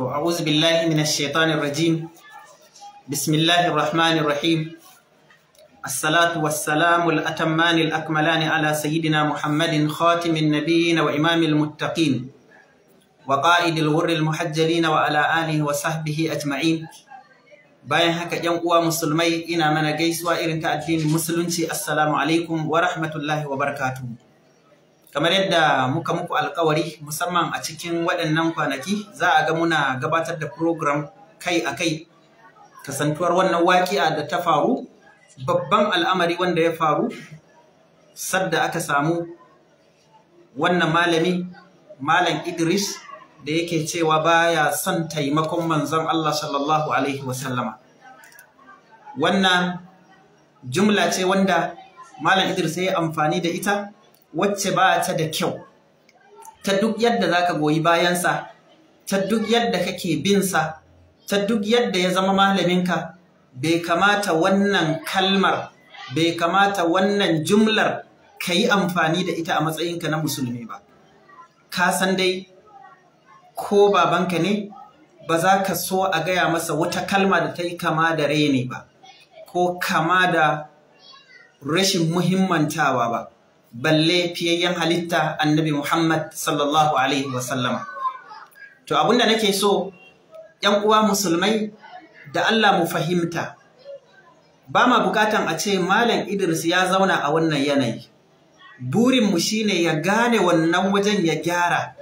To, a'udhu billahi minash shaitanir rajim. Bismillahir rahmanir rahim. Assalatu wassalamu al-atammani al-akmalani ala sayyidina Muhammadin khatimin nabiyyin wa imamil muttaqin. Wa qa'idil ghurril muhajjalin wa ala alihi wa sahbihi ajma'in. Bayan haka ‘yan uwa musulmai ina mana gaisuwa irin ta addinin musulunci, Assalamu alaikum wa rahmatullahi wa barkatu. kamar yadda muka muku alkawari musamman a cikin waɗannan kwanaki za a ga muna gabatar da program kai a kai kasantuwar wannan waƙi'a da ta faru babban al'amari wanda ya faru sadda aka samu wannan malami malam idris da yake cewa baya son taimakon manzon allah sallallahu alaihi wasallama wannan jumla ce wanda malam idris ya yi amfani da ita wacce ba ta da kyau ta duk yadda za ka goyi bayansa ta duk yadda kake binsa ta duk yadda ya zama malaminka bai kamata wannan kalmar bai kamata wannan jumlar ka yi amfani da ita a matsayinka na musulmi ba ka san dai ko babanka ne ba za ka so a gaya masa wata kalma da ta yi kama da ne ba ko kama da rashin muhimmantawa ba balle fiyayyen halitta annabi Muhammad sallallahu alaihi wasallama. to abinda nake so ‘yan uwa musulmai da Allah mu fahimta ba ma bukatan a ce malam Idris ya zauna a wannan yanayi Burin burinmu shine ya gane wannan wajen ya gyara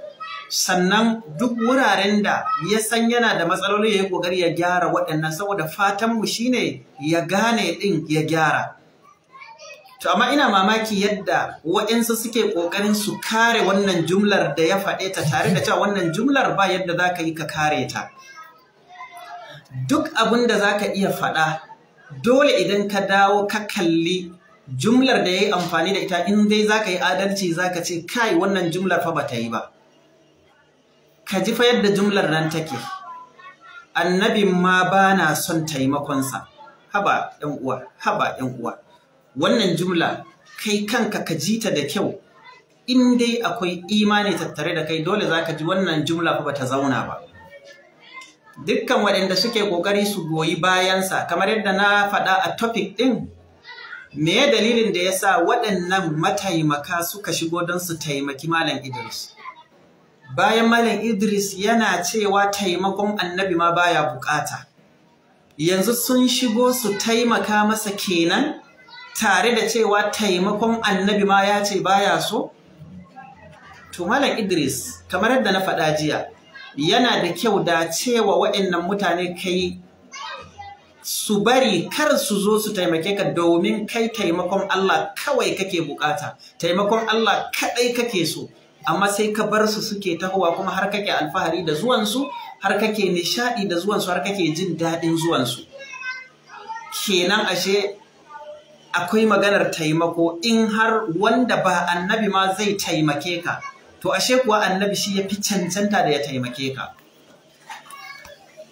sannan duk wuraren da ya san yana da matsaloli ya yi ƙoƙari ya gyara waɗannan saboda fatanmu shine ya gane ɗin ya gyara To amma ina mamaki yadda waɗansu suke ƙoƙarin su kare wannan jumlar da ya faɗe ta tare da cewa wannan jumlar ba yadda za ka yi ka kare ta. Duk abin da za ka iya faɗa dole idan ka dawo ka kalli jumlar da ya yi amfani da ita in dai za ka yi adalci za ka ce kai wannan jumlar fa ba ta yi ba. Ka ji fa yadda jumlar nan take. Annabin ma ba na son taimakonsa. Haba ‘yan uwa, haba ‘yan uwa. wannan jumla kai kanka ka ji ta da kyau in dai akwai imani tattare da kai dole zaka ji wannan jumla fa bata zauna ba dukkan waɗanda suke ƙoƙari su goyi bayansa kamar yadda na faɗa a topic ɗin me dalilin da yasa waɗannan mataimaka suka shigo don su taimaki malam Idris bayan malam Idris yana cewa taimakon annabi ma baya bukata yanzu sun shigo su taimaka masa kenan tare da cewa taimakon annabi ma ya ce baya so to malam Idris kamar yadda na faɗa jiya yana da kyau da cewa waɗannan mutane kai su bari kar su zo su taimake ka domin kai taimakon Allah kawai kake bukata taimakon Allah kaɗai kake so amma sai ka bar su suke tahowa kuma har kake alfahari da zuwansu har kake nishaɗi da zuwansu har kake jin daɗin zuwansu kenan ashe akwai maganar taimako in har wanda ba annabi ma zai taimake ka to ashe kuwa annabi shi ya fi cancanta da ya taimake ka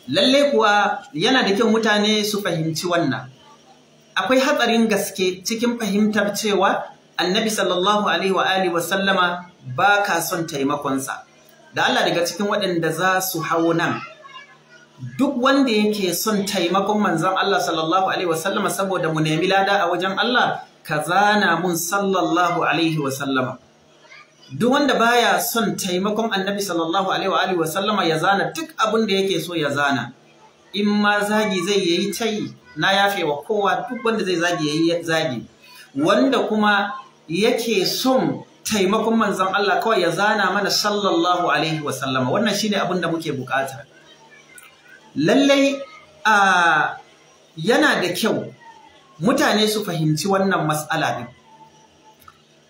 lalle kuwa yana da kyau mutane su fahimci wannan akwai hatsarin gaske cikin fahimtar cewa annabi sallallahu alaihi wa alihi wa sallama ba ka son taimakonsa da Allah daga cikin waɗanda za su hau nan duk wanda yake son taimakon manzon Allah sallallahu alaihi wasallama saboda mu nemi lada a wajen Allah ka zana mun sallallahu alaihi wasallama duk wanda baya son taimakon annabi sallallahu alaihi wasallama ya zana duk abin da yake so ya zana in ma zagi zai yayi tai na yafe wa kowa duk wanda zai zagi yayi zagi wanda kuma yake son taimakon manzon Allah kawai ya zana mana sallallahu alaihi wasallama wannan shine abin da muke bukata lallai yana da kyau mutane su fahimci wannan mas'ala din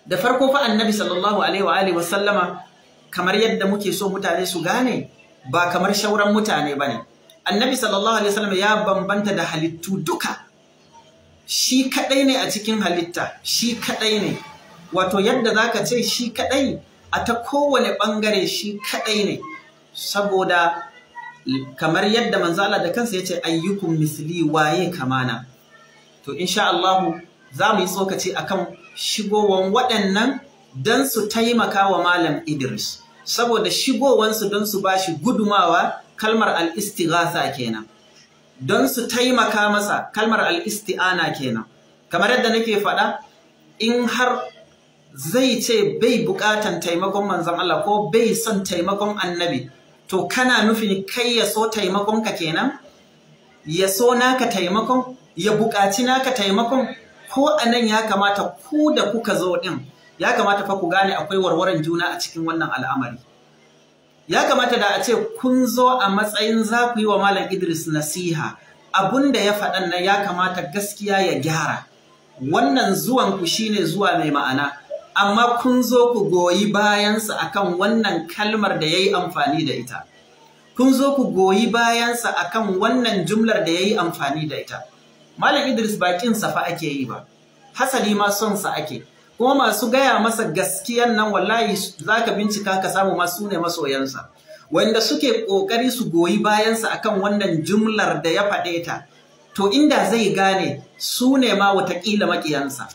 da farko fa annabi sallallahu alaihi wa sallama, kamar yadda muke so mutane su gane ba kamar shauran mutane ba ne. annabi sallallahu alaihi wasallama ya bambanta da halittu duka shi kadai ne a cikin halitta shi kadai ne wato yadda zaka ce shi kadai a ta kowane ɓangare shi kadai ne saboda kamar yadda manzo Allah da kansa yace ayyukum misli waye kamana to insha Allah za mu yi tsokaci akan shigowan waɗannan don su taimaka wa malam Idris saboda shigowansu dan su bashi gudumawa kalmar al-istighatha kenan don su taimaka masa kalmar al-isti'ana kenan kamar yadda nake faɗa in har zai ce bai buƙatan taimakon manzon Allah ko bai son taimakon annabi to kana nufin kai ya so taimakonka kenan ya so naka taimakon ya buƙaci naka taimakon ko anan nan ya kamata ku da kuka zo ɗin ya kamata fa ku gane akwai warwaran juna a cikin wannan al'amari ya kamata da a ce kun zo a matsayin za ku yi wa malam idris nasiha abunda ya faɗan nan ya kamata gaskiya ya gyara wannan zuwanku shine zuwa mai ma'ana amma kun zo ku goyi bayansa akan wannan kalmar da ya yi amfani da ita. Kun zo ku goyi bayansa akan wannan jumlar da ya yi amfani da ita. Malam Idris bakin safa ake yi ba, hasali ma son sa ake, kuma masu gaya masa gaskiyan nan wallahi za ka bincika ka samu masu ne masoyansa. Wanda suke ƙoƙari su goyi bayansa akan wannan jumlar da ya faɗe ta, to inda zai gane su ne ma wataƙila maƙiyansa.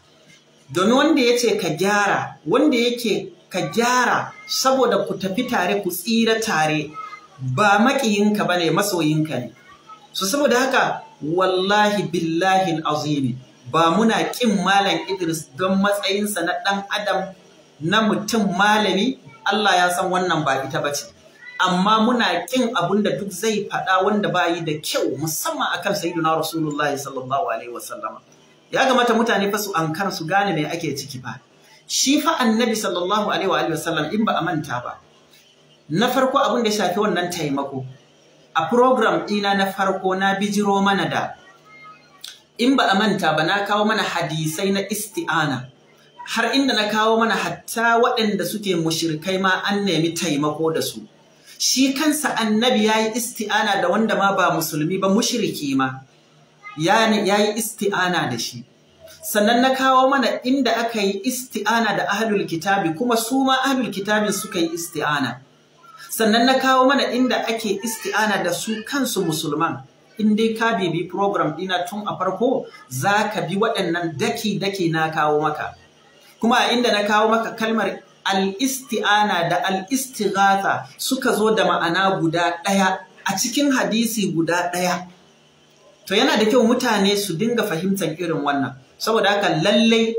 domin wanda ya ce ka gyara wanda yake ka gyara saboda ku tafi tare ku tsira tare ba maƙiyinka ba ne masoyinka ne Su saboda haka wallahi billahi azimi ba muna ƙin malam idris don matsayinsa na ɗan adam na mutum malami allah ya san wannan ba ita ba ce amma muna ƙin abin da duk zai faɗa wanda ba yi da kyau musamman akan na rasulullahi sallallahu alaihi wasallama ya kamata mutane fa su ankar su gane mai ake ciki ba shi fa annabi sallallahu alaihi wa wasallam in ba a manta ba na farko abin da shafi wannan taimako a program ɗina na farko na bijiro mana da in ba a manta ba na kawo mana hadisai na isti'ana har inda na kawo mana hatta waɗanda suke mushirikai ma an nemi taimako da su shi kansa annabi ya yi isti'ana da wanda ma ba musulmi ba mushriki ma ya yi isti'ana da shi sannan na kawo mana inda aka yi isti'ana da ahlul kitabi kuma su ma ahlul kitabin suka yi isti'ana sannan na kawo mana inda ake isti'ana da su kansu musulman in dai ka bibi program dina tun a farko za ka bi waɗannan daki-daki na kawo maka kuma a inda na kawo maka kalmar al-isti'ana da al-istighatha suka zo da ma'ana guda ɗaya a cikin hadisi guda ɗaya To yana da kyau mutane su dinga fahimtar irin wannan. Saboda haka lallai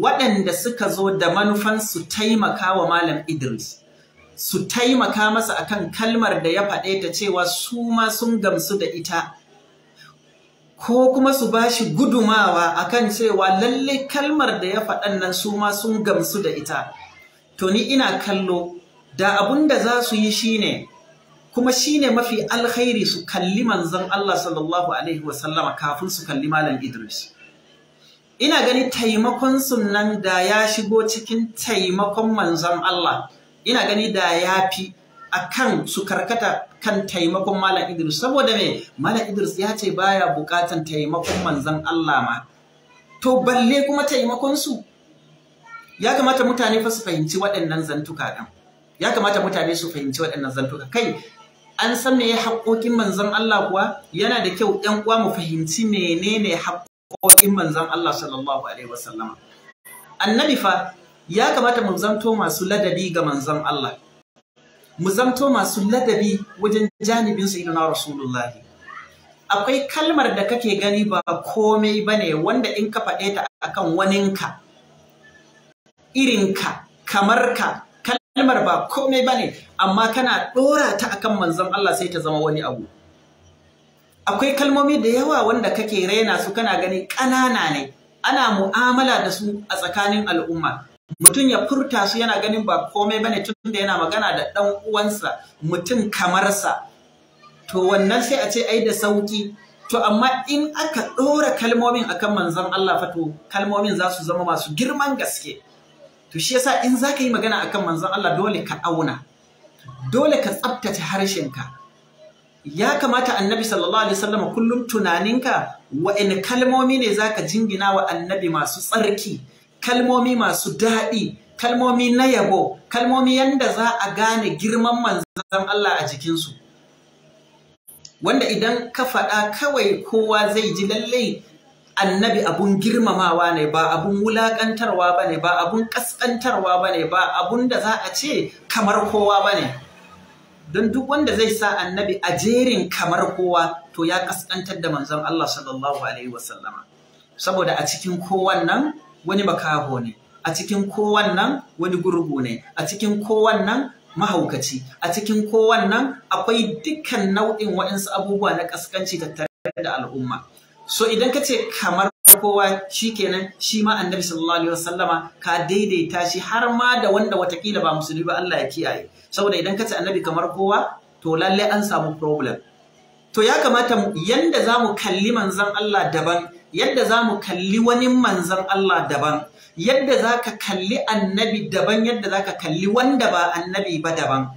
waɗanda suka zo da manufan su taimaka wa Malam Idris, su taimaka masa akan kalmar da ya faɗe ta cewa su ma sun gamsu da ita, ko kuma su ba shi gudumawa akan cewa lallai kalmar da ya faɗan nan su ma sun gamsu da ita. To ni ina kallo, da abun da za su yi shine kuma shine mafi alkhairi su kalli manzon Allah sallallahu alaihi wasallama kafin su kalli malam Idris ina gani taimakon sunan da ya shigo cikin taimakon manzon Allah ina gani da ya fi akan su karkata kan taimakon malam Idris saboda mai malam Idris ya ce baya bukatan taimakon manzon Allah ma to balle kuma taimakon su ya kamata mutane fa su fahimci waɗannan zantuka ɗan, ya kamata mutane su fahimci waɗannan zantuka kai an san me ya haƙoƙin manzan Allah kuwa yana da kyau ɗan uwa mu fahimci menene haƙoƙin manzan Allah sallallahu alaihi wasallama annabi fa ya kamata mu zanto masu ladabi ga manzan Allah mu zanto masu ladabi wajen janibin sayyidina rasulullah akwai kalmar da kake gani ba komai bane wanda in ka faɗe ta akan waninka irinka ka. kalmar ba komai ne amma kana ɗora ta akan manzon Allah sai ta zama wani abu akwai kalmomi da yawa wanda kake raina su kana gani ƙanana ne ana mu'amala da su a tsakanin al'umma mutum ya furta su yana ganin ba komai bane tunda yana magana da ɗan uwansa mutum kamar sa to wannan sai a ce ai da sauki to amma in aka ɗora kalmomin akan manzon Allah fa to kalmomin za su zama masu girman gaske to shi yasa in zaka yi magana akan manzon Allah dole ka auna dole ka tsabtace harshenka ya kamata annabi sallallahu alaihi wasallam kullum tunaninka wa'in kalmomi ne zaka jingina wa annabi masu tsarki kalmomi masu daɗi kalmomi na yabo kalmomi yanda za a gane girman manzon Allah a jikinsu wanda idan ka faɗa kawai kowa zai ji lallai annabi abun girmamawa ne ba abun wulaƙantarwa ba ne ba abun ƙasƙantarwa ba ne ba abun da za a ce kamar kowa ba ne don duk wanda zai sa annabi a jerin kamar kowa to ya ƙasƙantar da manzon Allah sallallahu alaihi wasallama saboda a cikin kowannan wani makaho ne a cikin kowannan wani gurgu ne a cikin kowannan mahaukaci a cikin kowannan akwai dukkan nau'in waɗansu abubuwa na ƙasƙanci, tattare da al'umma so idan ka ce kamar kowa kenan shi ma annabi sallallahu alaihi wasallama ka daidaita shi har ma da wanda watakila ba musulmi ba Allah ya kiyaye saboda idan ka ce annabi kamar kowa to lalle an samu problem to ya kamata yanda mu kalli manzon Allah daban yadda mu kalli wani manzon Allah daban yadda ka kalli annabi daban yadda ka kalli wanda ba annabi ba daban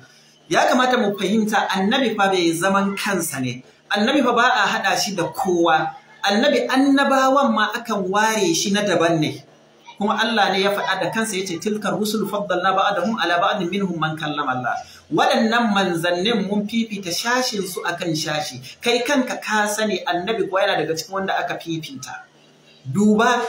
ya kamata mu fahimta annabi fa bai zaman kansa ne annabi fa ba a haɗa shi da kowa annabi annabawan ma akan ware shi na daban ne kuma Allah ne ya faɗa da kansa yace tilkar rusul faddalna ba'dahum ala ba'din minhum man kallama Allah waɗannan manzannin mun fifita shashin su akan shashi kai kanka ka sani annabi kuwa yana daga cikin wanda aka fifita duba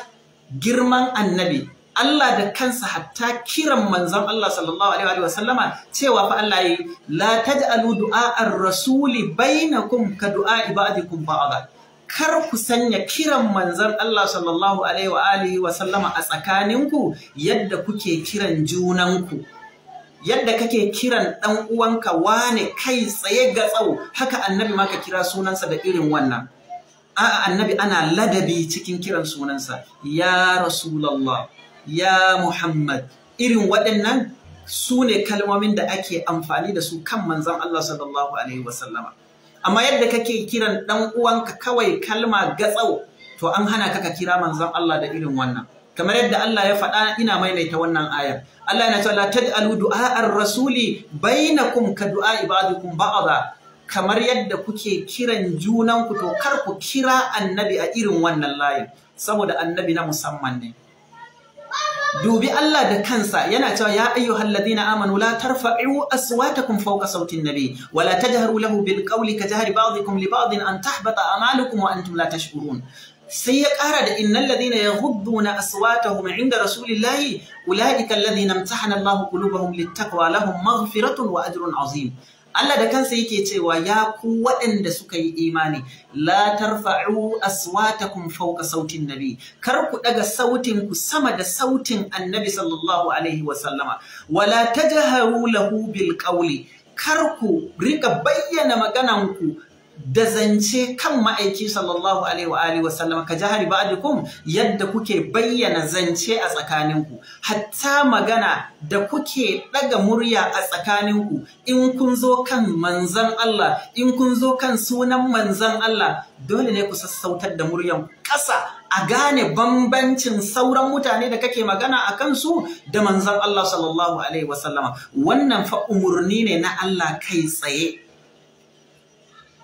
girman annabi Allah da kansa hatta kiran manzon Allah sallallahu alaihi wa sallama cewa fa Allah yi la taj'alu du'a ar-rasuli bainakum ka du'a ibadikum ba'dakum kar ku sanya kiran manzon Allah sallallahu alaihi wa alihi wa sallama a tsakaninku yadda kuke kiran junanku yadda kake kiran ɗan uwanka wane kai tsaye ga tsawo haka annabi ma ka kira sunansa da irin wannan a'a annabi ana ladabi cikin kiran sunansa ya rasulallah ya muhammad irin waɗannan su ne kalmomin da ake amfani da su kan manzon Allah sallallahu alaihi wasallama amma yadda kake kiran dan uwanka kawai kalma gatsau to an hana ka ka kira manzon Allah da irin wannan kamar yadda Allah ya faɗa ina maimaita wannan ayar Allah yana cewa la du'a du'a'ar rasuli bainakum ka du'a ba'dukum ba'da kamar yadda kuke kiran junanku to kar ku kira annabi a irin wannan layin saboda annabi na musamman ne دوبي الله دكانسا ينا تو يا أيها الذين آمنوا لا ترفعوا أصواتكم فوق صوت النبي ولا تجهروا له بالقول كجهر بعضكم لبعض أن تحبط أعمالكم وأنتم لا تشكرون سيك أرد إن الذين يغضون أصواتهم عند رسول الله أولئك الذين امتحن الله قلوبهم للتقوى لهم مغفرة وأجر عظيم Allah da kansa yake cewa ya ku waɗanda suka yi imani la tarfa'u aswatakum fawqa sautin nabi kar ku ɗaga sautin ku sama da sautin annabi sallallahu alaihi wa sallama wala tajharu lahu bil qawli kar ku riƙa bayyana maganan ku da zance kan ma'aiki sallallahu alaihi wa alihi wasallam ka jahari ba'dikum yadda kuke bayyana zance a tsakaninku hatta magana da kuke daga murya a tsakaninku in kun zo kan manzon Allah in kun zo kan sunan manzon Allah dole ne ku sassautar da muryan ƙasa a gane bambancin sauran mutane da kake magana a kansu da manzon Allah sallallahu alaihi wasallama wannan fa umurni ne na Allah kai tsaye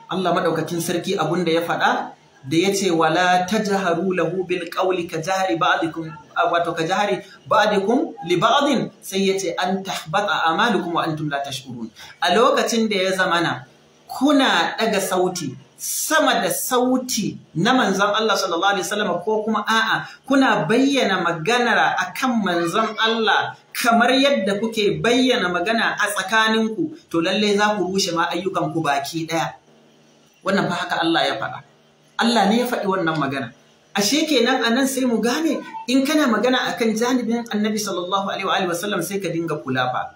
Allah maɗaukacin sarki abun da ya faɗa da ya ce wala tajharu lahu bil ƙauli ka jahri ba'dikum wato ka jihari ba'dikum li ba'din sai ya ce an tahbata amalukum wa antum la tashkurun a lokacin da ya zamana kuna ɗaga sauti sama da sauti na manzon Allah sallallahu alaihi wasallam ko kuma a'a kuna bayyana maganar kan manzon Allah kamar yadda kuke bayyana magana a tsakaninku to lallai za ku rushe ma ayyukan baki ɗaya. wannan fa haka Allah ya faɗa Allah ne ya faɗi wannan magana ashe kenan anan sai mu gane in kana magana akan janibin annabi sallallahu alaihi wa sallam sai ka dinga kula fa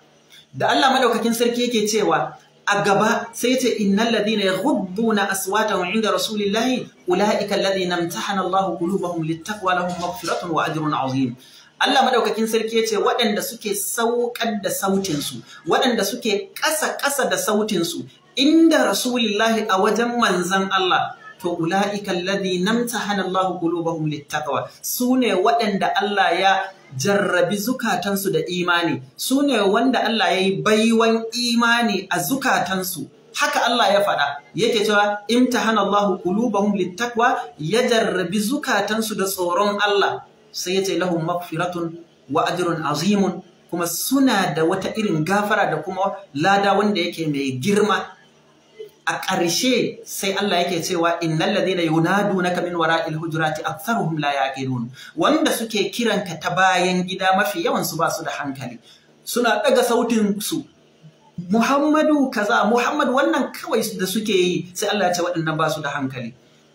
da Allah madaukakin sarki yake cewa a gaba sai ce innal ladina yaghudduna aswatahum inda rasulillahi ulaika alladhina imtahana Allah qulubahum littaqwa lahum maghfiratun wa ajrun azim Allah madaukakin sarki yace waɗanda suke saukar da sautin su waɗanda suke ƙasa ƙasa da sautin su inda rasulullahi a wajen manzan Allah to ula'ika alladhi namtahana Allah qulubahum littaqwa sune waɗanda Allah ya jarrabi zukatansu da imani sune wanda Allah yayi baiwan imani a zukatansu haka Allah ya faɗa yake cewa imtahana Allah qulubahum littaqwa ya jarrabi zukatansu da tsoron Allah sai yace lahum maghfiratun wa ajrun azimun kuma suna da wata irin gafara da kuma lada wanda yake mai girma a ƙarshe sai Allah yake cewa innal kamin yunadunaka min wara'il hujurati aktharuhum la nuna wanda suke kiranka ta bayan gida mafi yawan su ba su da hankali suna ɗaga sautin su Muhammadu kaza Muhammadu wannan kawai da suke yi sai Allah ya ce waɗannan ba su da hankali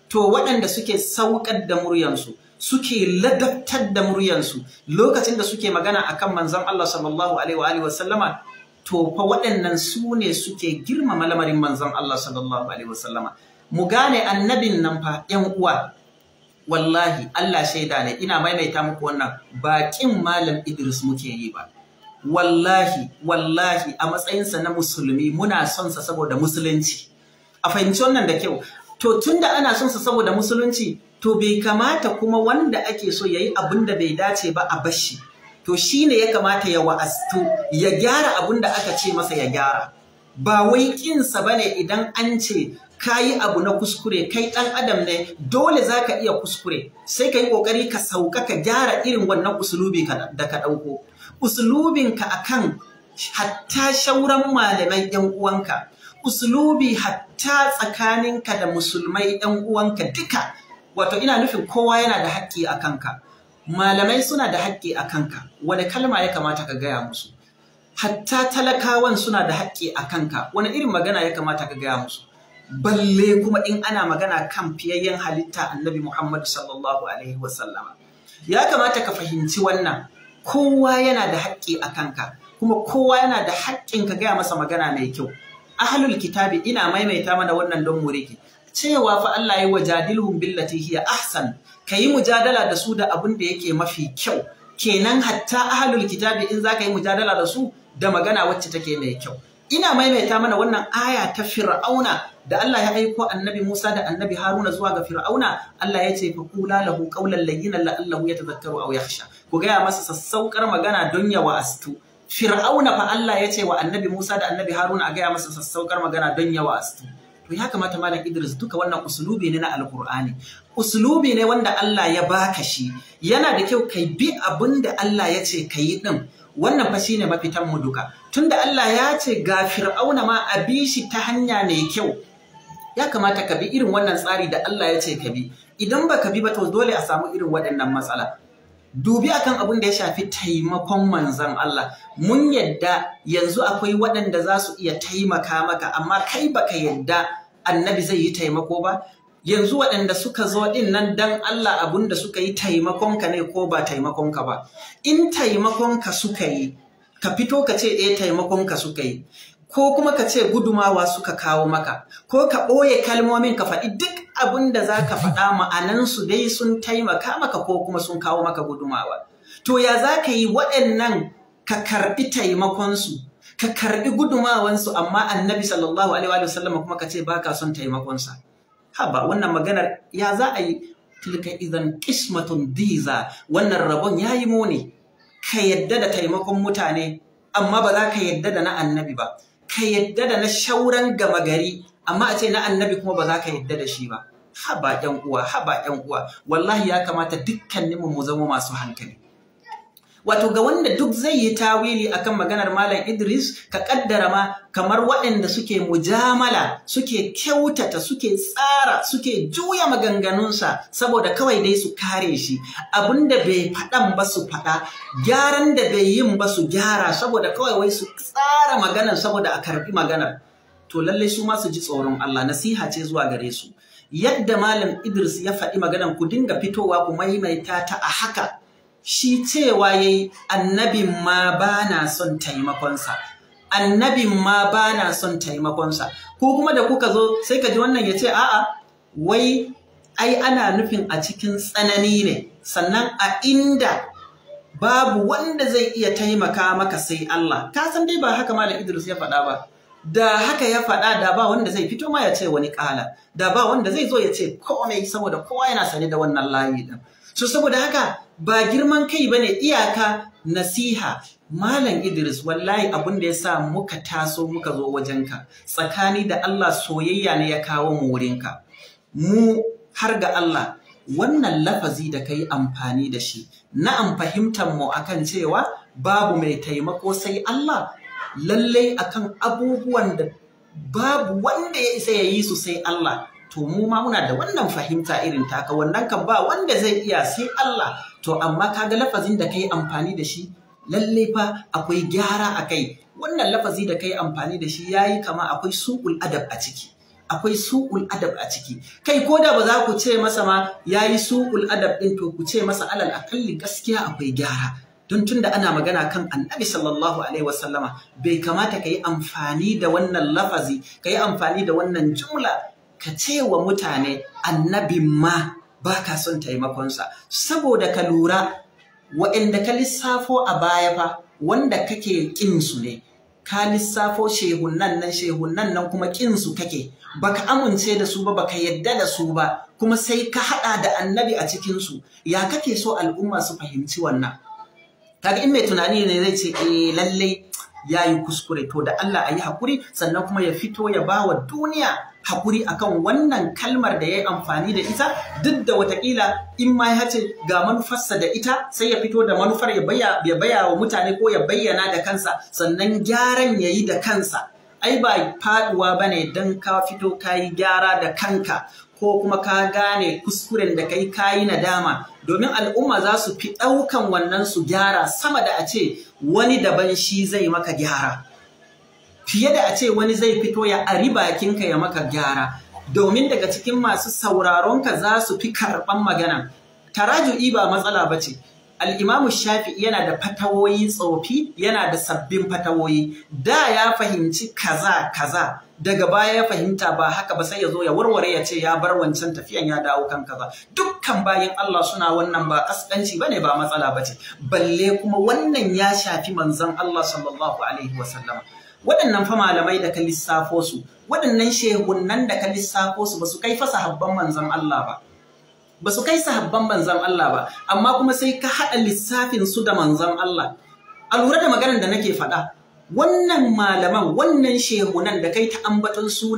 to waɗanda suke saukar da muryansu suke ladabtar da muryansu lokacin da suke magana akan manzon Allah sallallahu alaihi wa alihi wa to fa waɗannan su ne suke girmama lamarin manzon Allah sallallahu alaihi wasallama mu gane annabin nan fa 'yan uwa wallahi Allah shaida ne ina maimaita muku wannan baƙin malam Idris muke yi ba wallahi wallahi a matsayinsa na musulmi muna son sa saboda musulunci a fahimci wannan da kyau to tunda ana son sa saboda musulunci to bai kamata kuma wanda ake so yayi abin da bai dace ba a bashi to shi ne ya kamata ya wa'astu ya gyara abun da aka ce masa ya gyara ba wai kinsa ne idan an ce kayi abu na kuskure kai ɗan adam ne dole zaka iya kuskure sai ka yi ƙoƙari ka sauka ka gyara irin wannan usulubi da ka ɗauko Uslubinka akan hatta shauran malamai yan uwanka usulubi hatta tsakaninka da musulmai yan uwanka duka wato ina nufin kowa yana da haƙƙi a kanka malamai suna da haƙƙi a kanka wani kalma ya kamata ka gaya musu hatta talakawan suna da haƙƙi a kanka wani irin magana ya kamata ka gaya musu balle kuma in ana magana kan fiyayyen halitta annabi Muhammad sallallahu alaihi wasallama ya kamata ka fahimci wannan kowa yana da haƙƙi a kanka kuma kowa yana da haƙƙin ka gaya masa magana mai kyau ahlul kitabi ina maimaita mana wannan don muriki cewa fa Allah ya wajadilhum billati hiya ahsan ka yi mujadala da su da abin da yake mafi kyau kenan hatta ahalul kitabi in za ka yi mujadala da su da magana wacce take mai kyau ina maimaita mana wannan aya ta fir'auna da Allah ya aiko annabi Musa da annabi Haruna zuwa ga fir'auna Allah ya ce fa kula lahu qawlan layyinan la'allahu yatadhakkaru aw yakhsha ku gaya masa sassaukar magana don ya wa'astu fir'auna fa Allah ya ce wa annabi Musa da annabi Haruna a gaya masa sassaukar magana don ya wa'astu to ya kamata malam Idris duka wannan usulubi ne na Alkur'ani Usulubi ne wanda Allah ya baka shi yana da kyau kai bi abin da Allah ya ce ka yi ɗin wannan fa shine mafitan mu duka tunda Allah ya ce ga fir'auna ma a shi ta hanya mai kyau ya kamata ka bi irin wannan tsari da Allah ya ce ka bi idan baka bi ba to dole a samu irin waɗannan matsala dubi akan abin da ya shafi taimakon manzon Allah mun yadda yanzu akwai waɗanda za su iya taimaka maka amma kai baka yadda annabi zai yi taimako ba yanzu waɗanda suka zo ɗin nan dan Allah abun da suka yi taimakonka ne ko ba taimakonka ba in taimakonka suka yi ka fito ka ce eh taimakonka suka yi ko kuma ka ce gudumawa suka kawo maka ko ka ɓoye kalmomin ka faɗi duk abun da za ka faɗa ma'anansu dai sun taimaka maka ko kuma sun kawo maka gudumawa to ya za ka yi waɗannan ka karɓi taimakonsu ka karɓi gudumawansu amma annabi sallallahu alaihi wa sallam kuma ka ce baka son taimakonsa haba wannan maganar ya za a yi tilka idan kismatun diza wannan rabon ya yi muni ka yadda da taimakon mutane amma ba za ka yadda da na annabi ba ka yadda da na shauran gama gari amma a ce na annabi kuma ba za ka yadda da shi ba haba 'yan uwa haba 'yan uwa wallahi ya kamata dukkaninmu mu zama masu hankali wato ga wanda duk zai yi tawili akan maganar malam Idris ka kaddara ma kamar waɗanda suke mujamala suke kyautata suke tsara suke juya maganganunsa saboda kawai dai su kare shi abinda bai faɗan ba su faɗa gyaran da bai yin ba su gyara saboda kawai wai su tsara maganar saboda a karɓi maganar to lallai su ma su ji tsoron Allah nasiha ce zuwa gare su yadda malam Idris ya faɗi maganar ku dinga fitowa ku maimaita ta a haka shi cewa yayi annabin ma bana son taimakonsa annabin ma bana son taimakonsa ko kuma da kuka zo sai ka ji wannan ya ce a'a wai ai ana nufin a cikin tsanani ne sannan a inda babu wanda zai iya taimaka maka sai Allah ka san dai ba haka malam Idris ya faɗa ba da haka ya faɗa da ba wanda zai fito ma ya ce wani ƙala da ba wanda zai zo ya ce komai saboda kowa yana sane da wannan layi din so saboda haka ba girman kai bane iyaka nasiha Malam Idris wallahi abin da ya sa muka taso muka zo wajenka tsakani da Allah soyayya ne ya kawo mu wurinka mu har ga Allah wannan lafazi da kai amfani da shi na'am fahimtar mu akan cewa babu mai taimako sai Allah lallai akan abubuwan da babu wanda ya isa yayi su sai Allah to mu ma muna da wannan fahimta irin taka wannan kan ba wanda zai iya sai Allah to amma kaga lafazin da kai amfani da shi lalle fa akwai gyara a kai wannan lafazi da kai amfani da shi yayi kama akwai su'ul adab a ciki akwai su'ul adab a ciki kai ko da ba za ku ce masa ma yayi su'ul adab din to ku ce masa alal akalli gaskiya akwai gyara don tunda ana magana kan annabi sallallahu alaihi wasallama bai kamata ka yi amfani da wannan lafazi ka yi amfani da wannan jumla ka ce wa mutane annabin ma ba ka son taimakonsa saboda ka lura wa'inda ka lissafo a baya fa wanda kake kinsu ne ka lissafo shehunan nan shehunan nan kuma ƙinsu kake baka amince da su ba baka yadda da su ba kuma sai ka haɗa da annabi a cikinsu ya kake so al'umma su fahimci wannan kaga in mai tunani ne zai ce e lallai ya yi kuskure to da Allah a yi haƙuri sannan kuma ya fito ya ba wa duniya hakuri akan wannan kalmar da ya yi amfani da ita duk da watakila in ma ya ce ga manufarsa da ita sai ya fito da manufar ya baya wa mutane ko ya bayyana da kansa sannan gyaran ya yi da kansa ai ba faɗuwa ba ne don ka fito ka yi gyara da kanka ko kuma ka gane kuskuren da kai yi nadama domin al'umma za su fi ɗaukan wannan su gyara sama da a ce wani daban shi zai maka gyara fiye da a ce wani zai fito ya ari bakinka ya maka gyara domin daga cikin masu sauraronka za su fi karɓan magana taraju'i ba matsala ba ce al'imamu shafi yana da fatawoyi tsofi yana da sabbin fatawoyi da ya fahimci kaza kaza daga baya ya fahimta ba haka ba sai ya zo ya warware ya ce ya bar wancan tafiyan ya dawo kan kaza dukkan bayan Allah suna wannan ba ba ne ba matsala bace balle kuma wannan ya shafi manzon Allah sallallahu alaihi wasallam waɗannan fa malamai da ka lissafo su waɗannan shehunan da ka lissafo su ba su kai fa sahabban manzon Allah ba ba su kai sahabban manzon Allah ba amma kuma sai ka haɗa lissafin su da manzon Allah a lura da maganar da nake faɗa wannan malaman wannan shehunan da kai ta ambaton su,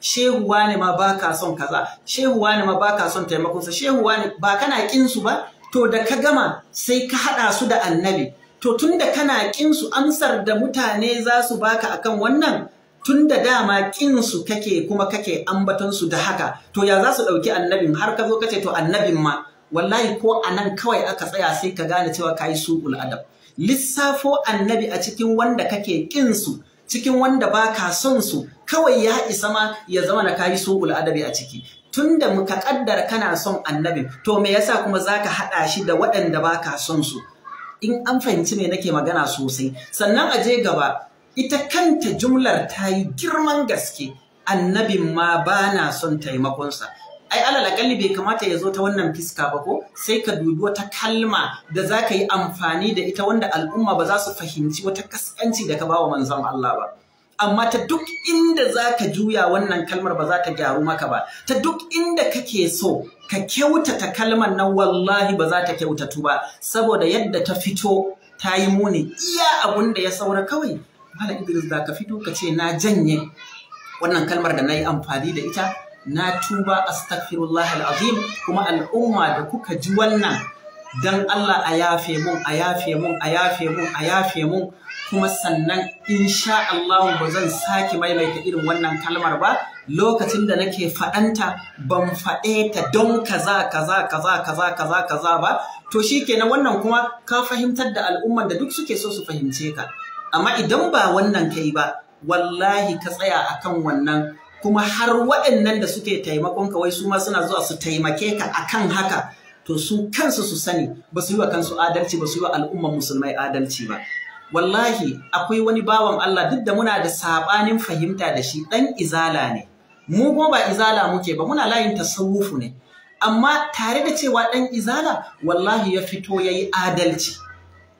shehu wani ma ba son kaza Shehu wani ma ba ka son sa Shehu wani ba kana kin su ba to da ka gama sai ka haɗa su da annabi to tunda kana kin su amsar da mutane za su baka akan wannan tunda dama kin su kake kuma kake ambaton su da haka to ya za su dauki annabin har ka zo kace to annabin ma wallahi ko anan kawai aka tsaya sai ka gane cewa kai ul adab lissafo annabi a cikin wanda kake kin su cikin wanda baka son su kawai ya isa ma ya zama na kai ul adabi a ciki tunda muka kaddara kana son annabi to me yasa kuma zaka hada shi da waɗanda baka son su in an fahimci me nake magana sosai sannan a je gaba ita kanta jumlar ta yi girman gaske annabin ma ba na son taimakonsa ai alal akalli bai kamata ya zo ta wannan fiska ba ko sai ka dubi wata kalma da za ka yi amfani da ita wanda al'umma ba za su fahimci wata kaskanci da ka ba wa manzon Allah ba amma ta duk inda zaka juya wannan kalmar ba za ta gyaru maka ba ta duk inda kake so ka kyautata kalmar na wallahi ba za ta kyautatu ba saboda yadda ta fito ta yi muni iya abun da ya saura kawai Bala Idris da ka fito ka ce na janye wannan kalmar da na yi amfani da ita na tuba astaghfirullah alazim kuma al'umma da kuka ji wannan dan Allah a yafe mun a yafe mun a yafe mun a yafe mun kuma sannan insha Allah ba zan sake maimaita irin wannan kalmar ba lokacin da nake faɗanta ban faɗe ta don kaza kaza kaza kaza kaza kaza ba to shi shikenan wannan kuma ka fahimtar da al'umman da duk suke so su fahimce ka amma idan ba wannan kai ba wallahi ka tsaya akan wannan kuma har waɗannan da suke taimakon ka wai su ma suna zuwa su taimake ka akan haka to su kansu su sani ba su yi wa kansu adalci ba su yi wa al'umman musulmai adalci ba wallahi akwai wani bawan Allah duk da muna da sabanin fahimta da shi dan izala ne mu kuma ba izala muke ba muna layin tasawufu ne amma tare da cewa dan izala wallahi ya fito yayi adalci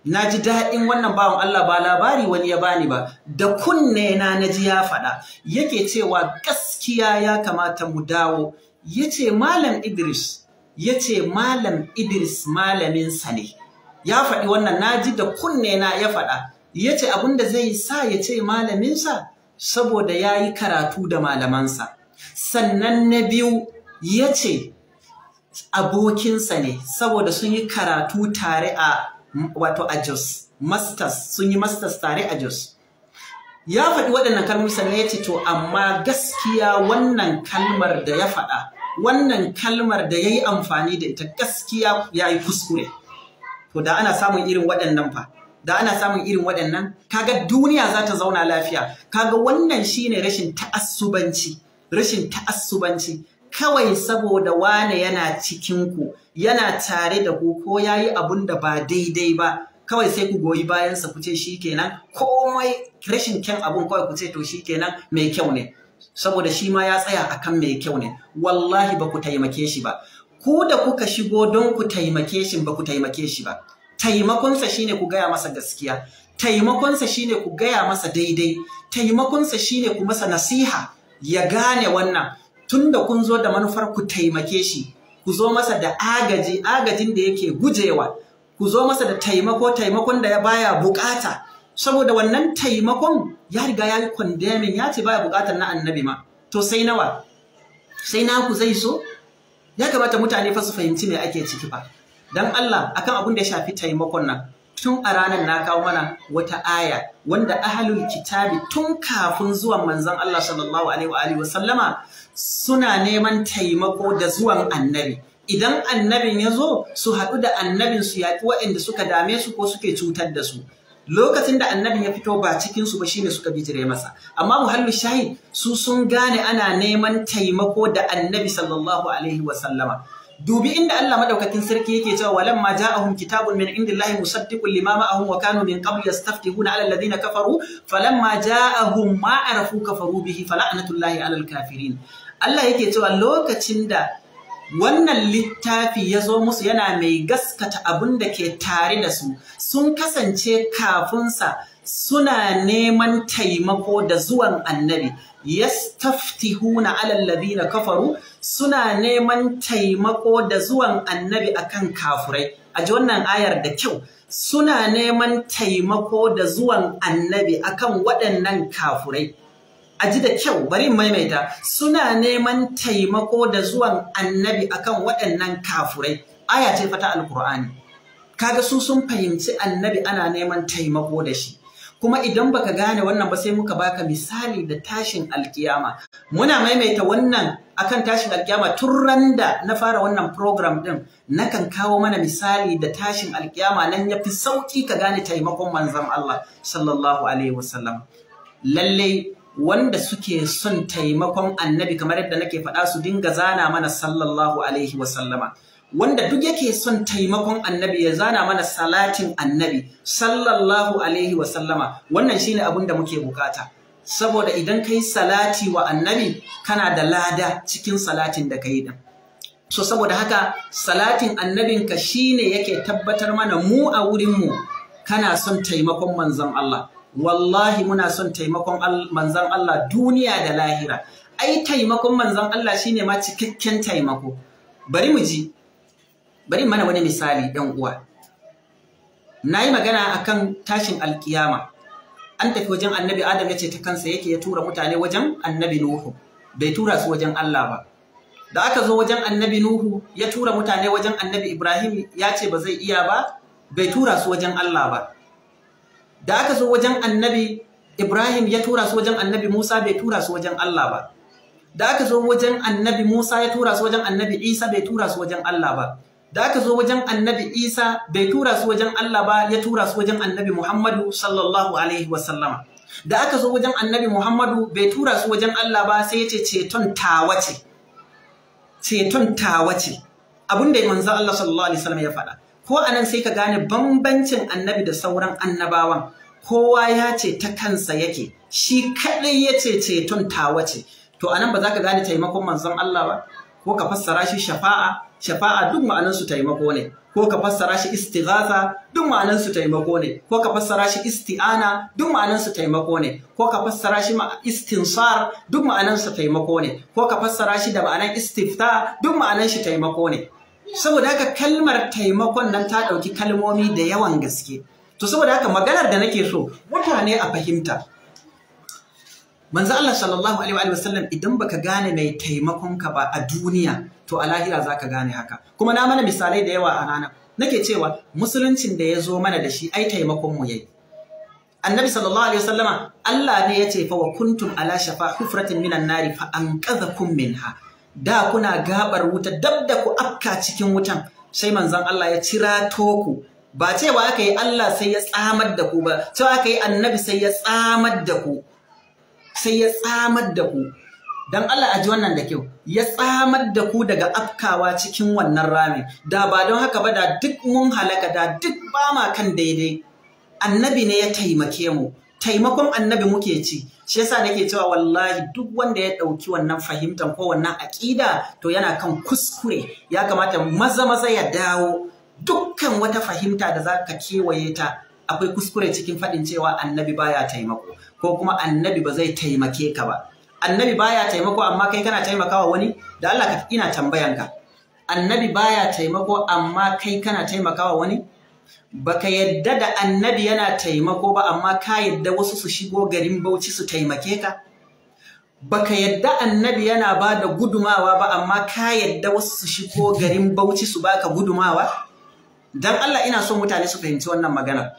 na ji daɗin wannan bawan Allah ba labari wani ya bani ba da kunne na na ji ya faɗa yake cewa gaskiya ya kamata mu dawo yace malam Idris ya ce malam Idris malamin sa ne ya faɗi wannan na ji da kunne na ya faɗa ya ce abin da zai sa ya ce malaminsa saboda ya yi karatu da malamansa sannan na biyu ya ce abokinsa ne saboda sun yi karatu tare a wato a Jos masters sun yi masters tare a Jos ya faɗi waɗannan kalmar sannan ya ce to amma gaskiya wannan kalmar da ya faɗa wannan kalmar da ya yi amfani da ita gaskiya ya yi kuskure to da ana samun irin waɗannan fa da ana samun irin waɗannan kaga duniya za ta zauna lafiya kaga wannan shine rashin ta'assubanci rashin ta'assubanci kawai saboda wane yana cikinku, yana tare da ku ko ya yi abun da ba daidai ba kawai sai ku goyi bayansa ku ce shi kenan komai rashin kyan abun kawai ku ce to shi kenan mai kyau ne saboda shi ma ya tsaya a kan mai kyau ne wallahi ba ku taimake shi ba ku da kuka shigo don ku taimake shi ba ku taimake shi ba taimakonsa shine ku gaya masa gaskiya taimakonsa shine ku gaya masa daidai taimakonsa shine ku masa nasiha ya gane wannan tunda kun zo da manufar ku taimake shi ku zo masa da agaji agajin da yake gujewa ku zo masa da taimako taimakon da ya baya bukata saboda wannan taimakon ya riga ya yi kwandamin ya ce baya bukatar na annabi ma to sai nawa sai naku zai so ya kamata mutane fa su fahimci mai ake ciki ba. Don Allah akan abin da ya shafi taimakon nan tun a ranar na kawo mana wata aya wanda ahalul kitabi tun kafin zuwan manzon Allah sallallahu alaihi wa alihi suna neman taimako da zuwan annabi idan annabin ya zo su haɗu da annabin su yaƙi waɗanda suka dame su ko suke cutar da su lokacin da Annabi ya fito ba cikinsu ba shine suka bijire masa amma muhallu shahid su sun gane ana neman taimako da annabi sallallahu alaihi wasallama dubi inda Allah madaukakin sarki yake cewa walamma ja'ahum kitabun min indillahi musaddiqun lima ma'ahum wa kanu min qabl yastaftihuna 'ala alladhina kafaru falamma ja'ahum ma arafu kafaru bihi fala'natullahi 'alal kafirin Allah yake cewa lokacin da wannan littafi ya zo musu yana mai gaskata abin da ke tare da su sun kasance kafinsa suna neman taimako da zuwan annabi yastaftihuna alal na kafaru suna neman taimako da zuwan annabi akan kafurai a ji wannan ayar da kyau suna neman taimako da zuwan annabi akan waɗannan kafurai a ji da kyau bari maimaita suna neman taimako da zuwan annabi akan waɗannan kafurai aya ce fata alkur'ani kaga su sun fahimci annabi ana neman taimako da shi kuma idan baka gane wannan ba sai muka baka misali da tashin alkiyama muna maimaita wannan akan tashin alkiyama tun randa na fara wannan program din nakan kawo mana misali da tashin alkiyama nan yafi sauki ka gane taimakon manzon Allah sallallahu alaihi wasallam lalle wanda suke son taimakon annabi kamar yadda nake faɗa su dinga zana mana sallallahu alaihi wasallama wanda duk yake son taimakon annabi ya zana mana salatin annabi sallallahu alaihi wasallama wannan shine abin da muke bukata saboda idan kai salati wa annabi kana da lada cikin salatin da kai din so saboda haka salatin annabinka shine yake tabbatar mana mu a wurin mu kana son taimakon manzon Allah wallahi muna son taimakon manzan Allah duniya da lahira ai taimakon manzan Allah shine ma cikakken taimako bari mu ji bari mana wani misali ɗan uwa na yi magana akan tashin alkiyama an tafi wajen annabi adam ya ce ta kansa yake ya tura mutane wajen annabi nuhu bai tura su wajen Allah ba da aka zo wajen annabi nuhu ya tura mutane wajen annabi ibrahim ya ce ba zai iya ba bai tura su wajen Allah ba da aka zo wajen annabi Ibrahim ya tura su wajen annabi Musa bai tura su wajen Allah ba da aka zo wajen annabi Musa ya tura su wajen annabi Isa bai tura su wajen Allah ba da aka zo wajen annabi Isa bai tura su wajen Allah ba ya tura su wajen annabi Muhammadu sallallahu alaihi wasallama da aka zo wajen annabi Muhammadu bai tura su wajen Allah ba sai ya ce ceton tawa ce ceton tawa ce abin da manzo Allah sallallahu alaihi wasallam ya faɗa ko anan sai ka gane bambancin annabi da sauran annabawan kowa ya ce ta kansa yake shi kaɗai ya ce ceton tawa ce to anan ba za ka gane taimakon manzon Allah ba ko ka fassara shi shafa'a shafa'a duk ma'anansu taimako ne ko ka fassara shi istighatha duk ma'anansu taimako ne ko ka fassara shi isti'ana duk ma'anansu taimako ne ko ka fassara shi istinsar duk ma'anansu taimako ne ko ka fassara shi da ma'anan istifta duk ma'anar shi taimako ne saboda haka kalmar taimakon nan ta ɗauki kalmomi da yawan gaske to saboda haka maganar da nake so mutane a fahimta manzo Allah sallallahu alaihi wa sallam idan baka gane mai taimakon ka ba a duniya to a lahira zaka gane haka kuma na mana misalai da yawa a nana. nake cewa musuluncin da ya zo mana da shi ai taimakon mu yayi annabi sallallahu alaihi wasallama Allah ne ya ce fa wa kuntum ala shafa hufratin minan nari fa anqadhakum minha da kuna gabar wuta dab ku afka cikin wutan sai manzon Allah ya cira toku ba cewa aka yi Allah sai ya tsamar da ku ba cewa aka yi annabi sai ya tsamar da ku sai ya tsamar da ku dan Allah a ji wannan da kyau ya tsamar da ku daga afkawa cikin wannan ramin da ba don haka ba da duk mun halaka da duk ba ma kan daidai annabi ne ya taimake mu taimakon annabi muke ci shi yasa nake cewa wallahi duk wanda ya ɗauki wannan fahimtar ko wannan aƙida to yana kan kuskure ya kamata maza maza ya dawo dukkan wata fahimta da za ka kewaye ta akwai kuskure cikin faɗin cewa annabi baya taimako ko kuma annabi ba zai taimake ka ba annabi baya taimako amma kai kana taimakawa wani da Allah ka ina tambayanka annabi baya taimako amma kai kana taimakawa wani baka yadda da annabi yana taimako ba amma ka yadda wasu su shigo garin Bauchi su taimake ka baka yadda annabi yana ba da gudumawa ba amma ka yadda wasu su shigo garin Bauchi su baka gudumawa dan Allah ina so mutane su fahimci wannan magana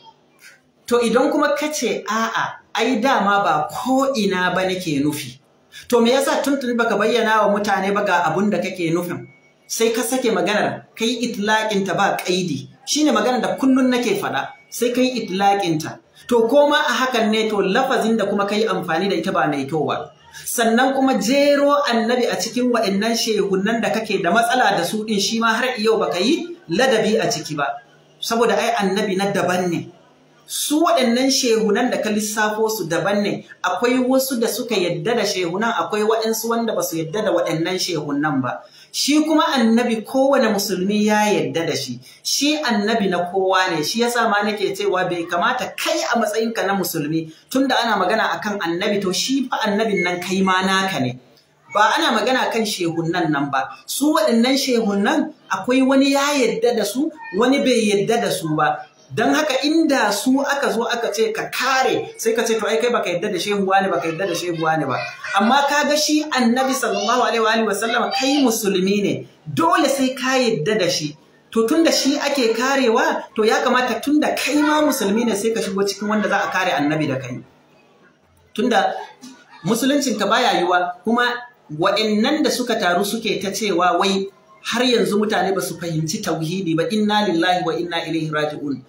to idan kuma kace a'a ai dama ba ko ina ba nake nufi to me yasa tuntun baka bayyana wa mutane ba ga abun da kake nufin sai ka sake maganar kai itlaqin ta ba kaidi shine maganar da kullun nake faɗa sai kai itlaqin ta to koma a hakan ne to lafazin da kuma kai amfani da ita ba mai kyau ba sannan kuma jero annabi a cikin waɗannan shehunan da kake da matsala da su ɗin, shi ma har yau baka yi ladabi a ciki ba saboda ai annabi na daban ne su waɗannan shehunan da ka lissafo su daban ne akwai wasu da suka yadda da shehunan akwai waɗansu wanda ba su yadda da waɗannan shehunan ba shi kuma annabi kowane musulmi ya yadda da shi shi annabi na kowa ne shi yasa ma nake cewa bai kamata kai a matsayinka na musulmi tunda ana magana akan annabi to shi fa annabin nan kai ma naka ne ba ana magana kan shehunan nan ba su waɗannan shehunan akwai wani ya yadda da su wani bai yadda da su ba don haka inda su aka zo aka ce ka kare sai ka ce to ai kai baka yadda da shehuwa ne baka yadda da shehuwa ne ba amma kaga shi annabi sallallahu alaihi wa sallam kai musulmi ne dole sai ka yadda da shi to tunda shi ake karewa to ya kamata tunda kai ma musulmi ne sai ka shigo cikin wanda za a kare annabi da kai tunda musuluncinka baya yiwa kuma Waɗannan da suka taru suke ta cewa wai har yanzu mutane ba su fahimci tauhidi ba inna lillahi wa inna ilaihi raji'un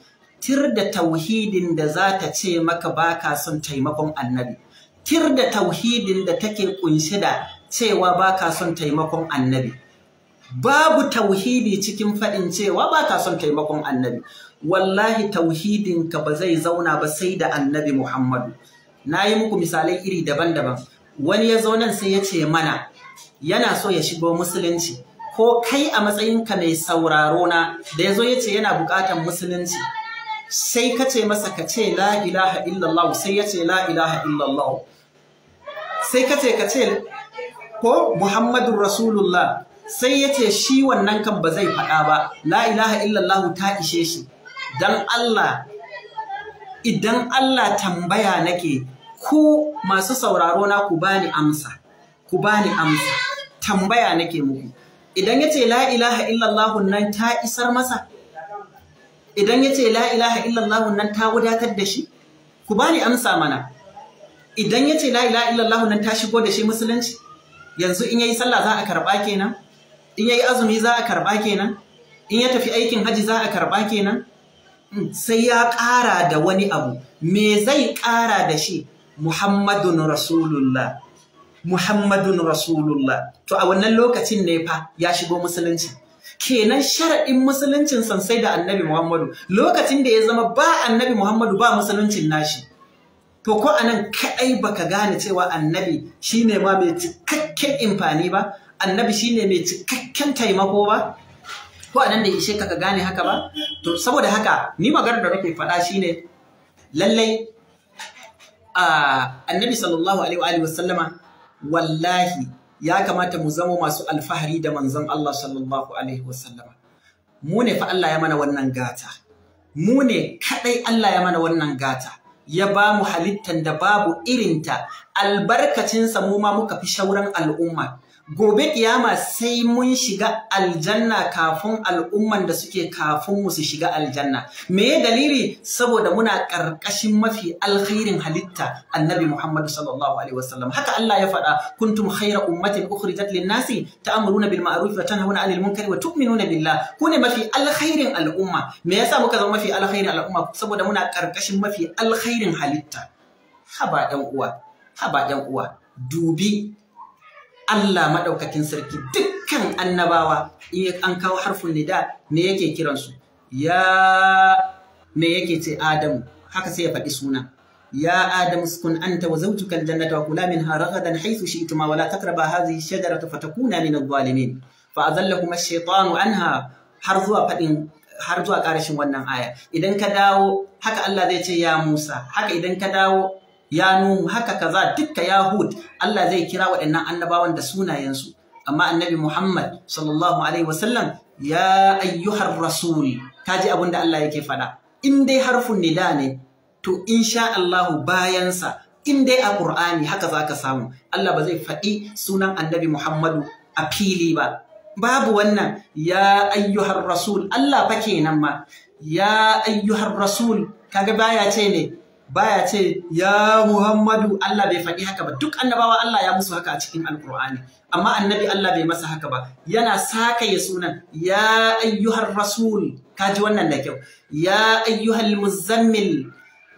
tir da tauhidin da za ta ce maka baka son taimakon annabi tir da tauhidin da take kunshe da cewa baka son taimakon annabi babu tauhidi cikin faɗin cewa baka son taimakon annabi wallahi tauhidin ka ba zai zauna ba sai da annabi Muhammadu na yi muku misalai iri daban-daban wani ya zo nan sai ya ce mana yana so ya shigo musulunci ko kai a matsayinka mai sauraro na da ya zo ya ce yana bukatan musulunci sai ka ce masa ka ce la ilaha illallah sai ya ce la ilaha illallah sai ka ce ka ce ko Muhammadu rasulullah sai ya ce shi wannan kan ba zai faɗa ba la ilaha illallah ta ishe shi dan Allah idan Allah tambaya nake ku masu sauraro na ku bani amsa ku bani amsa tambaya nake muku idan yace la ilaha illallah nan ta isar masa idan yace la ilaha illallah nan ta wadatar da shi ku bani amsa mana idan yace la ilaha illallah nan ta shigo da shi musulunci yanzu in yayi sallah za a karba kenan in yayi azumi za a karba kenan in ya tafi aikin haji za a karba kenan hmm, sai ya ƙara da wani abu me zai ƙara da shi Muhammadun Rasulullah Muhammadun Rasulullah to a wannan lokacin ne fa ya shigo musulunci kenan sharaɗin musuluncin san sai da annabi Muhammadu lokacin da ya zama ba annabi Muhammadu ba musuluncin nashi to ko anan kaɗai baka gane cewa annabi shine ma mai cikakken imfani ba annabi shine mai cikakken taimako ba ko anan da ishe ka gane haka ba to saboda haka ni maganar da nake faɗa shine lallai annabi sallallahu alaihi wa sallama wallahi ya kamata mu zama masu alfahari da manzon Allah sallallahu alaihi wa sallama mu ne fa Allah ya mana wannan gata mu ne kadai Allah ya mana wannan gata ya ba mu halittan da babu irinta albarkacinsa mu ma muka fi shauran al'umma gobe kiyama sai mun shiga aljanna kafin al'umman da suke kafin mu su shiga aljanna me dalili saboda muna karkashin mafi alkhairin halitta annabi Muhammad sallallahu alaihi wasallam haka Allah ya faɗa kuntum khayra ummatin ukhrijat lin-nasi ta'muruna bil ma'ruf wa tanhauna 'anil munkari wa tu'minuna billah ku ne mafi alkhairin al'umma me yasa muka zama mafi alkhairin al'umma saboda muna karkashin mafi alkhairin halitta haba uwa haba uwa dubi Allah maɗaukakin sarki dukkan annabawa in an kawo harfin nida me yake kiransu ya me yake ce Adamu haka sai ya faɗi suna ya Adamu sukun anta wa zawjuka aljannata wa kula minha ragadan haythu shi'tuma wa la taqraba hadhihi shajarata fatakuna min adh-dhalimin fa kuma ash-shaytanu anha har zuwa faɗin har zuwa ƙarashin wannan aya idan ka dawo haka Allah zai ce ya Musa haka idan ka dawo ya nuhu haka kaza dukka yahud Allah zai kira waɗannan annabawan da sunayensu amma annabi Muhammad sallallahu alaihi wasallam ya ayyuhar rasul kaji abin da Allah yake faɗa in dai harfin nida ne to insha Allahu bayansa in dai a Qur'ani haka zaka samu Allah ba zai faɗi sunan annabi Muhammadu a fili ba babu wannan ya ayyuhar rasul Allah fa kenan ma ya ayyuhar rasul kaga baya ce ne baya ce ya Muhammadu Allah bai faɗi haka ba duk annabawa Allah ya musu haka a cikin Alƙur'ani amma annabi Allah bai masa haka ba yana saka ya sunan ya ayyuhar rasul kaji wannan da kyau ya ayyuhal muzammil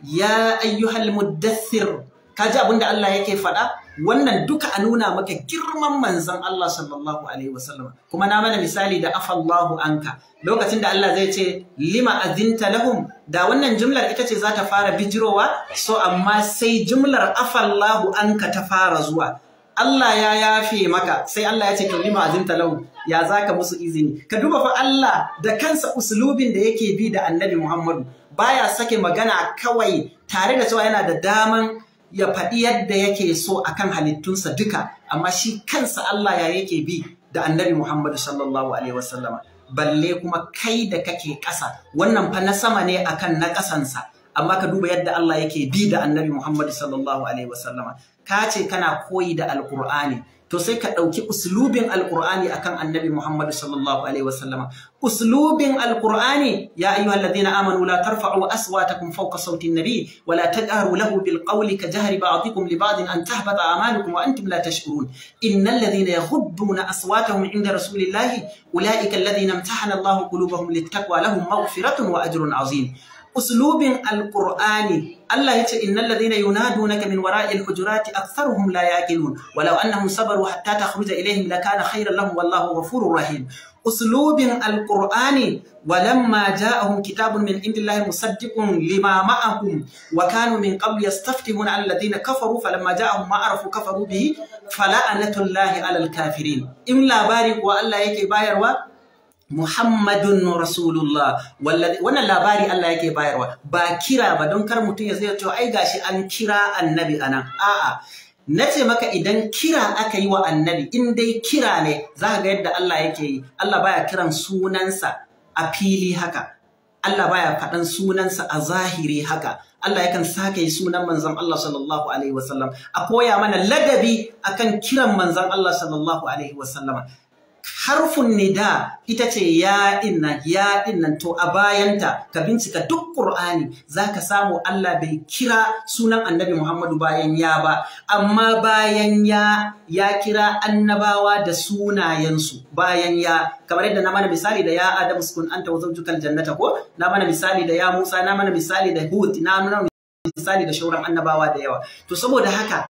ya ayyuhal muddathir kaji abinda Allah yake faɗa wannan duka a nuna maka girman manzon Allah sallallahu alaihi wasallam kuma na mana misali da afallahu anka lokacin da Allah zai ce lima azinta lahum da wannan jumlar ita ce za ta fara bijirowa so amma sai jumlar afallahu anka ta fara zuwa Allah ya yafe maka sai Allah ya ce to lima azinta lahum ya zaka musu izini ka duba fa Allah da kansa uslubin da yake bi da Annabi Muhammadu baya sake magana kawai tare da cewa yana da daman ya faɗi yadda yake so akan halittunsa duka amma shi kansa Allah ya yake bi da annabi Muhammadu sallallahu alaihi wasallama balle kuma kai da kake ƙasa wannan fa na sama ne akan na ƙasansa amma ka duba yadda Allah yake bi da annabi Muhammadu sallallahu alaihi wasallama ka ce kana koyi da alƙur'ani to sai ka dauki uslubin alqur'ani akan annabi Muhammad sallallahu alaihi wasallama uslubin alqur'ani ya ayyuhalladhina amanu la tarfa'u aswatakum fawqa sawti an-nabi wa la tajharu lahu bilqawli qawli ka jahri ba'dikum li ba'din an tahbata a'malukum wa antum la tash'urun innal ladhina yaghudduna aswatahum 'inda rasulillahi ulaika alladhina imtahana Allahu qulubahum lit-taqwa lahum maghfiratun wa ajrun 'azim uslubin alqur'ani Allah yace innal ladhina yunadunaka min wara'il hujurati aktharuhum la yaqilun walau annahum sabaru hatta takhruja ilayhim lakana khayran lahum wallahu ghafurur rahim uslubin alqur'ani walamma ja'ahum kitabun min indillahi musaddiqun lima ma'ahum wa kanu min qabl yastaftihuna alladhina kafaru falamma ja'ahum ma arafu kafaru bihi fala'anatullahi alal kafirin in labari kuwa Allah yake bayarwa Muhammadun Rasulullah wannan labari Allah yake bayarwa ba kira ba don kar mutum ya zai cewa ai gashi an kira annabi anan a'a ce maka idan kira aka yi wa annabi in dai kira ne za ka ga yadda Allah yake yi Allah baya kiran sunansa a fili haka Allah baya faɗan sunansa a zahiri haka Allah yakan sake yi sunan manzon Allah sallallahu alaihi wasallam a koya mana ladabi akan kiran manzon Allah sallallahu alaihi wasallam harfun nida ita ce ya inna ya inna to a bayanta ka bincika duk Qur'ani zaka samu Allah bai kira sunan Annabi Muhammadu bayan ya ba amma bayan ya ya kira annabawa da sunayensu bayan ya kamar yadda na mana misali da ya Adam sukun anta wazawjukal jannata ko na mana misali da ya Musa na mana misali da Hud na mana misali da shauran annabawa da yawa to saboda haka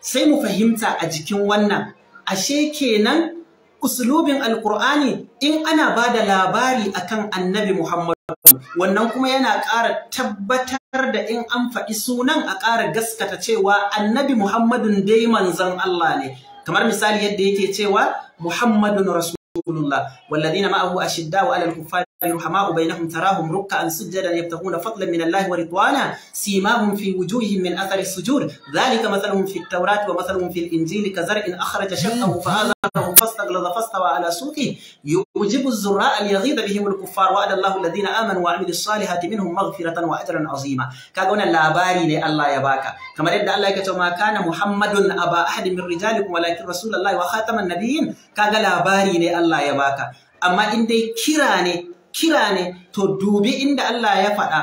sai mu fahimta a jikin wannan ashe kenan uslubin alkur'ani in ana ba da labari akan annabi Muhammadu, wannan kuma yana ƙara tabbatar da in an faɗi sunan a ƙara gaskata cewa annabi Muhammadu dai manzon Allah ne kamar misali yadda yake cewa Muhammadun rasulullah walladina ma'ahu wa 'alal kuffar رحماء بينهم تراهم ركعا سجدا يبتغون فضلا من الله ورضوانا سيماهم في وجوههم من اثر السجود ذلك مثلهم في التوراه ومثلهم في الانجيل كزرع اخرج شقه فاذره فاستغلظ فاستوى على سوقه يوجب الزراء ليغيظ بهم الكفار وعد الله الذين امنوا وعملوا الصالحات منهم مغفره واجرا عظيما كاغونا لا باري الله يباكا كما يد الله كما ما كان محمد ابا احد من رجالكم ولكن رسول الله وخاتم النبيين كاغا لا باري الله يباكا اما ان دي كيراني kira ne to dubi inda Allah ya faɗa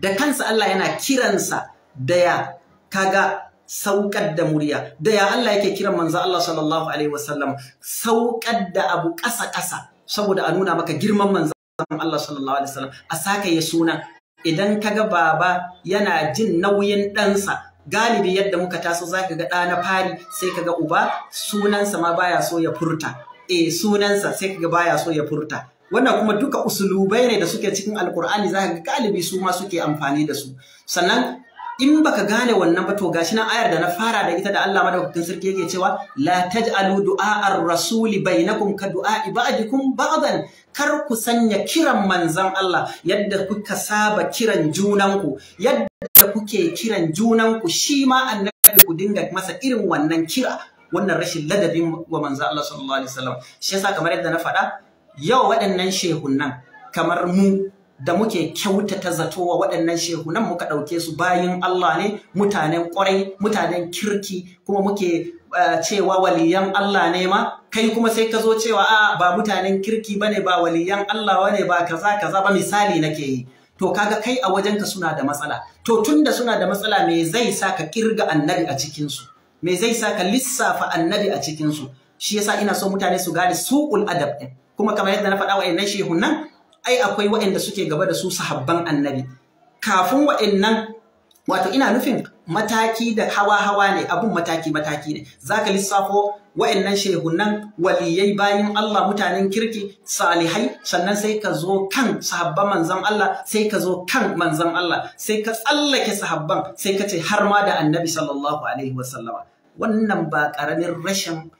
da kansa Allah yana kiransa da ya kaga saukar da murya da ya Allah yake kiran manzo Allah sallallahu alaihi wasallam saukar da abu ƙasa ƙasa saboda a nuna maka girman manzo Allah sallallahu alaihi wasallam a saka ya suna idan kaga baba yana jin nauyin ɗansa galibi yadda muka taso zaka ga ɗa na fari sai kaga uba sunansa ma baya so ya furta e sunansa sai kaga baya so ya furta wannan kuma duka usulubai ne da suke cikin alkur'ani za ga galibi su ma suke amfani da su sannan in baka gane wannan ba to gashi nan ayar da na fara da ita da Allah madaukakin sarki yake cewa la taj'alu du'a ar-rasuli bainakum ka du'a ibadikum ba'dan kar ku sanya kiran manzon Allah yadda kuka saba kiran junanku yadda kuke kiran junanku shi ma annabi ku dinga masa irin wannan kira wannan rashin ladabi wa manzon Allah sallallahu alaihi wasallam shi yasa kamar yadda na faɗa yau waɗannan shehunan kamar mu da muke kyautata zato wa waɗannan shehunan muka ɗauke su bayan Allah ne mutanen ƙwarai mutanen kirki kuma muke eh, cewa waliyan Allah ne ma kai kuma sai ka zo cewa a ba mutanen kirki bane ba waliyan Allah ne ba kaza kaza ba misali nake yi to kaga kai a wajenka suna da matsala to tunda suna da matsala me zai sa ka kirga annabi a cikin su me zai sa ka lissafa annabi a cikin su shi yasa ina so mutane su gane suƙul adab ɗin kuma kamar yadda na faɗa wa'annan shehun nan ai akwai wa'anda suke gaba da su sahabban annabi kafin wa'annan wato ina nufin mataki da hawa-hawa ne abun mataki-mataki ne zaka lissafo wa'annan shehunan waliyai bayan Allah mutanen kirki salihai sannan sai ka zo kan sahabban manzon Allah sai ka zo kan manzon Allah sai ka tsallake sahabban sai ka ce har ma da annabi sallallahu alaihi wasallama wannan ba karamin rashin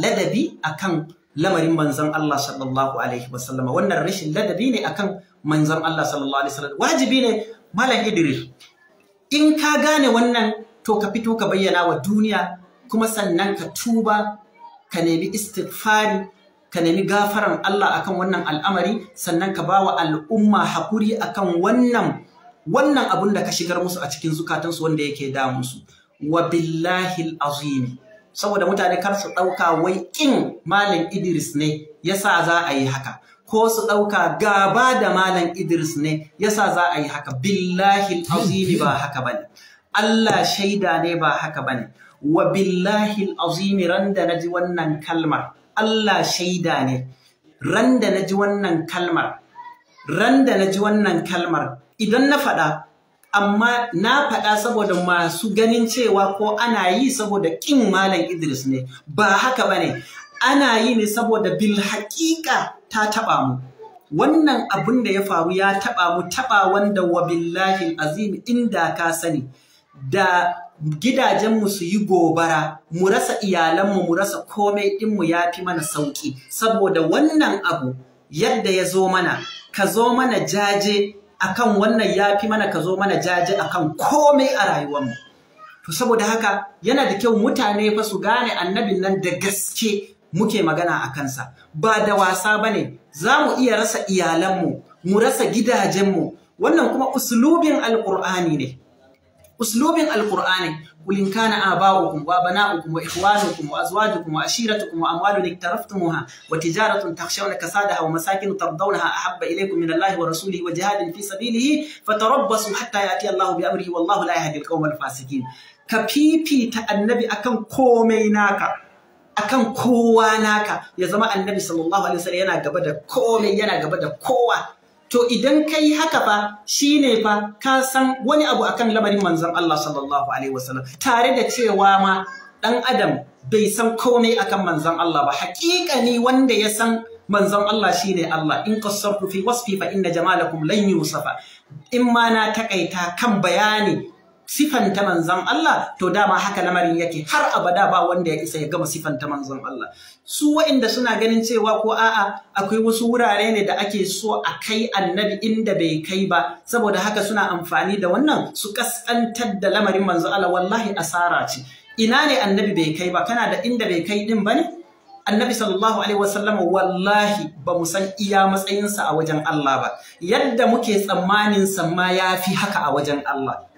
ladabi akan lamarin manzon Allah sallallahu alaihi wasallam wannan rashin ladabi ne akan manzon Allah sallallahu alaihi wasallam wajibi ne malam Idris in ka gane wannan to ka fito ka bayyana wa duniya kuma sannan ka tuba ka nemi istighfari ka nemi gafaran Allah akan wannan al'amari sannan ka bawa al'umma hakuri akan wannan wannan abun da ka shigar musu a cikin zukatansu wanda yake damunsu wa billahi azimi saboda mutane kar su ɗauka wai ƙin Malam Idris ne yasa za a yi haka. Ko su ɗauka gaba da Malam Idris ne yasa za a yi haka. Billahi azimi ba haka bane. Allah shaida ne ba haka bane. Wa billahi azimi randa na ji wannan kalmar. Allah shaida ne. Randa na ji wannan kalmar. Randa na ji wannan kalmar. Idan na faɗa amma na faɗa saboda masu ganin cewa ko ana yi saboda ƙin Malam Idris ne, ba haka ba ne, ana yi ne saboda bil haƙiƙa ta taɓa mu. Wannan abin da ya faru ya taɓa mu taɓa wanda wa billahi azim inda ka sani, da gidajenmu su yi gobara, mu rasa iyalanmu, mu rasa komai ɗinmu ya fi mana sauƙi, saboda wannan abu yadda ya zo mana, ka zo mana jaje akan wannan yafi mana ka zo mana jaje akan komai a rayuwarmu to saboda haka yana da kyau mutane fa su gane annabin nan da gaske muke magana a kansa ba da wasa bane za mu iya rasa iyalanmu mu rasa gidajen mu. wannan kuma uslubin alƙur'ani ne uslubin alqur'ani kulin in kana aba'ukum wa bana'ukum wa ikhwanukum wa azwajukum wa ashiratukum wa amwalun iktaraftumuha wa tijaratun takhshawna kasadaha wa masakin tardawnaha ahabba ilaykum min Allahi wa rasulihi wa jihadin fi sabilihi fatarabbasu hatta yati Allahu bi amrihi wallahu la yahdi alqawmal fasiqin ka fifita annabi akan komai naka akan kowa naka ya zama annabi sallallahu alaihi wasallam yana gaba da komai yana gaba da kowa to idan kai haka fa ne fa ka san wani abu akan lamarin manzon Allah sallallahu alaihi wasallam tare da cewa ma ɗan adam bai san komai akan manzon Allah ba haƙiƙani wanda ya san manzon Allah shi ne Allah in qasartu fi wasfi fa inna jamalakum lan yusafa in ma na takaita kan bayani sifanta manzon Allah to dama haka lamarin yake har abada ba wanda ya isa ya gama sifanta manzon Allah su waɗanda suna ganin cewa ko a'a akwai wasu wurare ne da ake so a kai annabi inda bai kai ba saboda haka suna amfani da wannan su kaskantar da lamarin manzon Allah wallahi asara ce ina ne annabi bai kai ba kana da inda bai kai din bane annabi sallallahu alaihi wasallam wallahi ba mu san iya matsayinsa a wajen Allah ba yadda muke tsammanin sa ma yafi haka a wajen Allah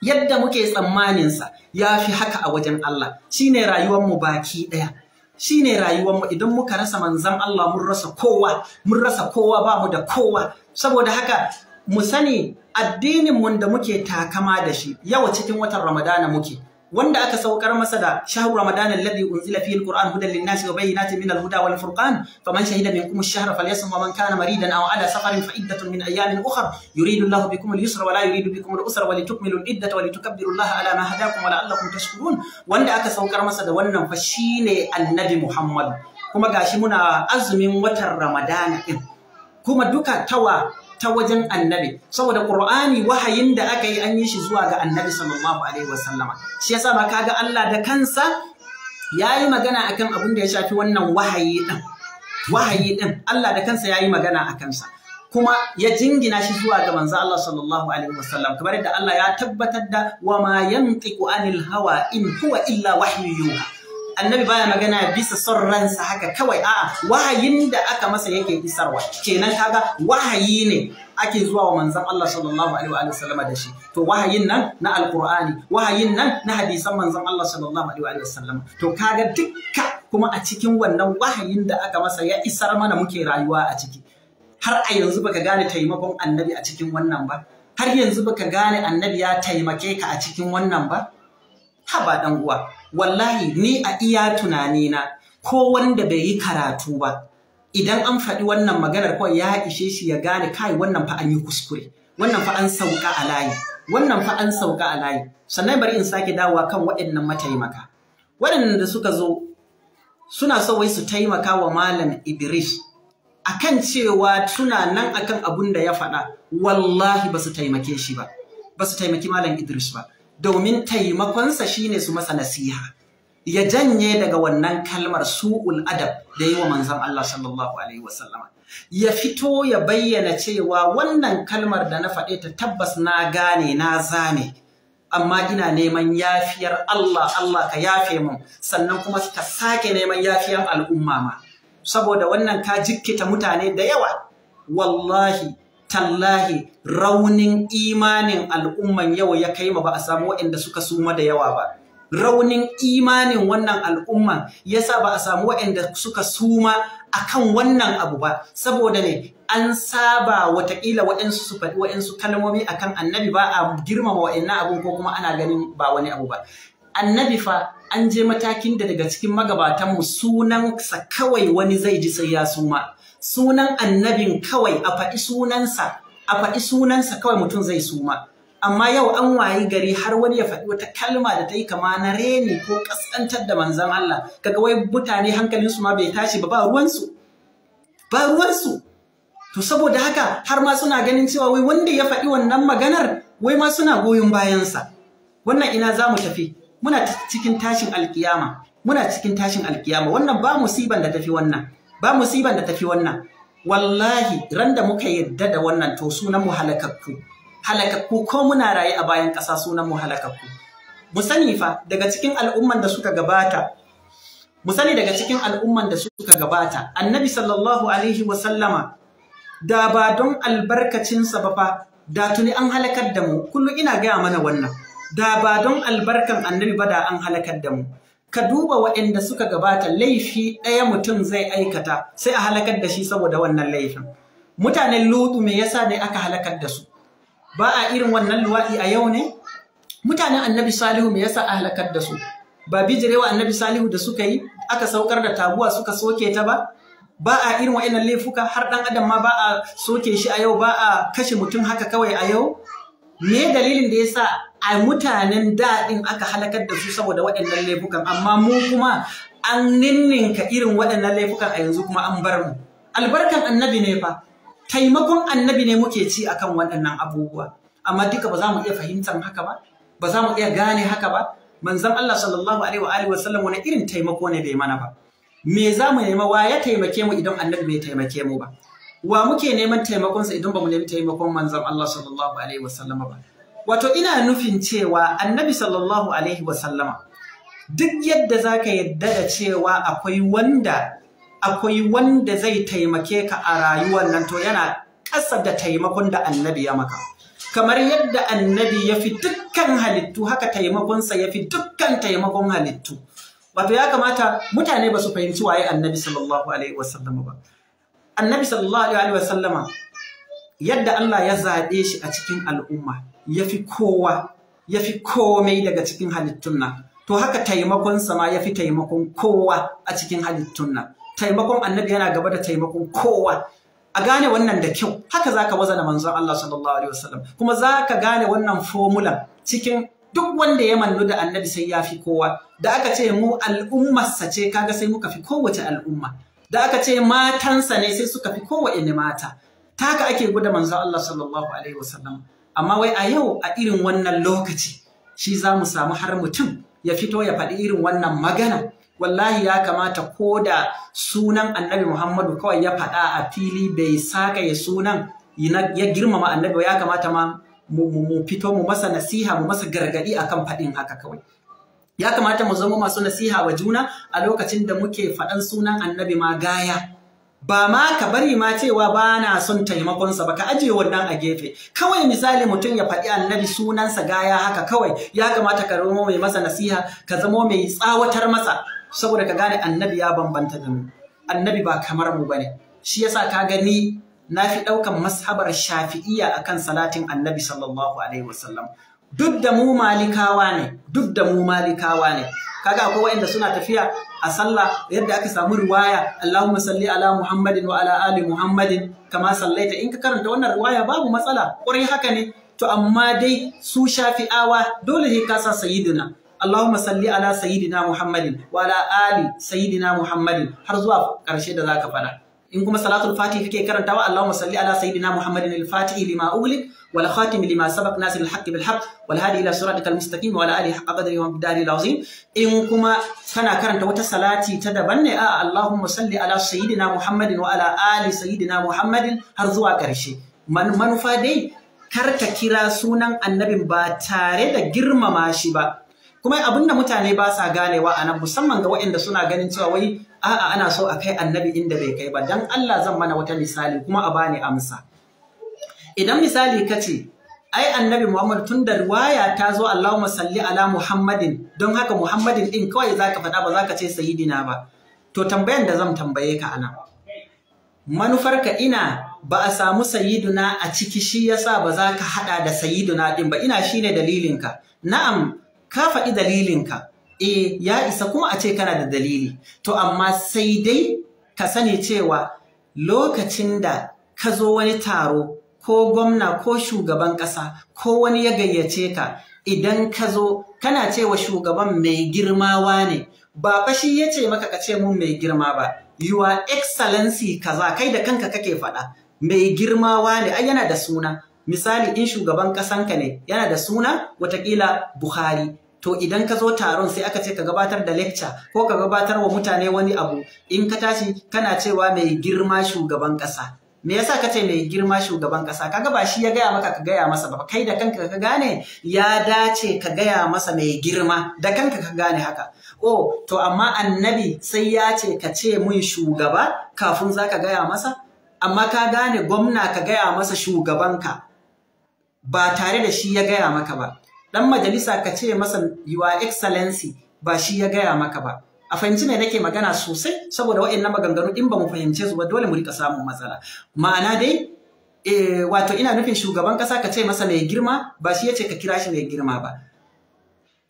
yadda muke tsammaninsa ya fi haka a wajen Allah Shi shine rayuwanmu baki ɗaya shi shine mu idan muka rasa manzan Allah mun rasa kowa mun rasa kowa ba mu da kowa saboda haka mu sani addinin mun da muke takama da shi yau cikin watan Ramadana muke wanda aka saukar masa da shahru ramadan alladhi unzila fihi alquran hudan linnasi wa bayyinatin min alhuda wal furqan faman shahida minkum ash-shahra falyasum wa man kana maridan aw ala safarin fa iddatun min ayamin ukhra yuridu Allahu bikum al-yusra wa la yuridu bikum al-usra wa litukmilu al-iddata wa litukabbiru Allaha ala ma hadakum wa la'allakum tashkurun wanda aka saukar masa da wannan fa shine annabi Muhammad kuma gashi muna azumin watan ramadan din kuma duka tawa ta wajen annabi saboda qur'ani wahayin da aka yi an yi shi zuwa ga annabi sallallahu alaihi wasallama shi yasa ma kaga Allah da kansa yayi magana akan abin da ya shafi wannan wahayi din wahayi din Allah da kansa yayi magana akan sa kuma ya jingina shi zuwa ga manzo Allah sallallahu alaihi wasallam kamar yadda Allah ya tabbatar da wa ma yantiqu anil hawa in huwa illa wahyu yuha annabi baya magana bisa son ransa haka kawai a'a wahayin da aka masa yake isarwa kenan kaga wahayi ne ake zuwa wa manzon Allah sallallahu alaihi wa sallama da shi to wahayin nan na alqur'ani wahayin nan na hadisan manzon Allah sallallahu alaihi wa sallama to kaga dukka kuma a cikin wannan wahayin da aka masa ya isar mana muke rayuwa a ciki har a yanzu baka gane taimakon annabi a cikin wannan ba har yanzu baka gane annabi ya taimake ka a cikin wannan ba haba dan uwa wallahi ni a iya tunani na ko wanda bai yi karatu ba idan an faɗi wannan maganar kawai ya ishe shi ya gane kai wannan fa an yi kuskure wannan fa an sauka a layi wannan fa an sauka a layi sannan bari in sake dawowa kan waɗannan mataimaka waɗannan da suka zo suna so wai su taimaka wa malam Idris akan cewa suna nan akan abun da ya faɗa wallahi ba su taimake shi ba ba su taimaki malam Idris ba domin taimakonsa shine su masa nasiha ya janye daga wannan kalmar su'ul adab da yi wa manzon Allah sallallahu alaihi wasallama ya fito ya bayyana cewa wannan kalmar da na faɗe ta tabbas na gane na zane amma ina neman yafiyar Allah Allah ka yafe mun sannan kuma ka sake neman yafiyar al'umma ma saboda wannan ka jikkita mutane da yawa wallahi tallahi raunin imanin al'umman yau ya kai ma ba a samu waɗanda suka suma da yawa ba raunin imanin wannan al'umman ya sa ba a samu waɗanda suka suma a kan wannan abu ba saboda ne an saba watakila waɗansu su faɗi waɗansu kalmomi akan annabi ba a girmama waɗannan abu ko kuma ana ganin ba wani abu ba annabi fa an je matakin da daga cikin magabatanmu sunansa kawai wani zai ji sai ya suma sunan annabin kawai a faɗi sunansa a faɗi sunansa kawai mutum zai suma amma yau an wayi gari har wani ya faɗi wata kalma da ta yi kama na reni ko ƙasƙantar da manzan Allah kaga wai mutane hankalinsu ma bai tashi ba ba ruwansu ba ruwansu to saboda haka har ma suna ganin cewa wai wanda ya faɗi wannan maganar wai ma suna goyon bayansa wannan ina za mu tafi muna cikin tashin alkiyama muna cikin tashin alkiyama wannan ba musiban da tafi wannan ba musiban da tafi wannan wallahi ran da muka yadda da wannan to sunan mu halakakku halakakku ko muna raye a bayan ƙasa sunan mu halakakku mu sani fa daga cikin al'umman da suka gabata mu daga cikin al'umman da suka gabata annabi sallallahu alaihi wa sallama da ba don albarkacinsa ba da tuni an halakar da mu kullum ina gaya mana wannan da ba don albarkan annabi ba da an halakar da mu ka duba waɗanda suka gabata laifi ɗaya mutum zai aikata sai a halakar da shi saboda wannan laifin mutanen lutu me yasa ne aka halakar da su ba a irin wannan luwaɗi a yau ne mutanen annabi salihu me yasa a halakar da su ba bijirewa annabi salihu da suka yi aka saukar da tabuwa suka soke ta ba ba a irin wa'annan laifuka har ɗan adam ma ba a soke shi a yau ba a kashe mutum haka kawai a yau me dalilin da yasa a mutanen daɗin aka halakar da su saboda waɗannan laifukan amma mu kuma an ninninka irin waɗannan laifukan a yanzu kuma an bar mu albarkan annabi ne fa taimakon annabi ne muke ci akan waɗannan abubuwa amma duka ba za mu iya fahimtar haka ba ba za mu iya gane haka ba manzon Allah sallallahu alaihi wa alihi wani irin taimako ne bai mana ba me za mu nema wa ya taimake mu idan annabi bai taimake mu ba wa muke neman taimakonsa idan ba mu nemi taimakon manzon Allah sallallahu alaihi wasallama ba wato ina nufin cewa annabi sallallahu alaihi wasallama duk yadda zaka yadda da cewa akwai wanda akwai wanda zai taimake ka a rayuwar nan to yana ƙasa da taimakon da annabi ya maka kamar yadda annabi ya fi dukkan halittu haka taimakonsa ya fi dukkan taimakon halittu wato ya kamata mutane ba su fahimci waye annabi sallallahu alaihi wasallama ba annabi sallallahu alaihi wa sallama yadda Allah ya zaɓe shi a cikin al'umma yafi kowa ya komai daga cikin halittun to haka taimakonsa ma yafi taimakon kowa a cikin halittun taimakon annabi yana gaba da taimakon kowa a gane wannan da kyau haka zaka wazana manzon Allah sallallahu alaihi wasallam kuma zaka gane wannan formula cikin duk wanda ya mannu da annabi sai yafi kowa da aka ce mu al'ummarsa ce kaga sai muka fi kowace al'umma da aka ce matansa ne sai suka fi kowanne mata ta ka ake gudu manzo Allah sallallahu alaihi wasallam amma wai a yau a irin wannan lokaci shi za mu samu har mutum ya fito ya faɗi irin wannan magana wallahi ya kamata ko da sunan annabi Muhammadu kawai ya faɗa a fili bai saka ya sunan ya girmama annabi ya kamata ma mu fito mu masa nasiha mu masa gargaɗi akan faɗin haka kawai ya kamata mu zama masu nasiha wa juna a lokacin da muke faɗan sunan annabi ma gaya ba ma ka bari ma cewa ba na son taimakonsa ba ka ajiye wannan a gefe kawai misali mutum ya faɗi annabi sunansa gaya haka kawai ya kamata ka zama mai masa nasiha ka zama mai tsawatar masa saboda ka gane annabi ya bambanta da mu annabi ba kamar mu bane shi yasa ka gani na fi ɗaukan mashabar shafi'iyya akan salatin annabi sallallahu alaihi wasallam duk da mu malikawa ne duk da mu malikawa ne kaga akwai inda suna tafiya a sallah yadda aka samu riwaya Allahumma salli ala Muhammadin wa ala ali Muhammadin kama sallaita in ka karanta wannan riwaya babu matsala ƙurin haka ne to amma dai su shafi awa dole ne ka sa sayyidina Allahumma salli ala sayidina Muhammadin wa ala ali sayyidina Muhammadin har zuwa ƙarshe da za ka faɗa. in kuma salatul fatih kake karantawa Allahumma salli ala sayyidina Muhammadin al-fatih lima ughliq wal khatim lima sabaq nasir al-haqq bil haqq wal hadi ila siratikal mustaqim wa ala alihi haqqa qadri wa al-azim in kuma kana karanta wata salati ta daban ne a Allahumma salli ala sayyidina Muhammadin wa ala ali sayyidina Muhammadin har zuwa karshe manufa dai kar ka kira sunan annabin ba tare da girmama shi ba kuma abin da mutane ba sa ganewa a nan musamman ga waɗanda suna ganin cewa wai a'a ana so a kai annabi inda bai kai ba dan Allah zan mana wata misali kuma a bani amsa idan misali ka ce ai annabi Muhammad tun da riwaya ta zo Allahumma salli ala Muhammadin don haka Muhammadin din kawai zaka faɗa ba zaka ce sayyidina ba to tambayan da zan tambaye ka anan manufarka ina ba a samu sayiduna a ciki shi yasa ba za ka hada da sayiduna ɗin ba ina shine dalilinka na'am ka faɗi dalilinka eh ya isa kuma a ce kana da dalili to amma sai dai ka sani cewa lokacin da ka zo wani taro ko gwamna ko shugaban ƙasa ko wani ya gayyace ka idan ka zo kana cewa shugaban mai girmawa ne ba fashi ya ce maka ka ce mun mai girma ba your excellency kaza kai da kanka kake faɗa mai girmawa ne ai yana da suna misali in shugaban ƙasanka ne yana da suna watakila Buhari to idan ka zo taron sai aka ce ka gabatar da lecture ko ka gabatar wa mutane wani abu in ka tashi kana cewa mai girma shugaban ƙasa me yasa ka ce mai girma shugaban ƙasa kaga ba shi ya gaya maka ka gaya masa ba kai da kanka ka gane ya dace ka gaya masa mai girma da kanka ka gane haka oh to amma annabi sai ya ce ka ce mun shugaba kafin za ka gaya masa amma ka gane gwamna ka gaya masa shugabanka ba tare da shi ya gaya maka ba dan majalisa ka ce masa yiwa excellency ba shi ya gaya maka ba a fahimci ne nake magana sosai saboda waɗannan maganganu in ba mu fahimce su ba dole mu rika samun matsala ma'ana dai e, wato ina nufin shugaban ƙasa ka ce masa mai girma ba shi ya ce ka kira shi mai girma ba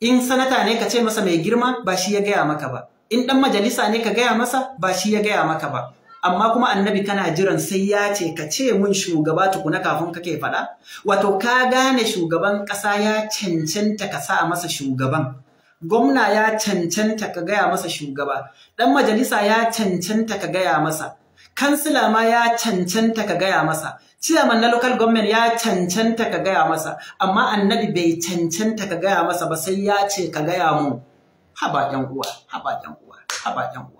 in sanata ne ka ce masa mai girma ba shi ya gaya maka ba in ɗan majalisa ne ka gaya masa ba shi ya gaya maka ba amma kuma annabi kana jiran sai ya ce ka ce mun shugaba tukuna kafin kake faɗa wato ka gane shugaban ƙasa ya cancanta ka sa masa shugaban gwamna ya cancanta ka gaya masa shugaba ɗan majalisa ya cancanta ka gaya masa kansila ma ya cancanta ka gaya masa ciyaman na local government ya cancanta ka gaya masa amma annabi bai cancanta ka gaya masa ba sai ya ce ka gaya mu haba yan uwa haba yan uwa haba yan uwa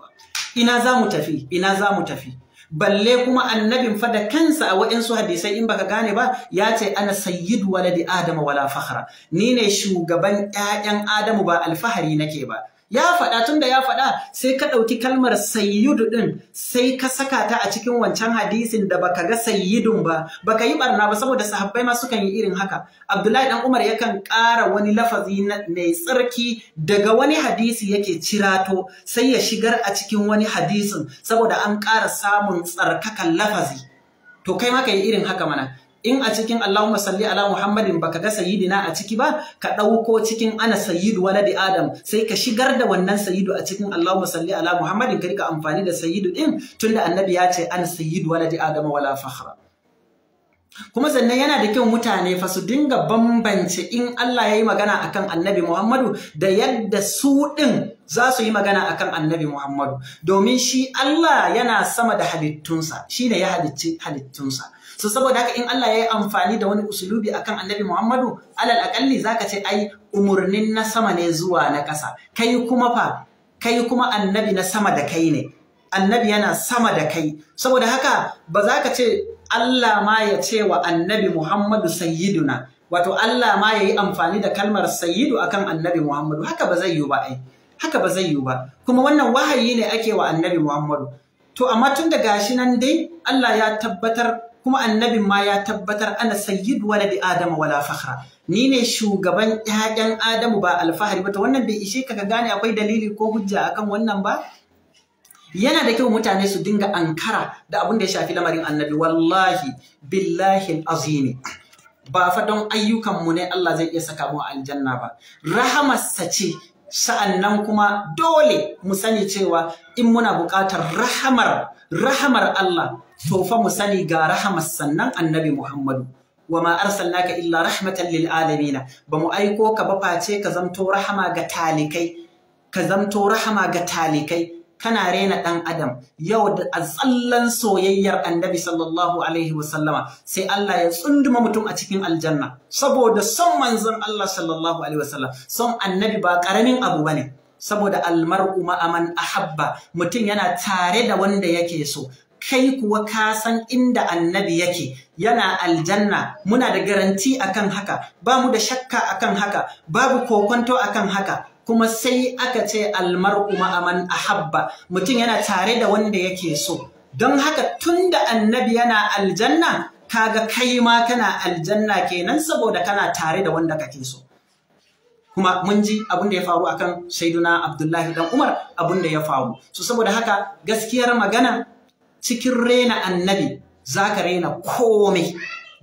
ina za mu tafi ina za mu tafi balle kuma annabin fa da kansa a waɗansu hadisai in baka gane ba ya ce ana sayyid waladi adama wala fakhra ni ne shugaban ƴaƴan adamu ba alfahari nake ba ya faɗa tun da ya faɗa sai ka ɗauki kalmar sayyidu ɗin sai ka saka ta a cikin wancan hadisin da baka ga sayyidun ba baka yi barna ba saboda sahabbai ma sukan yi irin haka Abdullahi dan Umar yakan ƙara wani lafazi mai tsarki daga wani hadisi yake cirato sai ya shigar a cikin wani hadisin saboda an ƙara samun tsarkakan lafazi to kai ma ka yi irin haka mana in a cikin Allahumma salli ala Muhammadin baka ga sayyidina a ciki ba ka ɗauko cikin ana sayyidu waladi Adam sai ka shigar da wannan sayyidu a cikin Allahumma salli ala Muhammadin ka rika amfani da sayyidu din tunda annabi ya ce ana sayyidu waladi Adam wala fakhra kuma sannan yana da kyau mutane fa su dinga bambance in Allah ya yi magana akan annabi Muhammadu da yadda su ɗin za su yi magana akan annabi Muhammadu domin shi Allah yana sama da halittunsa shi ne ya halicci halittunsa so saboda haka in Allah ya yi amfani da wani usulubi akan annabi Muhammadu alal akalli ka ce ai umarnin na sama ne zuwa na ƙasa kai kuma fa kai kuma annabi na sama da kai ne annabi yana sama da kai saboda haka ba za ka ce Allah ma ya ce wa annabi Muhammadu sayyiduna wato Allah ma ya yi amfani da kalmar sayyidu akan annabi Muhammadu haka ba zai yiwu ba ai haka ba zai yiwu ba kuma wannan wahayi ne ake wa annabi Muhammadu to amma tun da gashi nan dai Allah ya tabbatar kuma annabin ma ya tabbatar ana sayyid bi adama wala fakhra ni ne shugaban ƴaƴan adamu ba alfahari ba to wannan bai ishe ka gane akwai dalili ko hujja akan wannan ba yana da kyau mutane su dinga ankara da abin da ya shafi lamarin annabi wallahi billahi azimi ba fa don ayyukan mu ne Allah zai iya saka mu aljanna ba rahamarsa ce sa'annan kuma dole mu sani cewa in muna buƙatar rahamar rahamar Allah to mu sani ga rahamar sannan annabi Muhammadu wa ma arsalnaka illa rahmatan lil alamin ba mu aiko ka ba face ka zamto rahama ga talikai ka zamto rahama ga talikai kana rena ɗan adam yau da tsallan soyayyar annabi sallallahu alaihi wasallama sai Allah ya tsunduma mutum a cikin aljanna saboda son manzon Allah sallallahu alaihi wasallam son annabi ba ƙaramin abu bane saboda almar'u aman ahabba mutum yana tare da wanda yake so kai kuwa ka san inda annabi yake yana aljanna muna da garanti akan haka ba mu da shakka akan haka babu kokonto akan haka kuma sai aka ce almar'u aman ahabba mutum yana tare da wanda yake so don haka tunda annabi yana aljanna kaga kai ma kana aljanna kenan saboda kana tare da wanda kake so kuma mun ji abin da ya faru akan shaiduna Abdullahi dan Umar abin da ya faru so saboda haka gaskiyar magana cikin rena annabi zaka rena komai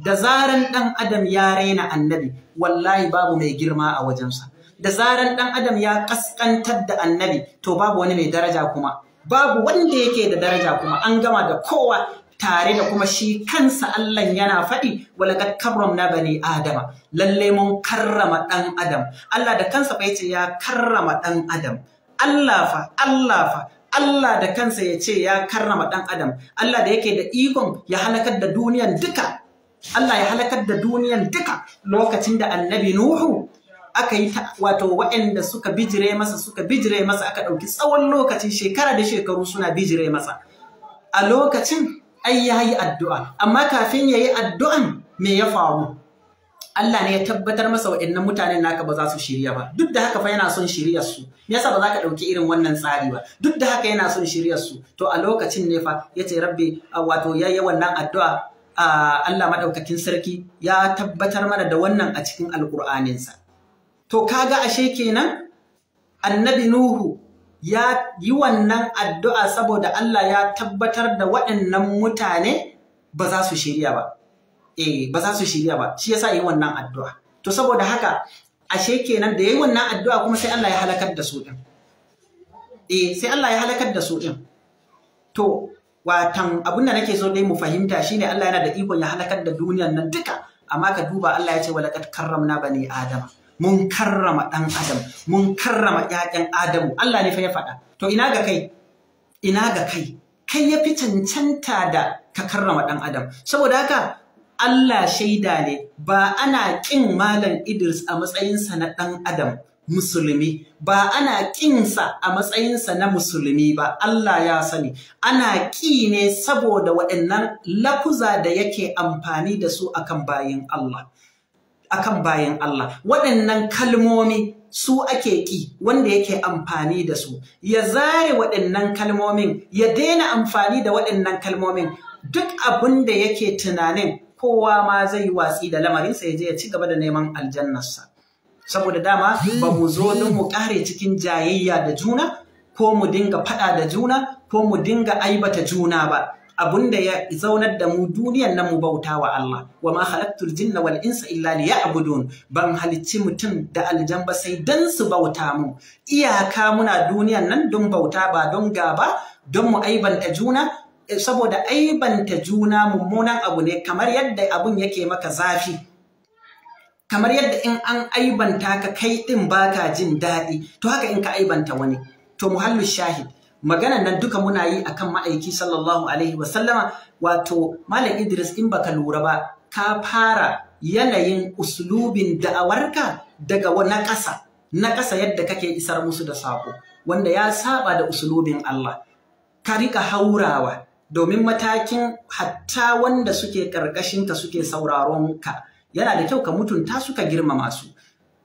da zaran ɗan adam ya rena annabi wallahi babu mai girma a wajensa da zaran ɗan adam ya ƙasƙantar da annabi to babu wani mai daraja kuma babu wanda yake da daraja kuma an gama da kowa tare da kuma shi kansa Allah yana faɗi walaqad karramna bani adama lalle mun karrama ɗan adam Allah da kansa fa yace ya karrama ɗan adam Allah fa Allah fa Allah da kansa ya ce ya karrama ɗan adam Allah da yake da ikon ya halakar da duniyan duka Allah ya halakar da duniyan duka lokacin da annabi Nuhu aka yi wato waɗanda suka bijire masa suka bijire masa aka ɗauki tsawon lokacin shekara da shekaru suna bijire masa a lokacin ai yi addu'a amma kafin ya yi addu'an me ya faru Allah ne ya tabbatar masa waɗannan mutanen naka ba za su shirya ba duk da haka fa yana son shiryarsu su me yasa ba za ka ɗauki irin wannan tsari ba duk da haka yana son shiryar su to a lokacin ne fa ya yace rabbi wato ya yi wannan addu'a a Allah maɗaukakin sarki ya tabbatar mana da wannan a cikin alƙur'aninsa to kaga ashe kenan annabi nuhu ya yi wannan addu'a saboda Allah ya tabbatar da waɗannan mutane ba za su shirya ba. Eh, ba za su shirya ba, shi yasa yi wannan addu'a. To saboda haka, ashe kenan da ya yi wannan addu'a kuma sai Allah ya halakar da su ɗin. Eh, sai Allah ya halakar da su ɗin. To, watan abin da nake so dai mu fahimta shi ne Allah yana da ikon ya halakar da duniyar nan duka, amma ka duba Allah ya ce walakat karramna bani Adama. mun karrama ɗan adam mun karrama ƴaƴan adamu Allah ne fa ya faɗa to ina ga kai ina ga kai kai ya fi cancanta da ka karrama ɗan adam saboda haka Allah shaida ne ba ana ƙin malam Idris a matsayinsa na ɗan adam musulmi ba ana ƙinsa a matsayinsa na musulmi ba Allah ya sani ana ƙi ne saboda waɗannan lafuza da yake amfani da su akan bayin Allah akan bayan Allah waɗannan kalmomi su ake ƙi wanda yake amfani da su ya zare waɗannan kalmomin ya daina amfani da waɗannan kalmomin duk abin da yake tunanin kowa ma zai yi watsi da lamarinsa ya je ya ci gaba da neman aljannarsa saboda dama ba mu zo don mu ƙare cikin jayayya da juna ko mu dinga faɗa da juna ko mu dinga aibata juna ba abun da ya zaunar da mu duniyan nan mu bauta wa Allah wa ma khalaqtul jinna wal insa illa liya'budun ban halicci mutum da aljan sai dan su bauta mu iyaka muna duniyan nan don bauta ba don gaba don mu aibanta juna eh, saboda aibanta juna mummunan abu ne kamar yadda abun yake maka zafi kamar yadda in an aibanta ka kai din baka jin daɗi to haka in ka aibanta wani to muhallu shahid maganan nan duka muna yi akan ma'aiki sallallahu alaihi wasallama wato malam Idris in baka lura ba ka fara yanayin uslubin da'awarka daga na ƙasa na ƙasa yadda kake isar musu da sako wanda ya saba da uslubin Allah ka riƙa haurawa domin matakin hatta wanda suke ƙarƙashinka suke sauraronka. yana da kyau ka mutunta suka ka girmama su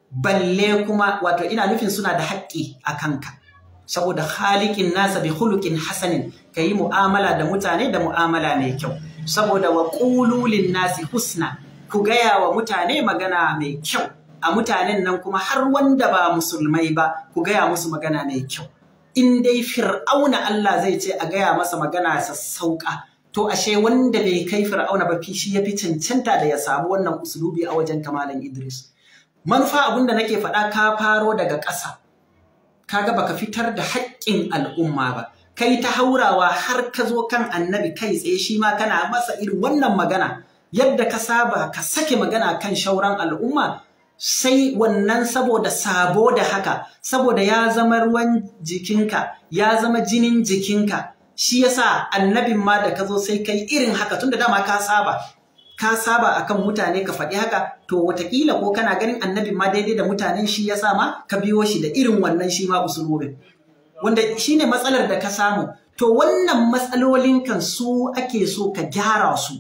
balle kuma wato ina nufin suna da haƙƙi a kanka saboda halikin nasa bi hulukin hasanin ka yi mu'amala da mutane da mu'amala mai kyau saboda wa ƙululin nasi husna ku gaya wa mutane magana mai kyau a mutanen nan kuma har wanda ba musulmai ba ku gaya musu magana mai kyau in dai fir'auna Allah zai ce a gaya masa magana sassauka to ashe wanda bai kai fir'auna ba fishi ya fi cancanta da ya samu wannan usulubi a wajen kamalan Idris manufa abinda nake faɗa ka faro daga ƙasa kaga baka fitar da haƙƙin al'umma ba kai ta haurawa har ka zo kan annabi kai tsaye shi ma kana masa irin wannan magana yadda ka saba ka sake magana kan shauran al'umma sai wannan saboda sabo da haka saboda ya zama ruwan jikinka ya zama jinin jikinka shi yasa annabin ma da ka zo sai kai irin haka tunda dama ka saba Ta saba akan mutane ka faɗi haka to watakila ko kana ganin annabi ma daidai da mutanen shi ya sama ka biyo shi da irin wannan shi ma usulobin wanda shine matsalar da ka samu to wannan matsalolin kan su ake so ka gyara su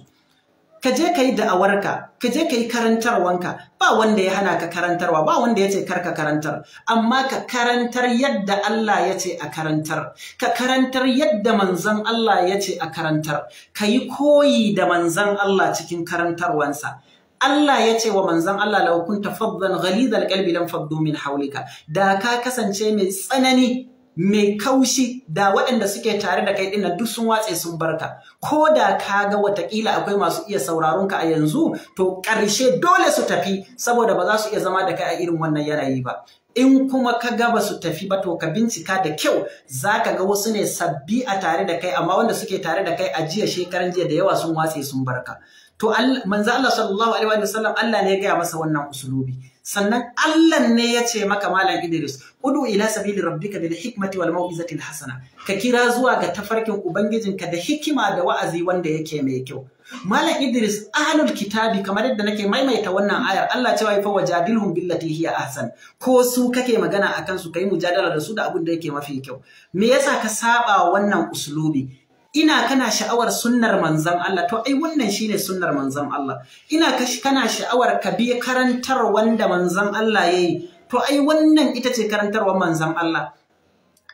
ka je ka yi da'awarka ka je ka yi karantarwanka ba wanda ya hana ka karantarwa ba wanda ya ce kar ka karantar amma ka karantar yadda Allah ya ce a karantar ka karantar yadda manzon Allah ya ce a karantar ka yi koyi da manzon Allah cikin karantarwansa Allah ya ce wa manzon Allah law kunta faddan ghalidhal qalbi lam faddu min hawlika da ka kasance mai tsanani mai kaushi da waɗanda suke tare da kai ɗina duk sun watse sun barka ko da ka ga watakila akwai masu iya sauraron ka a yanzu to ƙarshe dole su tafi saboda ba za su iya zama da kai a irin wannan yanayi ba in kuma ka ga ba su tafi ba to ka bincika da kyau za ka ga wasu ne sabbi a tare da kai amma wanda suke tare da kai a jiya shekaran jiya da yawa sun watse sun barka to manzo Allah sallallahu alaihi wa sallam Allah ne ya gaya masa wannan usulubi sannan Allah ne ya ce maka malam Idris udu ila sabili rabbika bil hikmati wal mau'izati hasana ka kira zuwa ga tafarkin ubangijinka da hikima da wa'azi wanda yake mai kyau malam idris ahlul kitabi kamar yadda nake maimaita wannan ayar Allah cewa fa wajadilhum billati hiya ahsan ko su kake magana akan su kai mujadala da su da abin da yake mafi kyau me yasa ka saba wannan uslubi ina kana sha'awar sunnar manzan Allah to ai wannan shine sunnar manzan Allah ina kana sha'awar ka bi karantar wanda manzan Allah yayi to ai wannan ita ce karantarwar manzon Allah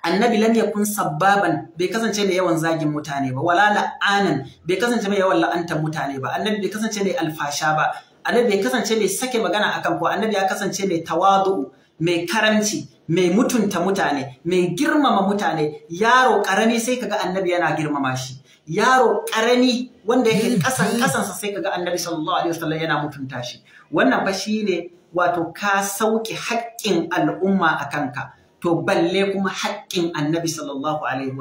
annabi lam yakun sabbaban bai kasance mai yawan zagin mutane ba wala la'anan bai kasance mai yawan la'antar mutane ba annabi bai kasance mai alfasha ba annabi bai kasance mai sake magana akan ko annabi ya kasance mai tawadu mai karanci mai mutunta mutane mai girmama mutane yaro karami sai kaga annabi yana girmama shi yaro karami wanda yake kasan kasansa sai kaga annabi sallallahu alaihi wasallam yana mutunta shi wannan fa shine wato ka sauke haƙƙin al'umma a kanka to balle kuma haƙƙin annabi sallallahu alaihi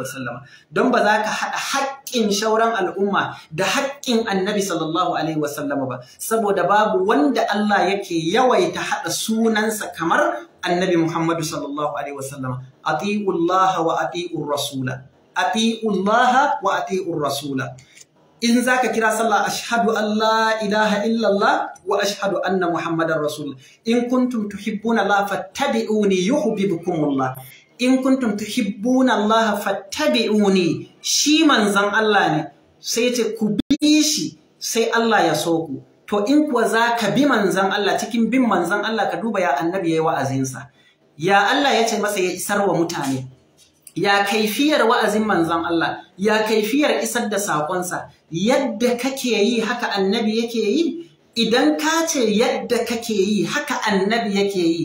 don ba za ka haɗa haƙƙin shauran al'umma da haƙƙin annabi sallallahu alaihi ba saboda babu wanda Allah yake yawaita haɗa sunansa kamar annabi Muhammadu sallallahu alaihi wasallam ati'u Allah wa ati'u rasula ati'u Allah wa ati'u rasula in za ka kira sallah ashadu Allah ilaha illallah wa ashhadu anna muhammadan rasul in kuntum tuhibbuna Allah fattabi'uni yuhibbukumullah in kuntum tuhibbuna Allah fattabi'uni shi manzan Allah ne sai ce ku bi shi sai Allah ya so ku to in kuwa za ka bi manzan Allah cikin bin manzan Allah ka duba ya annabi yayi wa'azinsa ya Allah ya ce masa ya isar wa mutane ya kaifiyar wa'azin manzon Allah ya kaifiyar isar da saƙonsa yadda kake yi haka annabi yake yi idan ka ce yadda kake yi haka annabi yake yi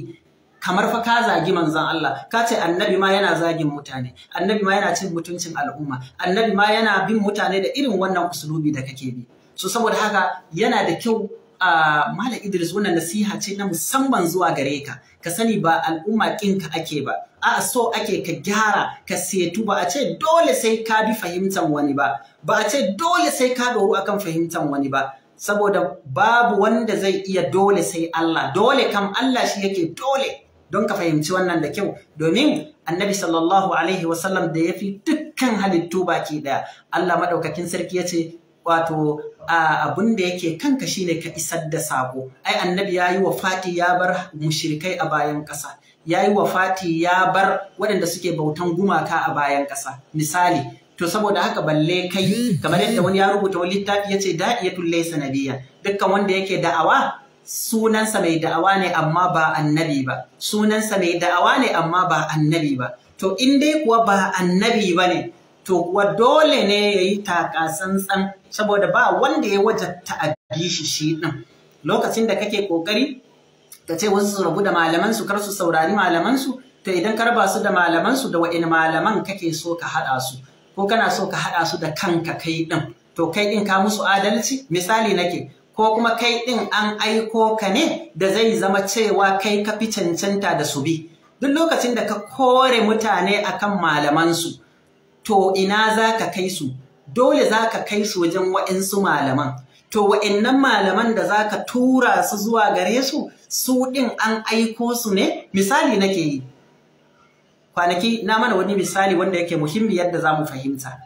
kamar fa ka zagi manzon Allah ka ce annabi ma yana zagin mutane annabi ma yana cin mutuncin al'umma annabi ma yana bin mutane da irin wannan usulubi da kake bi so saboda haka yana da kyau a Malam Idris wannan nasiha ce na musamman zuwa gare ka ka sani ba al'umma kinka ake ba a so ake ka gyara ka setu ba a ce dole sai ka bi fahimtan wani ba ba a ce dole sai ka doru akan fahimtar wani ba saboda babu wanda zai iya dole sai Allah dole kam Allah shi yake dole don ka fahimci wannan da kyau domin annabi sallallahu alaihi wasallam da yafi dukkan halittu baki daya Allah madaukakin sarki yace wato abin da yake kanka shine ka isar da sako ai annabi ya yi wa fati ya bar mushrikai a bayan ƙasa ya yi wa Fati ya bar waɗanda suke bautan gumaka a bayan ƙasa misali to saboda haka balle kai kamar yadda wani ya rubuta wani littafi ya ce da'iyatul na nabiyya dukkan wanda yake da'awa sunansa mai da'awa ne amma ba annabi ba sunansa mai da'awa ne amma ba annabi ba to in dai kuwa ba annabi ba ne to kuwa dole ne ya yi takasantsan saboda ba wanda ya wajatta a shi shi ɗin lokacin da kake ƙoƙari ta ce wasu su rabu da malamansu kar su saurari malamansu to idan kar ba su da malamansu da wa'in malaman kake so ka haɗa su ko kana so ka haɗa su da kanka kai ɗin to kai ɗin ka musu adalci misali nake ko kuma kai ɗin an aiko ka ne da zai zama cewa kai ka fi cancanta da su bi duk lokacin da ka kore mutane akan malamansu to ina za ka kai su dole za ka kai su wajen wa'insu malaman to wa'innan malaman da za ka tura su zuwa gare su su ɗin an aiko su ne misali nake yi kwanaki na mana wani misali wanda yake muhimmi yadda za mu fahimta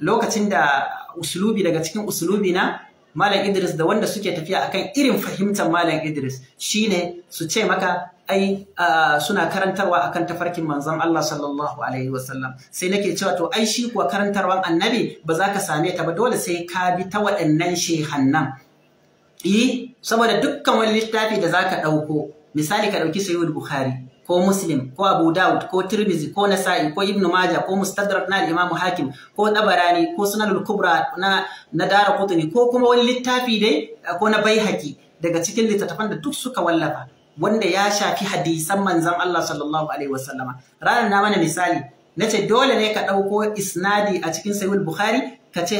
lokacin da usulubi daga cikin usulubi na malam idris da wanda suke tafiya akan irin fahimtar malam idris shine su ce maka ai suna karantarwa akan tafarkin manzon Allah sallallahu alaihi wasallam sai nake cewa to ai shi kuwa karantarwan annabi ba za ka same ta ba dole sai ka bi ta waɗannan shehannan yi saboda dukkan wani littafi da zaka ɗauko misali ka ɗauki sayyid bukhari ko muslim ko abu daud ko tirmizi ko nasa'i ko ibn majah ko mustadrak na al-imam hakim ko tabarani ko sunan al-kubra na na dara ko kuma wani littafi dai ko na baihaqi daga cikin littattafan da duk suka wallafa wanda ya shafi hadisan manzon Allah sallallahu alaihi wasallama ranar na mana misali na ce dole ne ka ɗauko isnadi a cikin sahih bukhari ka ce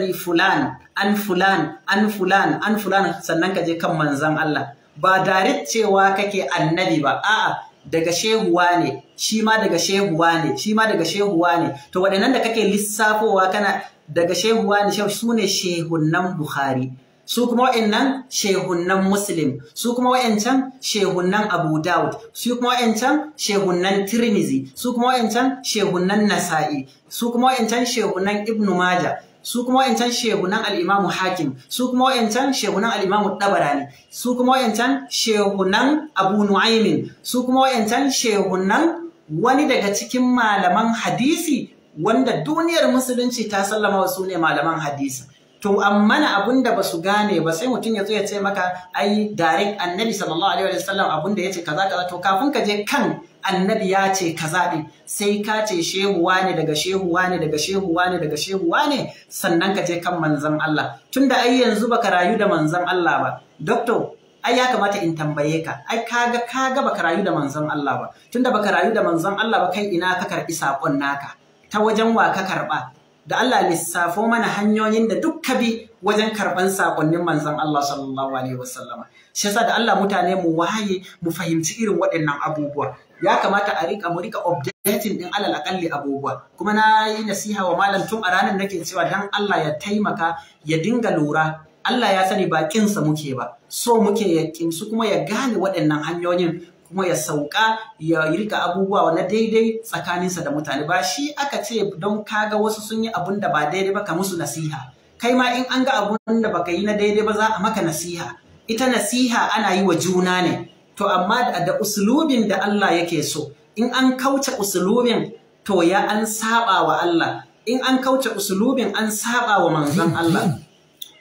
ni fulan an fulan an fulan an fulan sannan ka je kan manzan Allah ba direct cewa kake annabi ba a'a daga shehuwa ne shi ma daga shehuwa ne shi ma daga shehuwa ne to waɗannan da kake lissafowa kana daga shehuwa ne su ne shehunnan Bukhari su kuma wa'annan shehunnan muslim su kuma wa'ancan shehunnan abu daud su kuma wa'ancan shehunnan tirmizi su kuma wa'ancan shehunnan nasa'i su kuma wa'ancan shehunnan ibnu maja su kuma wa'ancan shehunan al hakim su kuma wa'ancan shehunan al-imamu dabarani su kuma wa'ancan shehunan abu nu'aymin su kuma wa'ancan shehunan wani daga cikin malaman hadisi wanda duniyar musulunci ta sallama wa su ne malaman hadisi to amma na abun da basu gane ba sai mutum ya zo ya ce maka ai direct annabi sallallahu alaihi wasallam abun da yace kaza kaza to kafin ka je kan annabi ya ce kaza din sai ka ce shehu wane daga shehu wane daga shehu wane daga shehu wane sannan ka je kan manzon Allah tunda ai yanzu baka rayu da manzon Allah ba doctor ai ya kamata in tambaye ka ai kaga kaga baka rayu da manzon Allah ba tunda baka rayu da manzon Allah ba kai ina ka karbi sakon naka ta wajen wa ka karba da Allah lissafo mana hanyoyin da duk bi wajen karɓan saƙonnin manzon Allah sallallahu alaihi wasallam shi yasa da Allah mutane mu waye mu fahimci irin waɗannan abubuwa ya kamata a rika mu rika updating ɗin alal akalli abubuwa kuma na yi nasiha wa malam tun a ranar nake cewa dan Allah ya taimaka ya dinga lura Allah ya sani ba sa muke ba so muke ya su kuma ya gane waɗannan hanyoyin kuma ya sauka ya rika abubuwa na daidai tsakaninsa da mutane ba shi aka ce don kaga wasu sun yi abun da ba daidai ba ka musu nasiha kai ma in an ga abun da baka yi na daidai ba za a maka nasiha ita nasiha ana yi wa juna ne to amma da usulubin da Allah yake so in an kauce usulubin to ya an saba wa Allah in an kauce usulubin an saba wa manzon Allah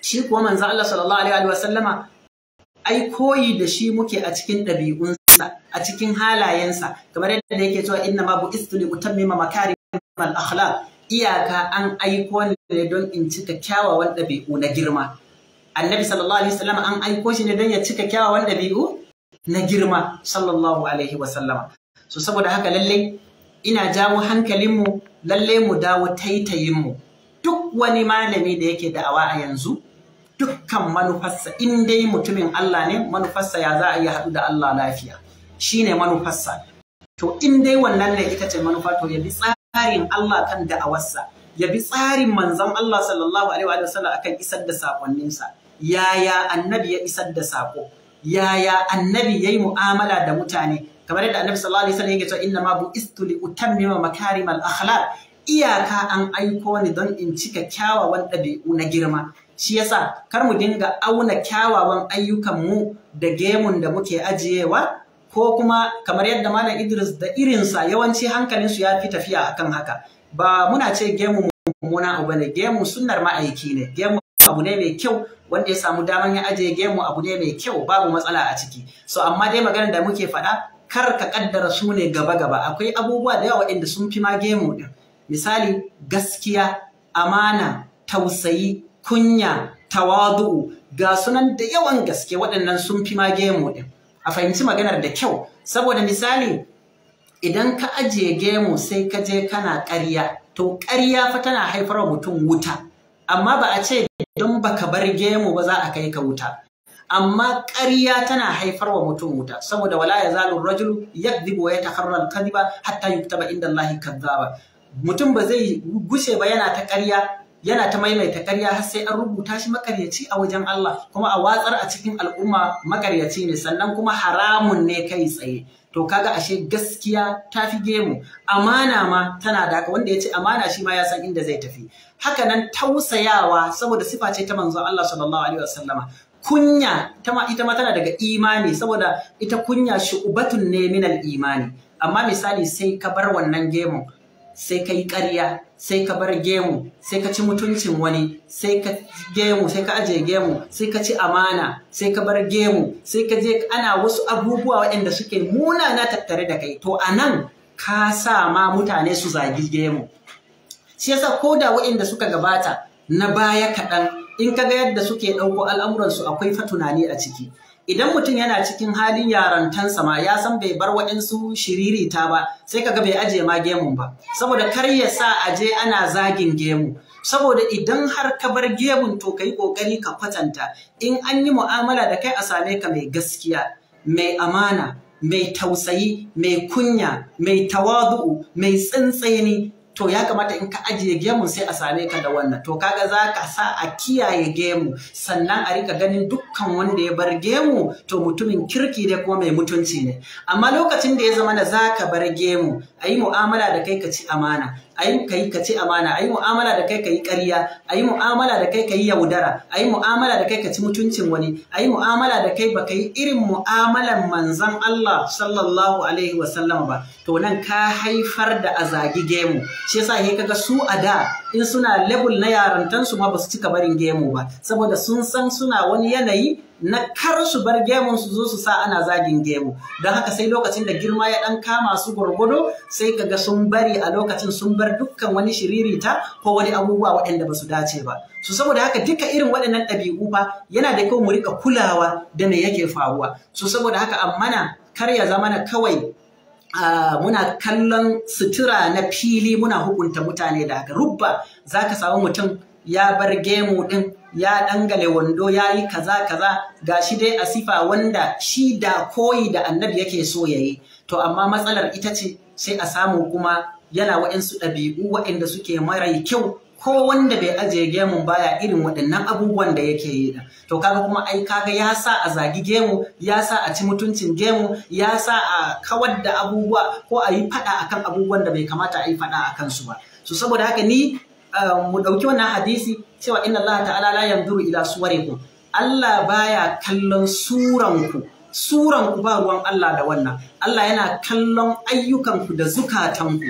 shi kuwa manzon Allah sallallahu alaihi wa sallama ai koyi da shi muke a cikin ɗabi'un sa a cikin halayensa kamar yadda yake cewa inna ma bu'istu li utammima makarim al akhlaq iyaka an aiko ne don in cika kyawawan ɗabi'u na girma annabi sallallahu alaihi wasallam an aiko shi ne don ya cika kyawawan ɗabi'u na girma sallallahu alaihi wasallam so saboda haka lalle ina jawo hankalinmu lalle mu dawo taitayinmu duk wani malami da yake da'awa a yanzu dukkan manufarsa in dai mutumin Allah ne manufarsa ya za a yi haɗu da Allah lafiya shine manufarsa to in dai wannan ne ita ce manufa to ya bi tsarin Allah kan da'awarsa ya bi tsarin manzon Allah sallallahu alaihi wa sallam akan isar da sakonninsa yaya annabi ya isar da sako yaya annabi yayi mu'amala da mutane kamar yadda annabi sallallahu alaihi wasallam yake cewa inna ma bu'istu li utammima makarimal akhlaq iyaka an aiko ni don in cika kyawawan ɗabi'u na girma shi yasa kar mu dinga auna kyawawan ayyukan mu da gemun da muke ajiyewa ko kuma kamar yadda malam Idris da irin sa yawanci su ya fi tafiya akan haka ba muna ce gemu mummuna abu ne gemu sunnar ma'aiki ne gemu abu ne mai kyau wanda ya samu daman ya ajiye gemu abu ne mai kyau babu matsala a ciki so amma dai maganar da muke faɗa kar ka kaddara su ne gaba gaba akwai abubuwa da yawa waɗanda sun fi ma gemu din misali gaskiya amana tausayi kunya tawadu ga sunan da yawan gaske waɗannan sun fi ma gemu ɗin a fahimci maganar da kyau saboda misali idan ka ajiye gemu sai ka je kana ƙarya to ƙarya fa tana haifar wa mutum wuta amma ba a ce don baka bar gemu ba za a kai ka wuta amma ƙarya tana haifar wa mutum wuta saboda wala ya zalu rajulu yakdhibu wa yataharra al hatta yuktaba inda Allah kadhaba mutum ba zai gushe ba yana ta ƙarya yana ta maimaita karya har sai an rubuta shi makaryaci a wajen Allah kuma a watsar a cikin al'umma makaryaci ne sannan kuma haramun ne kai tsaye to kaga ashe gaskiya ta fi gemu amana ma tana da haka wanda ya ce amana shi ma ya san inda zai tafi haka nan tausayawa saboda sifa ce ta manzon Allah sallallahu alaihi wasallama kunya ita ma tana daga imani saboda ita kunya shu'batun ne minal imani amma misali sai ka bar wannan gemu sai ka yi ƙarya sai ka bar gemu sai ka ci mutuncin wani sai ka gemu sai ka aje gemu sai ka ci amana sai ka bar gemu sai ka je ana wasu abubuwa waɗanda suke munana tattare da kai to a nan ka sa ma mutane su zagi gemu shi yasa ko da waɗanda suka gabata na baya kaɗan in ka ga yadda suke ɗauko al'amuransu akwai fa tunani a ciki idan mutum yana cikin halin yarantansa ma ya san bai bar waɗansu shiririta ba sai kaga bai ajiye ma gemun ba saboda kar ya sa aje ana zagin gemu saboda idan har ka bar gemun to kai kokari ka kwatanta in an yi mu'amala da kai a same ka mai gaskiya mai amana mai tausayi mai kunya mai tawadu, mai tsintsini to ya kamata in ka ajiye gemu sai a same ka da wannan to kaga za ka sa a kiyaye gemu sannan a rika ganin dukkan wanda ya bar gemu to mutumin kirki ne kuma mai mutunci ne amma lokacin da ya zama da za ka bar gemu a yi mu'amala da kai ka ci amana Ayi kai ka ci amana ayi mu'amala da kai ka yi ƙarya ayi mu'amala da kai ka yi yaudara ayi mu'amala da kai ka ci mutuncin wani ayi mu'amala da kai baka yi irin mu'amalan manzon Allah sallallahu alaihi sallam ba to nan ka haifar da azagi gemu shi yasa he kaga su a da in suna level na yarantansu ma ba su cika barin gemu ba saboda sun san suna wani yanayi na kar su bar gemun su zo su sa ana zagin gemu don haka sai lokacin da girma ya dan kama su gurgudo sai kaga sun bari a lokacin sun bar dukkan wani shiririta ko wani abubuwa waɗanda ba su dace ba su saboda haka duka irin waɗannan ɗabi'u fa yana da kyau mu rika kulawa da me yake faruwa su saboda haka na kar ya zama na kawai muna kallon sutura na fili muna hukunta mutane da haka rubba zaka samu mutum ya bar gemu ɗin ya ɗangale wando ya yi kaza kaza ga shi dai a sifa wanda shi da koyi da annabi yake so ya yi to amma matsalar ita ce sai a samu kuma yana waɗansu ɗabi'u waɗanda suke marai kyau ko wanda bai ajiye gemun baya irin waɗannan abubuwan da yake yi da to kaga kuma ai kaga ya sa a zagi gemu ya sa a ci mutuncin gemu ya sa a kawar da abubuwa ko a yi faɗa akan abubuwan da bai kamata a yi faɗa akan su ba so saboda haka ni Eh, mu ɗauki wannan hadisi cewa inna Allah ta'ala la yanzuru ila suwarikum Allah baya kallon suranku suranku ba ruwan Allah da wannan Allah yana kallon ayyukanku da zukatanku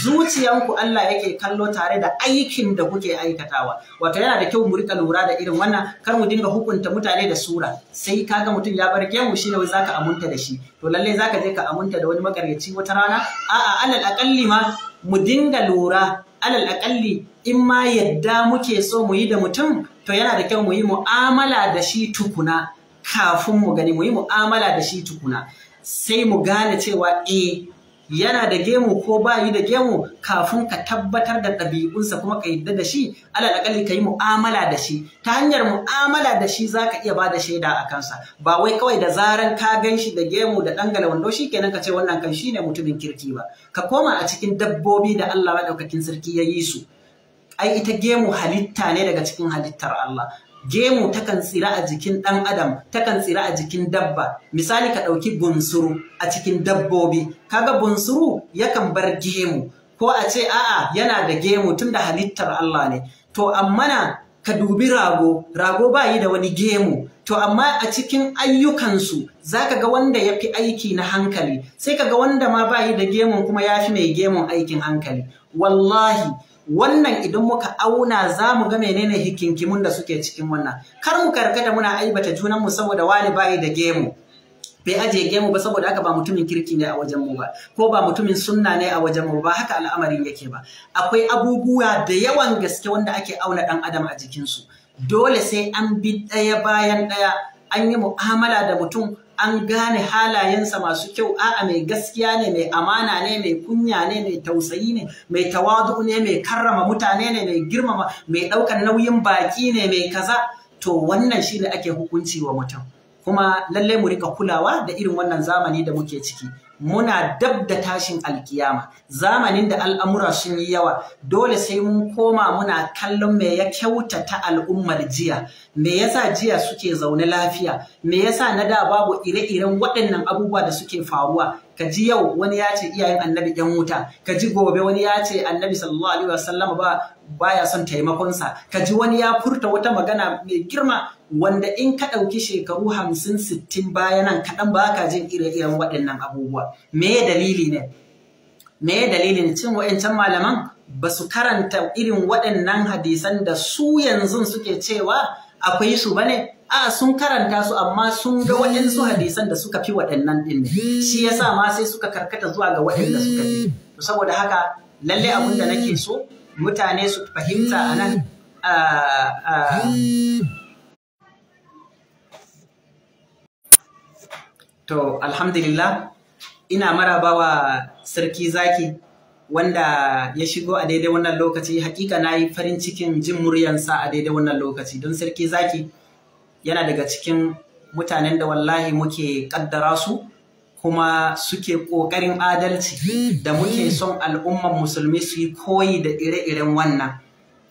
zuciyanku Allah yake kallo tare da aikin da kuke aikatawa wato yana da kyau mu rika lura da irin wannan kar mu dinga hukunta mutane da sura sai kaga mutum ya bar gemu shine wai zaka amunta da shi to lalle zaka je ka amunta da wani makaryaci wata rana a'a alal aqalli ma mu dinga lura alal aƙalli in ma yadda muke so mu yi da mutum to yana da kyau mu yi mu'amala da shi tukuna kafin mu gani mu yi mu'amala da shi tukuna sai mu gane cewa eh yana da gemu ko ba yi da gemu kafin ka tabbatar da ɗabi'unsa kuma ka yadda da shi alal akali ka yi mu'amala da shi ta hanyar mu'amala da shi za ka iya ba da shaida a kansa ba wai kawai da zaran ka gan shi da gemu da ɗangala wando shi kenan ka ce wannan kan shi ne mutumin kirki ba ka koma a cikin dabbobi da Allah maɗaukakin sarki ya yi su ai ita gemu halitta ne daga cikin halittar Allah gemu takan tsira a jikin ɗan adam takan tsira a jikin dabba misali ka ɗauki bunsuru a cikin dabbobi kaga bunsuru yakan bar gemu ko a ce a'a yana da gemu tun da halittar Allah ne to ammana ka dubi rago rago ba yi da wani gemu to amma a cikin ayyukansu za ka ga wanda ya fi aiki na hankali sai ka ga wanda ma ba yi da gemun kuma ya fi mai gemun aikin hankali wallahi wannan idan muka auna za mu ga menene hikinkimun da suke cikin wannan kar mu karkata muna aibata junanmu saboda wani bai da gemu bai ajiye gemu ba saboda haka ba mutumin kirki ne a wajen mu ba ko ba mutumin sunna ne a wajen mu ba haka al'amarin yake ba akwai abubuwa da yawan gaske wanda ake auna dan adam a jikinsu dole sai an bi ɗaya bayan ɗaya an yi mu'amala da mutum an gane halayensa masu kyau a'a mai gaskiya ne mai amana ne mai kunya ne mai tausayi ne mai tawadu ne mai karrama mutane ne mai girmama mai ɗaukar nauyin baki ne mai kaza to wannan shi ne ake hukunci wa mutum kuma lallai mu rika kulawa da irin wannan zamani da muke ciki muna dab da tashin alkiyama zamanin da al'amura sun yi yawa dole sai mun koma muna kallon me ya kyautata al'ummar jiya me yasa jiya suke zaune lafiya me yasa na da babu ire-iren waɗannan abubuwa da suke faruwa ka ji yau wani ya ce iyayen annabi yan wuta ka ji gobe wani ya ce annabi sallallahu alaihi wasallam ba baya son taimakonsa ka ji wani ya furta wata magana mai girma wanda in ka ɗauki shekaru hamsin sittin bayan nan kaɗan ba ka jin ire-iren waɗannan abubuwa me dalili ne me dalilin cin wa'ancan malaman ba su karanta irin waɗannan hadisan da su yanzu suke cewa akwai su bane a sun karanta su amma sun ga waɗansu hadisan da suka fi waɗannan ɗin ne shi yasa ma sai suka karkata zuwa ga waɗanda suka fi saboda haka lalle abun da nake so mutane su fahimta a nan to alhamdulillah ina marabawa sarki zaki wanda ya shigo a daidai wannan lokaci hakika na yi farin cikin jin muryansa a daidai wannan lokaci don sarki zaki yana daga cikin mutanen da wallahi muke kaddara su kuma suke ƙoƙarin adalci da muke son al'umman musulmi su yi koyi da ire-iren wannan.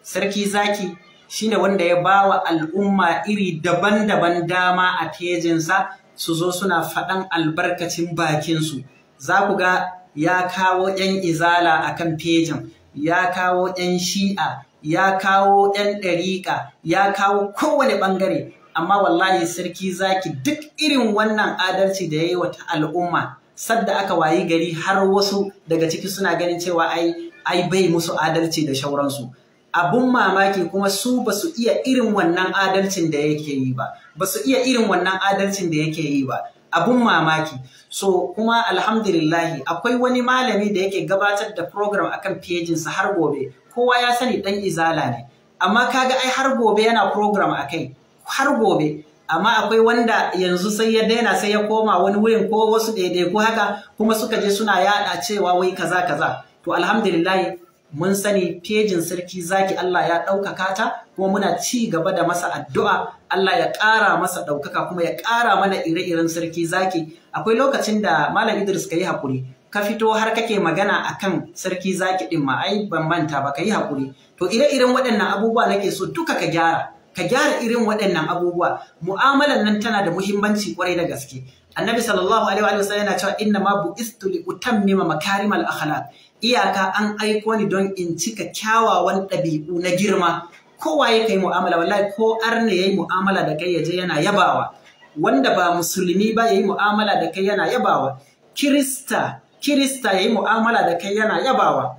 Sarki zaki shi ne wanda ya ba wa al'umma iri daban-daban dama a fejinsa su zo suna faɗan albarkacin bakinsu. Za ku ga ya kawo ‘yan izala a kan fejin, ya kawo ‘yan shi'a, ya kawo ‘yan ɗariƙa, ya kawo kowane ɓangare. amma wallahi sarki zaki duk irin wannan adalci da yayi wata al'umma sadda aka wayi gari har wasu daga ciki suna ganin cewa ai ai bai musu adalci da shauransu abun mamaki kuma su basu iya irin wannan adalcin da yake yi ba Basu iya irin wannan adalcin da yake yi ba abun mamaki so kuma alhamdulillahi akwai wani malami da yake gabatar da program akan pejinsa har gobe kowa ya sani dan izala ne amma kaga ai har gobe yana program akai har gobe amma akwai wanda yanzu sai ya daina sai ya koma wani wurin ko wasu daidai ko haka kuma suka je suna yaɗa cewa wai kaza kaza to alhamdulillahi mun sani fejin sarki zaki Allah ya ɗaukaka ta kuma muna ci gaba da masa addu'a Allah ya ƙara masa ɗaukaka kuma ya ƙara mana ire-iren sarki zaki akwai lokacin da malam Idris ka yi hakuri ka fito har kake magana akan sarki zaki ɗin ma ai ban manta ba ka yi hakuri to ire-iren waɗannan abubuwa nake so duka ka gyara ka gyara irin waɗannan abubuwa mu'amalan nan tana da muhimmanci kwarai da gaske annabi sallallahu alaihi wa sallam yana cewa inna ma bu'istu li utammima makarimal akhlaq iyaka an aiko ni don in cika kyawawan ɗabi'u na girma kowa ya kai mu'amala wallahi ko arne yayi mu'amala da kai yaje yana yabawa wanda ba musulmi ba yayi mu'amala da kai yana yabawa kirista kirista yayi mu'amala da kai yana yabawa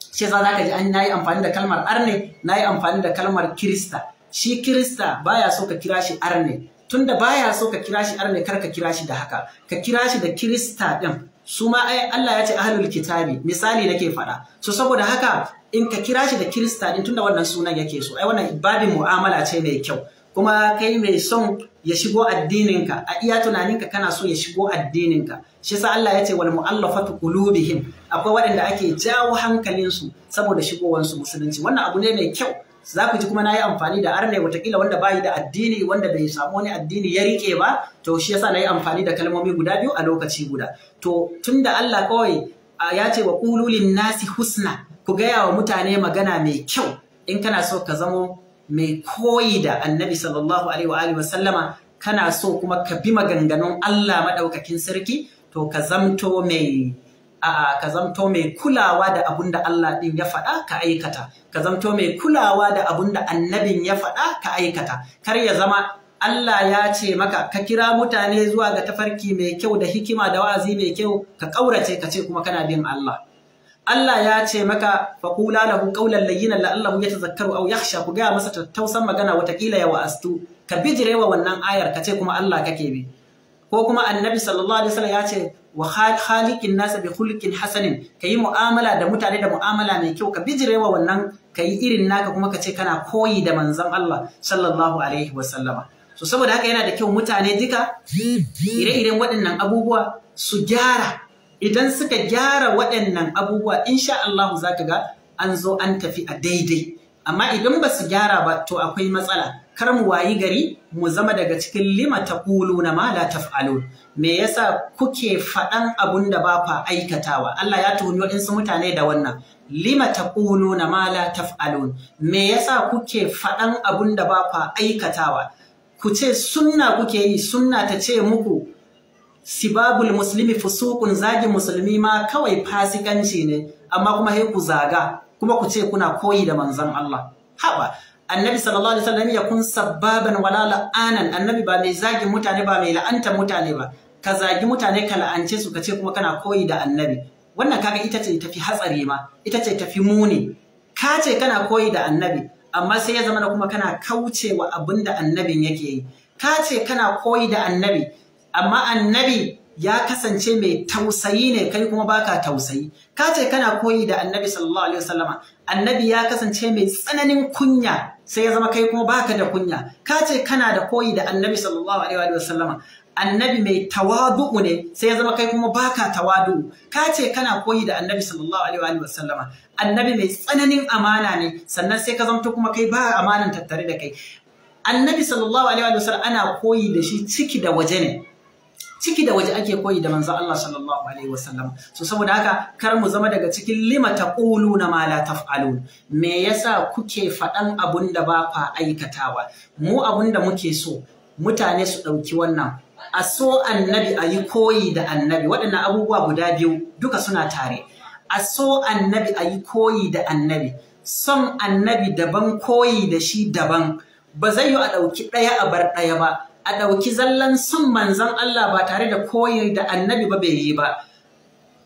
shi yasa zaka ji an nayi amfani da kalmar arne nayi amfani da kalmar kirista shi Kirista baya so ka kira shi arne tunda baya so ka kira shi arne kar ka kira shi da haka ka kira shi da Kirista din su ma ai Allah ya ce ahlul kitabi misali nake faɗa so saboda haka in ka kira shi da Kirista din tunda wannan sunan yake so ai wannan babin mu'amala ce mai kyau kuma kai mai son ya shigo addininka a iya tunaninka kana so ya shigo addininka shi sa Allah ya ce wal mu'allafatu qulubihim akwai waɗanda ake jawo hankalinsu saboda shigowansu musulunci wannan abu ne mai kyau za ku ji kuma na yi amfani da arne watakila wanda bayi da addini wanda bai samu wani addini ya riƙe ba to shi yasa na yi amfani da kalmomi guda biyu a lokaci guda to tunda Allah kawai ya ce wa ƙululin nasi husna ku gaya wa mutane magana mai kyau in kana so ka zamo mai koyi da annabi sallallahu alaihi wa alihi kana so kuma ka bi maganganun Allah madaukakin sarki to ka zamto mai ka zamto mai kulawa da abun da Allah ɗin ya faɗa ka aikata ka zamto mai kulawa da abun da annabin ya faɗa ka aikata kar ya zama Allah ya ce maka ka kira mutane zuwa ga tafarki mai kyau da hikima da wa'azi mai kyau ka ƙaurace ka ce kuma kana bin Allah Allah ya ce maka faƙula lahu qawlan layyinan la'allahu yatazakkaru aw yakhsha ku gaya masa tattausan magana watakila ya wa'astu ka bijirewa wannan ayar ka ce kuma Allah kake bi ko kuma annabi sallallahu alaihi wasallam ya ce wa khaliqin nasa bi khuluqin hasanin kayi mu'amala da mutane da mu'amala mai kyau ka bijirewa wannan kayi irin naka kuma ka ce kana koyi da manzon Allah sallallahu alaihi wasallama so saboda haka yana da kyau mutane duka ire-iren waɗannan abubuwa su gyara idan suka gyara waɗannan abubuwa insha Allah zaka ga an zo an tafi a daidai amma idan ba su gyara ba to akwai matsala kar mu wayi gari mu zama daga cikin lima ta na ma la taf'alun me yasa kuke faɗan abun da ba fa aikatawa Allah ya tuhumi waɗansu mutane da wannan lima ta na ma la taf'alun me yasa kuke faɗan abun da ba fa aikatawa ku ce sunna kuke yi sunna ta ce muku sibabul muslimi fusukun zagin musulmi ma kawai fasikanci ne amma kuma sai ku zaga kuma ku ce kuna koyi da manzon Allah haba annabi sallallahu alaihi wasallam kun sabbaban wala la'anan annabi ba mai zagi, mutane ba mai la'anta mutane ba ka zagi mutane ka la'ance su ka ce kuma kana koyi da annabi wannan kaga ita ce tafi hatsari ma ita ce tafi muni ka ce kana koyi da annabi amma sai ya zama na kuma kana kaucewa abin da annabin yake yi ka ce kana koyi da annabi amma annabi ya kasance mai tausayi ne kai kuma baka tausayi ka ce kana koyi da annabi sallallahu alaihi wasallama annabi ya kasance mai tsananin kunya sai ya zama kai kuma baka da kunya ka ce kana da koyi da annabi sallallahu alaihi wasallama annabi mai tawadu'u ne sai ya zama kai kuma baka tawadu'u ka ce kana koyi da annabi sallallahu alaihi wasallama annabi mai tsananin amana ne sannan sai ka zamto kuma kai ba amanan tattare da kai annabi sallallahu alaihi wasallama ana koyi da shi ciki da waje ne ciki da waje ake koyi da manzo Allah sallallahu alaihi wasallam so saboda haka kar mu zama daga cikin lima na ma la taf'alun me yasa kuke faɗan abun da ba fa aikatawa mu abun da muke so mutane su ɗauki wannan a so annabi ayi koyi da annabi waɗannan abubuwa guda biyu duka suna tare a so annabi ayi koyi da annabi son annabi daban koyi da shi daban ba zai yi a ɗauki ɗaya a bar ɗaya ba a ɗauki zallan son manzan Allah ba tare da koyi da annabi ba bai yi ba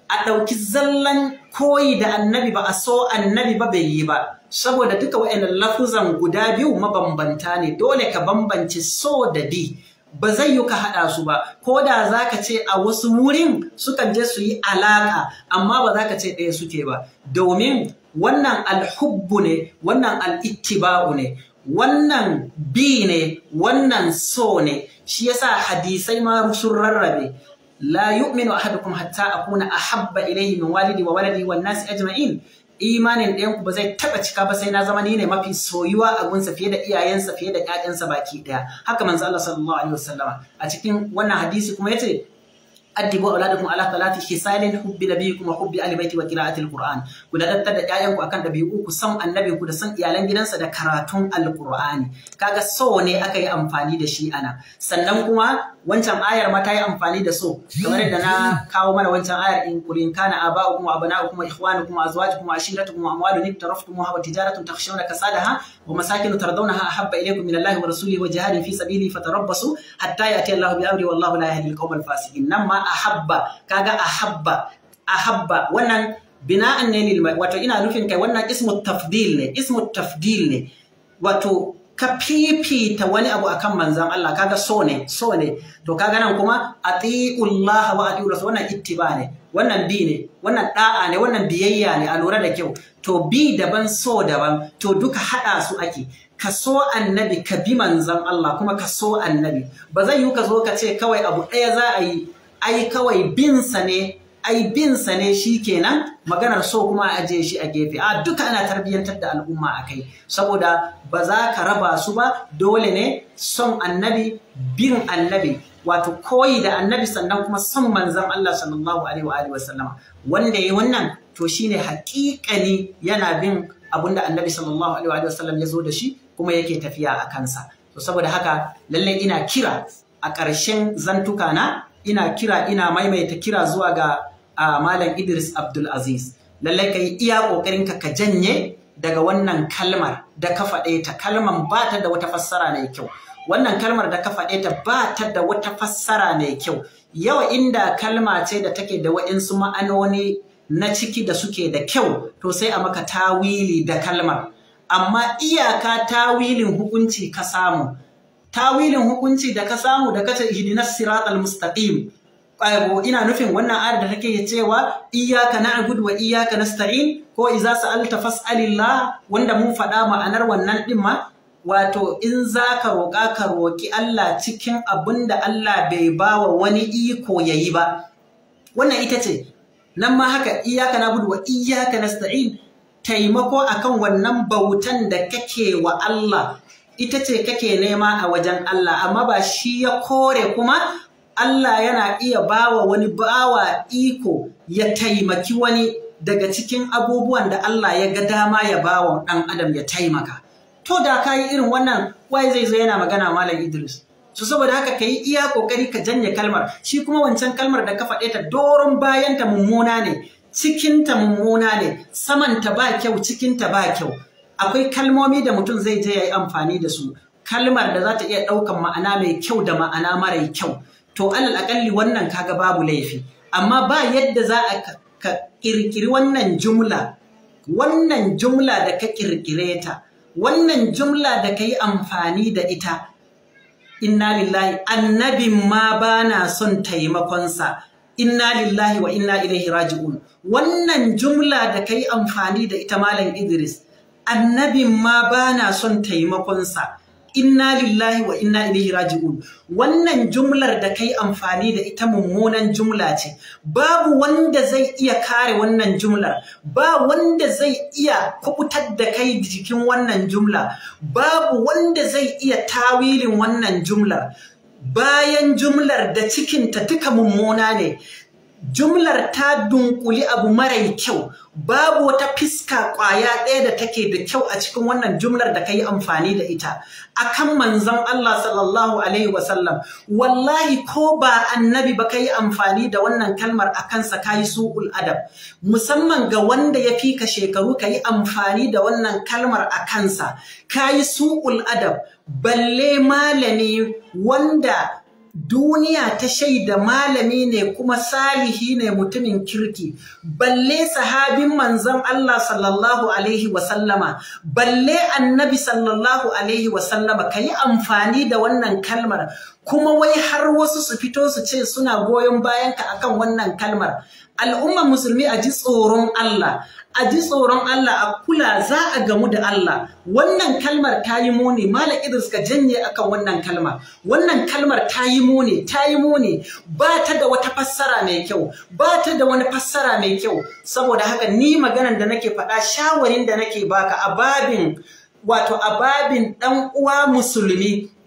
a ɗauki zallan koyi da annabi ba a so annabi ba bai yi ba saboda duka wa'in lafuzan guda biyu mabambanta ne dole ka bambance so da bi ba zai yi ka haɗa su ba ko da za ka ce a wasu wurin sukan je su yi alaƙa amma ba za ka ce ɗaya suke ba domin wannan alhubbu ne wannan al'ittiba'u ne wannan bi ne wannan so ne shi yasa hadisai ma sun rarrabe la yu'minu ahadukum hatta akuna ahabba ilayhi min walidi wa waladi wan nasi ajma'in imanin ɗayan ku ba zai taɓa cika ba sai na zama ni ne mafi soyuwa a gunsa fiye da iyayensa fiye da ƴaƴansa baki ɗaya haka manzo Allah sallallahu alaihi wasallama a cikin wannan hadisi kuma yace addibu auladakum ala talati khisalin hubbi nabiyyikum wa hubbi ahli baiti wa qira'atil qur'an ku ladattar da 'ya'yanku akan dabi'u ku san annabi ku da san iyalan gidansa da karatun alqur'ani kaga so ne aka yi amfani da shi ana sannan kuma wancan ayar ma ta yi amfani da so kamar yadda na kawo mana wancan ayar in kulin kana aba'ukum kuma ikhwanu kuma ikhwanukum kuma ashiratu kuma amwalu ni tarafu kuma wa tijaratun takhshawna kasadaha wa masakin tardawnaha ahabba ilaykum min Allahi wa rasulihi wa jihadin fi sabilihi fatarabbasu hatta ya'ti Allahu bi amri wallahu la yahdi al-qawmal fasiqin nan ma ahabba kaga ahabba ahabba wannan bina'an ne lil wato ina nufin kai wannan ismu tafdil ne ismu tafdil ne wato ka fifita wani abu akan manzan Allah kaga so ne so ne to kaga nan kuma atiullaha wa atiur rasul wannan ittiba ne wannan bi ne wannan da'a ne wannan biyayya ne a lura da kyau to bi daban so daban to duka hada su ake ka so annabi ka bi manzan Allah kuma ka so annabi ba zai yi ka zo ka ce kawai abu ɗaya za a yi ai kawai binsa ne ai bin sa ne kenan maganar so kuma a ajiye shi a gefe a duka ana tarbiyyantar da al'umma a kai saboda ba za ka raba su ba dole ne son annabi bin annabi wato koyi da annabi sannan kuma son manzan Allah sallallahu alaihi wa alihi wasallama wanda yayi wannan to shine haƙiƙani yana bin abinda annabi sallallahu alaihi wa alihi wasallam ya zo da shi kuma yake tafiya a kansa to saboda haka lallai ina kira a ƙarshen zantukana ina kira ina maimaita kira zuwa ga a Malam Idris Abdul Aziz. Lallai ka yi iya ƙoƙarin ka ka janye daga wannan kalmar da ka faɗe ta kalmar ba ta da wata fassara mai kyau wannan kalmar da ka faɗe ta ba ta da wata fassara mai kyau Yawa inda kalma ce da take da wa'insu ma'anoni na ciki da suke da kyau to sai a maka tawili da kalmar amma iyaka tawilin hukunci ka samu tawilin hukunci da ka samu da kace hidinar siratal mustaqim ina nufin wannan ayar da take cewa iyyaka na'budu wa iyyaka nasta'in ko idza sa'alta fas'alillah wanda mun faɗa ma'anar wannan din ma wato in zaka roƙa ka roƙi Allah cikin da Allah bai ba wa wani iko yayi ba wannan ita ce nan ma haka iyyaka na'budu wa iyyaka nasta'in taimako akan wannan bautan da kake wa Allah ita ce kake nema a wajen Allah amma ba shi ya kore kuma Allah yana iya bawa wani bawa iko ya taimaki wani daga cikin abubuwan da Allah ya ga dama ya bawa ɗan adam ya taimaka. To da ka yi irin wannan waye zai zo yana magana Malam Idris. So saboda haka ka yi iya ƙoƙari ka janye kalmar, shi kuma wancan kalmar da ka faɗe ta doron bayan ta mummuna ne, cikin ta mummuna ne, saman ta ba kyau, cikin ta ba kyau. Akwai kalmomi da mutum zai je ya yi amfani da su, kalmar da za ta iya ɗaukan ma'ana mai kyau da ma'ana mara kyau. to alal akalli wannan kaga babu laifi amma ba yadda za a ka kirkiri wannan jumla wannan jumla da ka kirkire ta wannan jumla da ka yi amfani da ita inna lillahi annabin ma bana son taimakonsa inna lillahi wa inna ilaihi raji'un wannan jumla da kai amfani da ita malam Idris annabin ma bana son taimakonsa. inna lillahi wa inna ilaihi raji'un wannan jumlar da kai amfani da ita mummunan jumla ce babu wanda zai iya kare wannan jumlar ba wanda zai iya kubutar da kai jikin wannan jumla babu wanda zai iya tawilin wannan jumlar bayan jumlar da cikinta duka mummuna ne jumlar ta dunkuli abu marai kyau babu wata fiska ƙwaya ɗaya da take da kyau a cikin wannan jumlar da ka yi amfani da ita akan manzon Allah sallallahu alaihi wasallam wallahi ko ba annabi ba ka yi amfani da wannan kalmar a kansa ka yi su'ul adab musamman ga wanda ya fika shekaru ka yi amfani da wannan kalmar a kansa ka yi su'ul adab balle malami wanda duniya ta shaida malami ne kuma salihi ne mutumin kirki balle sahabin manzon Allah sallallahu alaihi wasallama balle annabi sallallahu alaihi wasallama kayi amfani da wannan kalmar kuma wai har wasu su fito su ce suna goyon bayanka akan wannan kalmar al'umman musulmi a ji tsoron Allah a ji tsoron Allah a kula za a gamu da Allah wannan kalmar ta yi muni mala idris ka janye akan wannan kalmar wannan kalmar ta yi muni ta yi muni ba ta da wata fassara mai kyau ba ta da wani fassara mai kyau saboda haka ni maganan da nake faɗa shawarin da nake baka a babin wato a babin ɗan uwa musulmi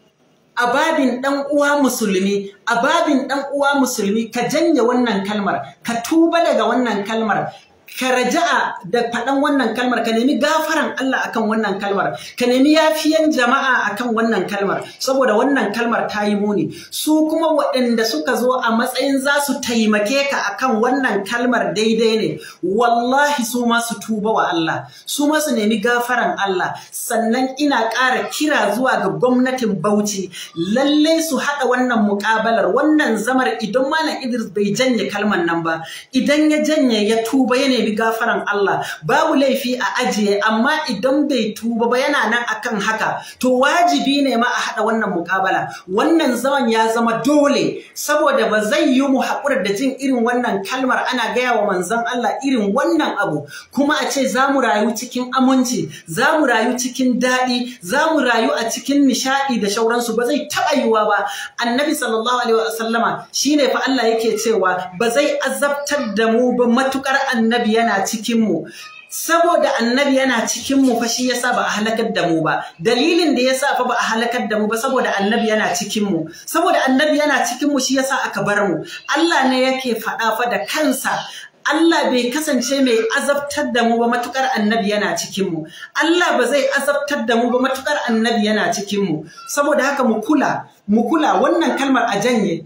a babin ɗan uwa musulmi a babin ɗan uwa musulmi ka janye wannan kalmar ka tuba daga wannan kalmar ka raja'a da faɗan wannan kalmar ka nemi gafaran Allah akan wannan kalmar ka nemi yafiyan jama'a akan wannan kalmar saboda wannan kalmar ta yi muni su kuma waɗanda suka zo a matsayin za su taimake ka akan wannan kalmar daidai ne wallahi su ma su tuba wa Allah su ma su nemi gafaran Allah sannan ina ƙara kira zuwa ga gwamnatin Bauchi lallai su haɗa wannan muƙabalar wannan zamar idan Malam Idris bai janye kalmar nan ba idan ya janye ya tuba ne nemi gafaran Allah babu laifi a ajiye amma idan bai tuba ba yana nan akan haka to wajibi ne ma a haɗa wannan mukabala wannan zaman ya zama dole saboda ba zai yi mu hakura da jin irin wannan kalmar ana gaya wa manzon Allah irin wannan abu kuma a ce za mu rayu cikin aminci za mu rayu cikin daɗi za mu rayu a cikin nishaɗi da shauransu ba zai taɓa yiwuwa ba annabi sallallahu alaihi wa sallama shine fa Allah yake cewa ba zai azabtar da mu ba matukar annabi annabi yana cikinmu saboda annabi yana cikinmu mu fa shi yasa ba a halakar da mu ba dalilin da yasa fa ba a halakar da mu ba saboda annabi yana cikinmu. saboda annabi yana cikinmu mu shi yasa aka bar mu Allah ne yake faɗa fa da kansa Allah bai kasance mai azabtar da mu ba matukar annabi yana cikinmu. Allah ba zai azabtar da mu ba matukar annabi yana cikinmu. saboda haka mu kula mu kula wannan kalmar a janye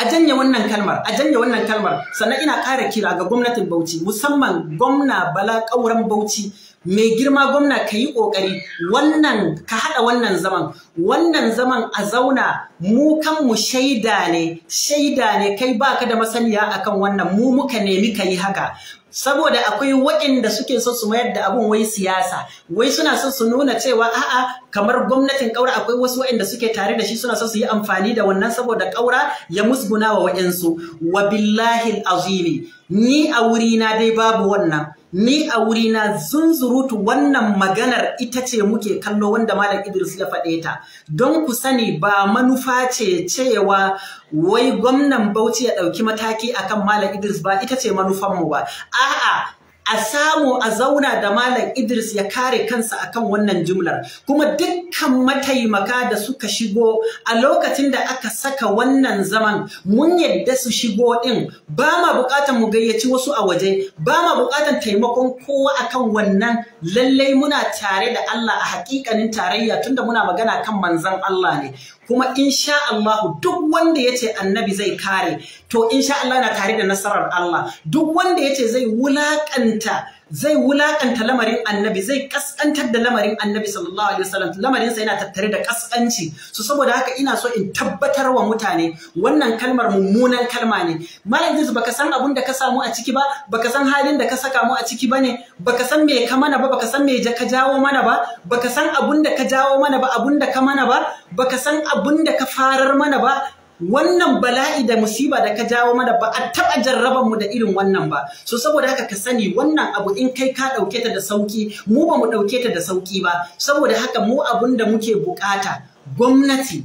a janye wannan kalmar a janye wannan kalmar sannan ina kara kira ga gwamnatin Bauchi musamman gwamna Bala Ƙauren Bauchi mai girma gwamna ka yi ƙoƙari wannan ka haɗa wannan zaman wannan zaman a zauna mu kanmu shaida ne shaida ne kai baka da masaniya akan wannan mu muka nemi ka yi haka saboda akwai waɗanda suke so su mayar da abun wai siyasa wai suna so su nuna cewa a'a kamar gwamnatin ƙaura akwai wasu waɗanda suke tare da shi suna so su yi amfani da wannan saboda ƙaura ya musguna wa waɗansu wa billahi azimi ni a wurina dai babu wannan ni a wuri na zunzurutu wannan maganar ita ce muke kallo wanda Malam Idris ya faɗe ta. Don ku sani ba manufa ce cewa wai gwamnan Bauchi ya ɗauki mataki akan Malam Idris ba ita ce mu ba. A'a a samu a zauna da Malam Idris ya kare kansa akan wannan jumlar kuma dukkan mataimaka da suka shigo a lokacin da aka saka wannan zaman mun yadda su shigo ɗin, ba ma bukatan mu gayyaci wasu a waje ba ma bukatan taimakon kowa akan wannan lallai muna tare da Allah a hakikanin tarayya tunda muna magana kan manzon Allah ne kuma insha Allah duk wanda yace annabi zai kare to insha Allah na tare da nasarar Allah duk wanda yace zai wulakanta zai wulakanta lamarin annabi zai kaskantar da lamarin annabi sallallahu alaihi wasallam lamarin sa yana tattare da kaskanci so saboda haka ina so in tabbatar wa mutane wannan kalmar mummunan kalma ne malam Idris baka san abun da ka samu a ciki ba baka san halin da ka saka mu a ciki bane baka san me ka mana ba baka san me ka jawo mana ba baka san abun da ka jawo mana ba abun da ka mana ba baka san abun da ka farar mana ba wannan bala'i da musiba da ka jawo mana ba a taɓa jarraban mu da irin wannan ba so saboda haka ka sani wannan abu in kai ka ɗauke ta da sauki mu ba mu ɗauke ta da sauki ba saboda haka mu abun da muke buƙata gwamnati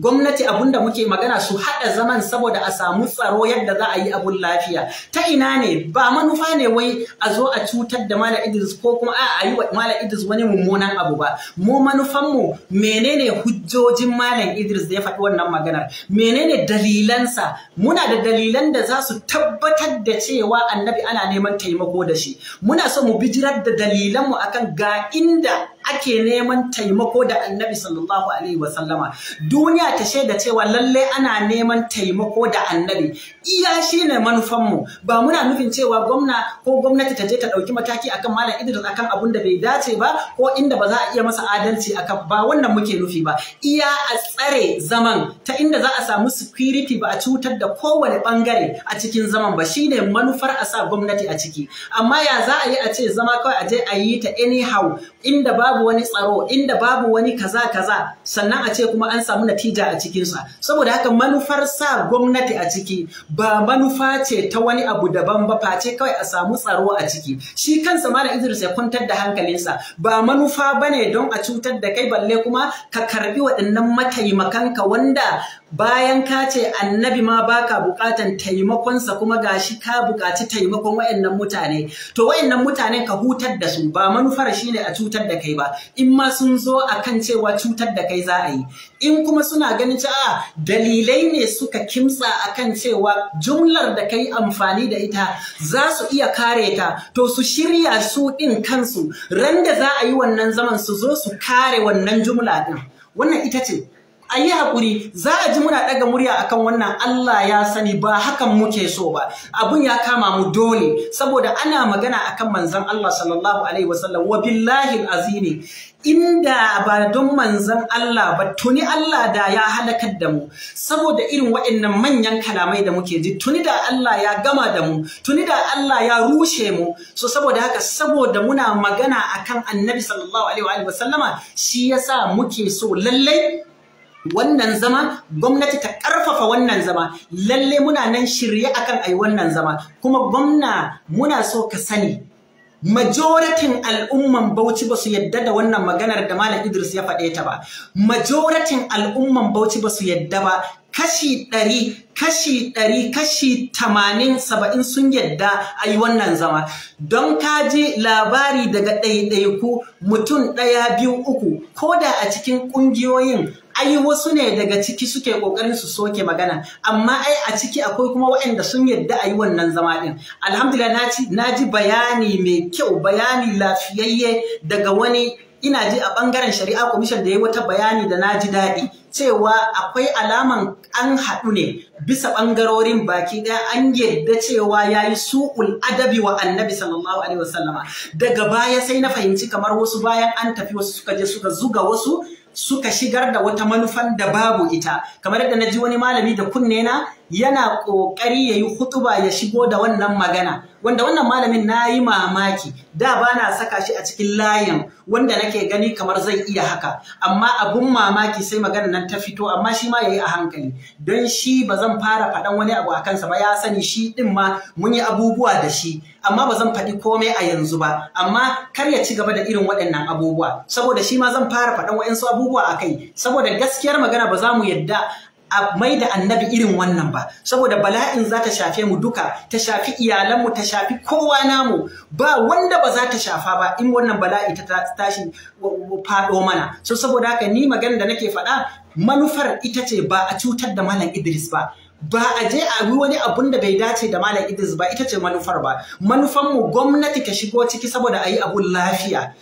gwamnati abunda muke magana su haɗa zaman saboda a samu tsaro yadda za a yi abun lafiya ta ina ne ba manufa ne wai a zo a cutar da mala idris ko kuma a yi wa mala idris wani mummunan abu ba mu manufanmu menene hujjojin malam idris da ya faɗi wannan maganar menene dalilansa muna da dalilan da za su tabbatar da cewa annabi ana neman taimako da shi muna so mu bijirar da dalilanmu akan ga inda ake neman taimako da annabi sallallahu alaihi wasallama duniya ta shaida cewa lalle ana neman taimako da annabi iya shine mu ba muna nufin cewa gwamna ko gwamnati ta je ta ɗauki mataki akan malam Idris akan abun da bai dace ba ko inda ba za a iya masa adalci akan ba wannan muke nufi ba iya a tsare zaman ta inda za a samu security ba a cutar da kowane bangare a cikin zaman ba shine manufar a sa gwamnati a ciki amma ya za a yi a ce zama kawai a je a yi ta anyhow inda babu babu wani tsaro inda babu wani kaza kaza sannan a ce kuma an samu natija a cikinsa saboda haka manufar sa gwamnati a ciki ba manufa ce ta wani abu daban ba face kawai a samu tsaro a ciki shi kansa malam Idris ya kwantar da hankalinsa ba manufa bane don a cutar da kai balle kuma ka karbi waɗannan mataimakanka wanda bayan ka ce annabi ma baka bukatan taimakonsa kuma ga shi ka bukaci taimakon wayannan mutane to wayannan mutane ka hutar da su ba manufar shine a cutar da kai ba in ma sun zo akan cewa cutar da kai za a yi in kuma suna ganin cewa dalilai ne suka kimtsa akan cewa jumlar da kai amfani da ita za su iya kare ta to su shirya su din kansu ran da za a yi wannan zaman su zo su kare wannan jumla din wannan ita ce a yi haƙuri za a ji muna ɗaga murya akan wannan Allah ya sani ba hakan muke so ba abun ya kama mu dole saboda ana magana akan manzon Allah sallallahu alaihi wasallam wa billahi azimi inda ba don manzon Allah ba tuni Allah da ya halakar da mu saboda irin waɗannan manyan kalamai da muke ji tuni da Allah ya gama da mu tuni da Allah ya rushe mu so saboda haka saboda muna magana akan annabi sallallahu alaihi wasallama shi yasa muke so lallai wannan zama gwamnati ta ƙarfafa wannan zama lalle muna nan shirye akan ai wannan zama kuma gwamna muna so ka sani majoratin al'umman Bauchi basu su yadda da wannan maganar da Malam Idris ya faɗe ta ba majoratin al'umman Bauchi basu su yadda ba kashi ɗari kashi ɗari kashi tamanin saba'in sun yadda a wannan zama don ka ji labari daga ɗaiɗaiku mutum ɗaya biyu uku ko da a cikin ƙungiyoyin ai wasu ne daga ciki suke kokarin su soke magana amma ai a ciki akwai kuma waɗanda sun yadda a yi wannan zama ɗin alhamdulillah na ji bayani mai kyau bayani lafiyayye daga wani ina ji a bangaren shari'a commission da ya yi wata bayani da na ji daɗi cewa akwai alaman an haɗu ne bisa ɓangarorin baki ɗaya an yadda cewa ya yi su'ul adabi wa annabi sallallahu alaihi wasallama daga baya sai na fahimci kamar wasu bayan an tafi wasu suka je suka zuga wasu suka shigar da wata manufan da babu ita kamar yadda na ji wani malami da kunne na yana ƙoƙari ya yi hutuba ya shigo da wannan magana wanda wannan malamin na yi mamaki da ba na saka shi a cikin layin wanda nake gani kamar zai iya haka amma abun mamaki sai magana nan ta fito amma shi ma ya yi a hankali don shi ba zan fara faɗan wani abu a kansa ba ya sani shi ɗin ma mun yi abubuwa da shi amma ba zan faɗi komai a yanzu ba amma kar ya ci gaba da irin waɗannan abubuwa saboda shi ma zan fara faɗan waɗansu abubuwa a kai saboda gaskiyar magana ba za mu yadda a mai da annabi irin wannan ba saboda bala'in za ta shafe mu duka ta shafi iyalanmu ta shafi kowa namu ba wanda ba za ta shafa ba in wannan bala'i ta tashi faɗo mana so saboda haka ni magana da nake faɗa manufar ita ce ba a cutar da malam Idris ba ba a je a yi wani abun da bai dace da malam Idris ba ita ce manufar ba manufan mu gwamnati ta shigo ciki saboda a yi abun lafiya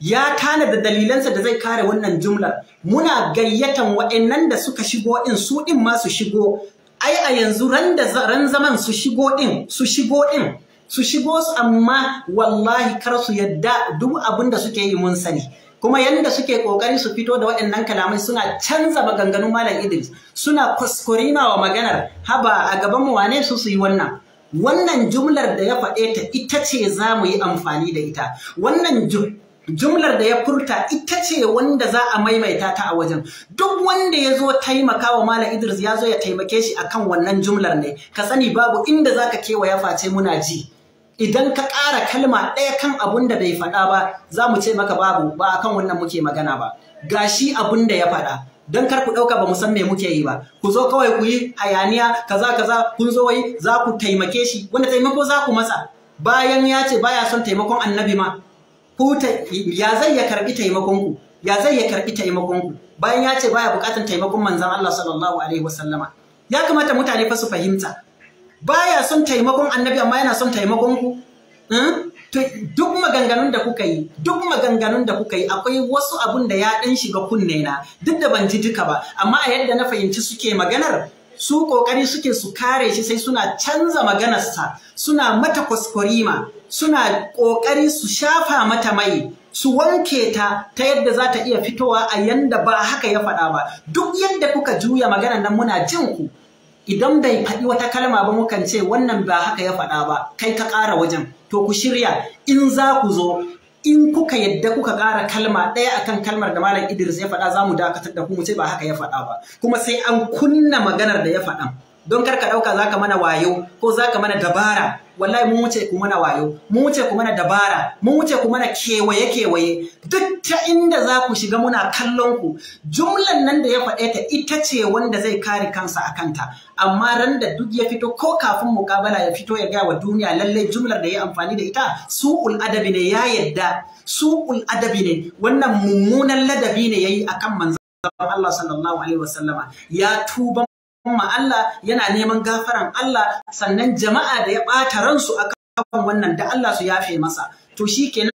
ya tana da dalilansa da zai kare wannan jumlar muna gayyatan wa'annan da suka shigo in su din ma su shigo ai a yanzu ran da ran zaman su shigo din su shigo din su shigo su amma wallahi kar su yadda duk abin da suke yi mun sani kuma yanda suke kokari su fito da waɗannan kalamai suna canza maganganun malam Idris suna kuskurima wa maganar haba a gaban mu wane su su yi wannan wannan jumlar da ya faɗe ta ita ce za mu yi amfani da ita wannan jumlar da ya furta ita ce wanda za a maimaita ta a wajen duk wanda ya zo taimaka wa malam Idris ya zo ya taimake shi akan wannan jumlar ne ka sani babu inda zaka kewaya face muna ji idan ka kara kalma ɗaya kan abun da bai faɗa ba za mu ce maka babu ba akan wannan muke magana ba gashi abun da ya faɗa don kar ku ɗauka ba mu san me muke yi ba ku zo kawai ku yi hayaniya kaza kaza kun zo wai za ku taimake shi wanda taimako za ku masa bayan ya ce baya son taimakon annabi ma ku ya zai ya karbi taimakon ku ya zai ya karbi taimakon ku bayan ya ce baya bukatun taimakon manzon Allah sallallahu alaihi wasallama ya kamata mutane fa su fahimta baya son taimakon annabi amma yana son taimakon ku hmm? duk maganganun da kuka yi duk maganganun da kuka yi akwai wasu abun da ya dan shiga kunne na duk da ban ji duka ba amma a yadda na fahimci suke maganar su kokari suke su kare shi sai suna canza maganarsa suna mata kwaskwarima suna ƙoƙari su shafa mata mai su wanke ta ta yadda za ta iya fitowa a yanda ba haka ya faɗa ba duk yadda kuka juya magana nan muna jin ku idan bai faɗi wata kalma ba mukan ce wannan ba haka ya faɗa ba kai ka ƙara wajen to ku shirya in za ku zo in kuka yadda kuka ƙara kalma ɗaya akan kalmar da malam Idris ya faɗa za mu dakatar da ku mu ce ba haka ya faɗa ba kuma sai an kunna maganar da ya faɗa don kar ka ɗauka za ka mana wayo ko za ka mana dabara wallahi mu wuce ku mana wayo mu wuce ku mana dabara mu wuce ku mana kewaye kewaye duk ta inda za ku shiga muna kallon ku jumlan nan da ya faɗe ta ita ce wanda zai kare kansa a kanta amma ran da duk ya fito ko kafin mukabala ya fito ya gaya wa duniya lallai jumlar da ya amfani da ita su'ul adabi ne ya yadda su'ul adabi ne wannan mummunan ladabi ne yayi akan manzon Allah sallallahu alaihi wasallama ya tuba ma Allah yana neman gafaran Allah sannan jama'a da ya ɓata ransu a kan wannan da Allah su yafe masa to shi kenan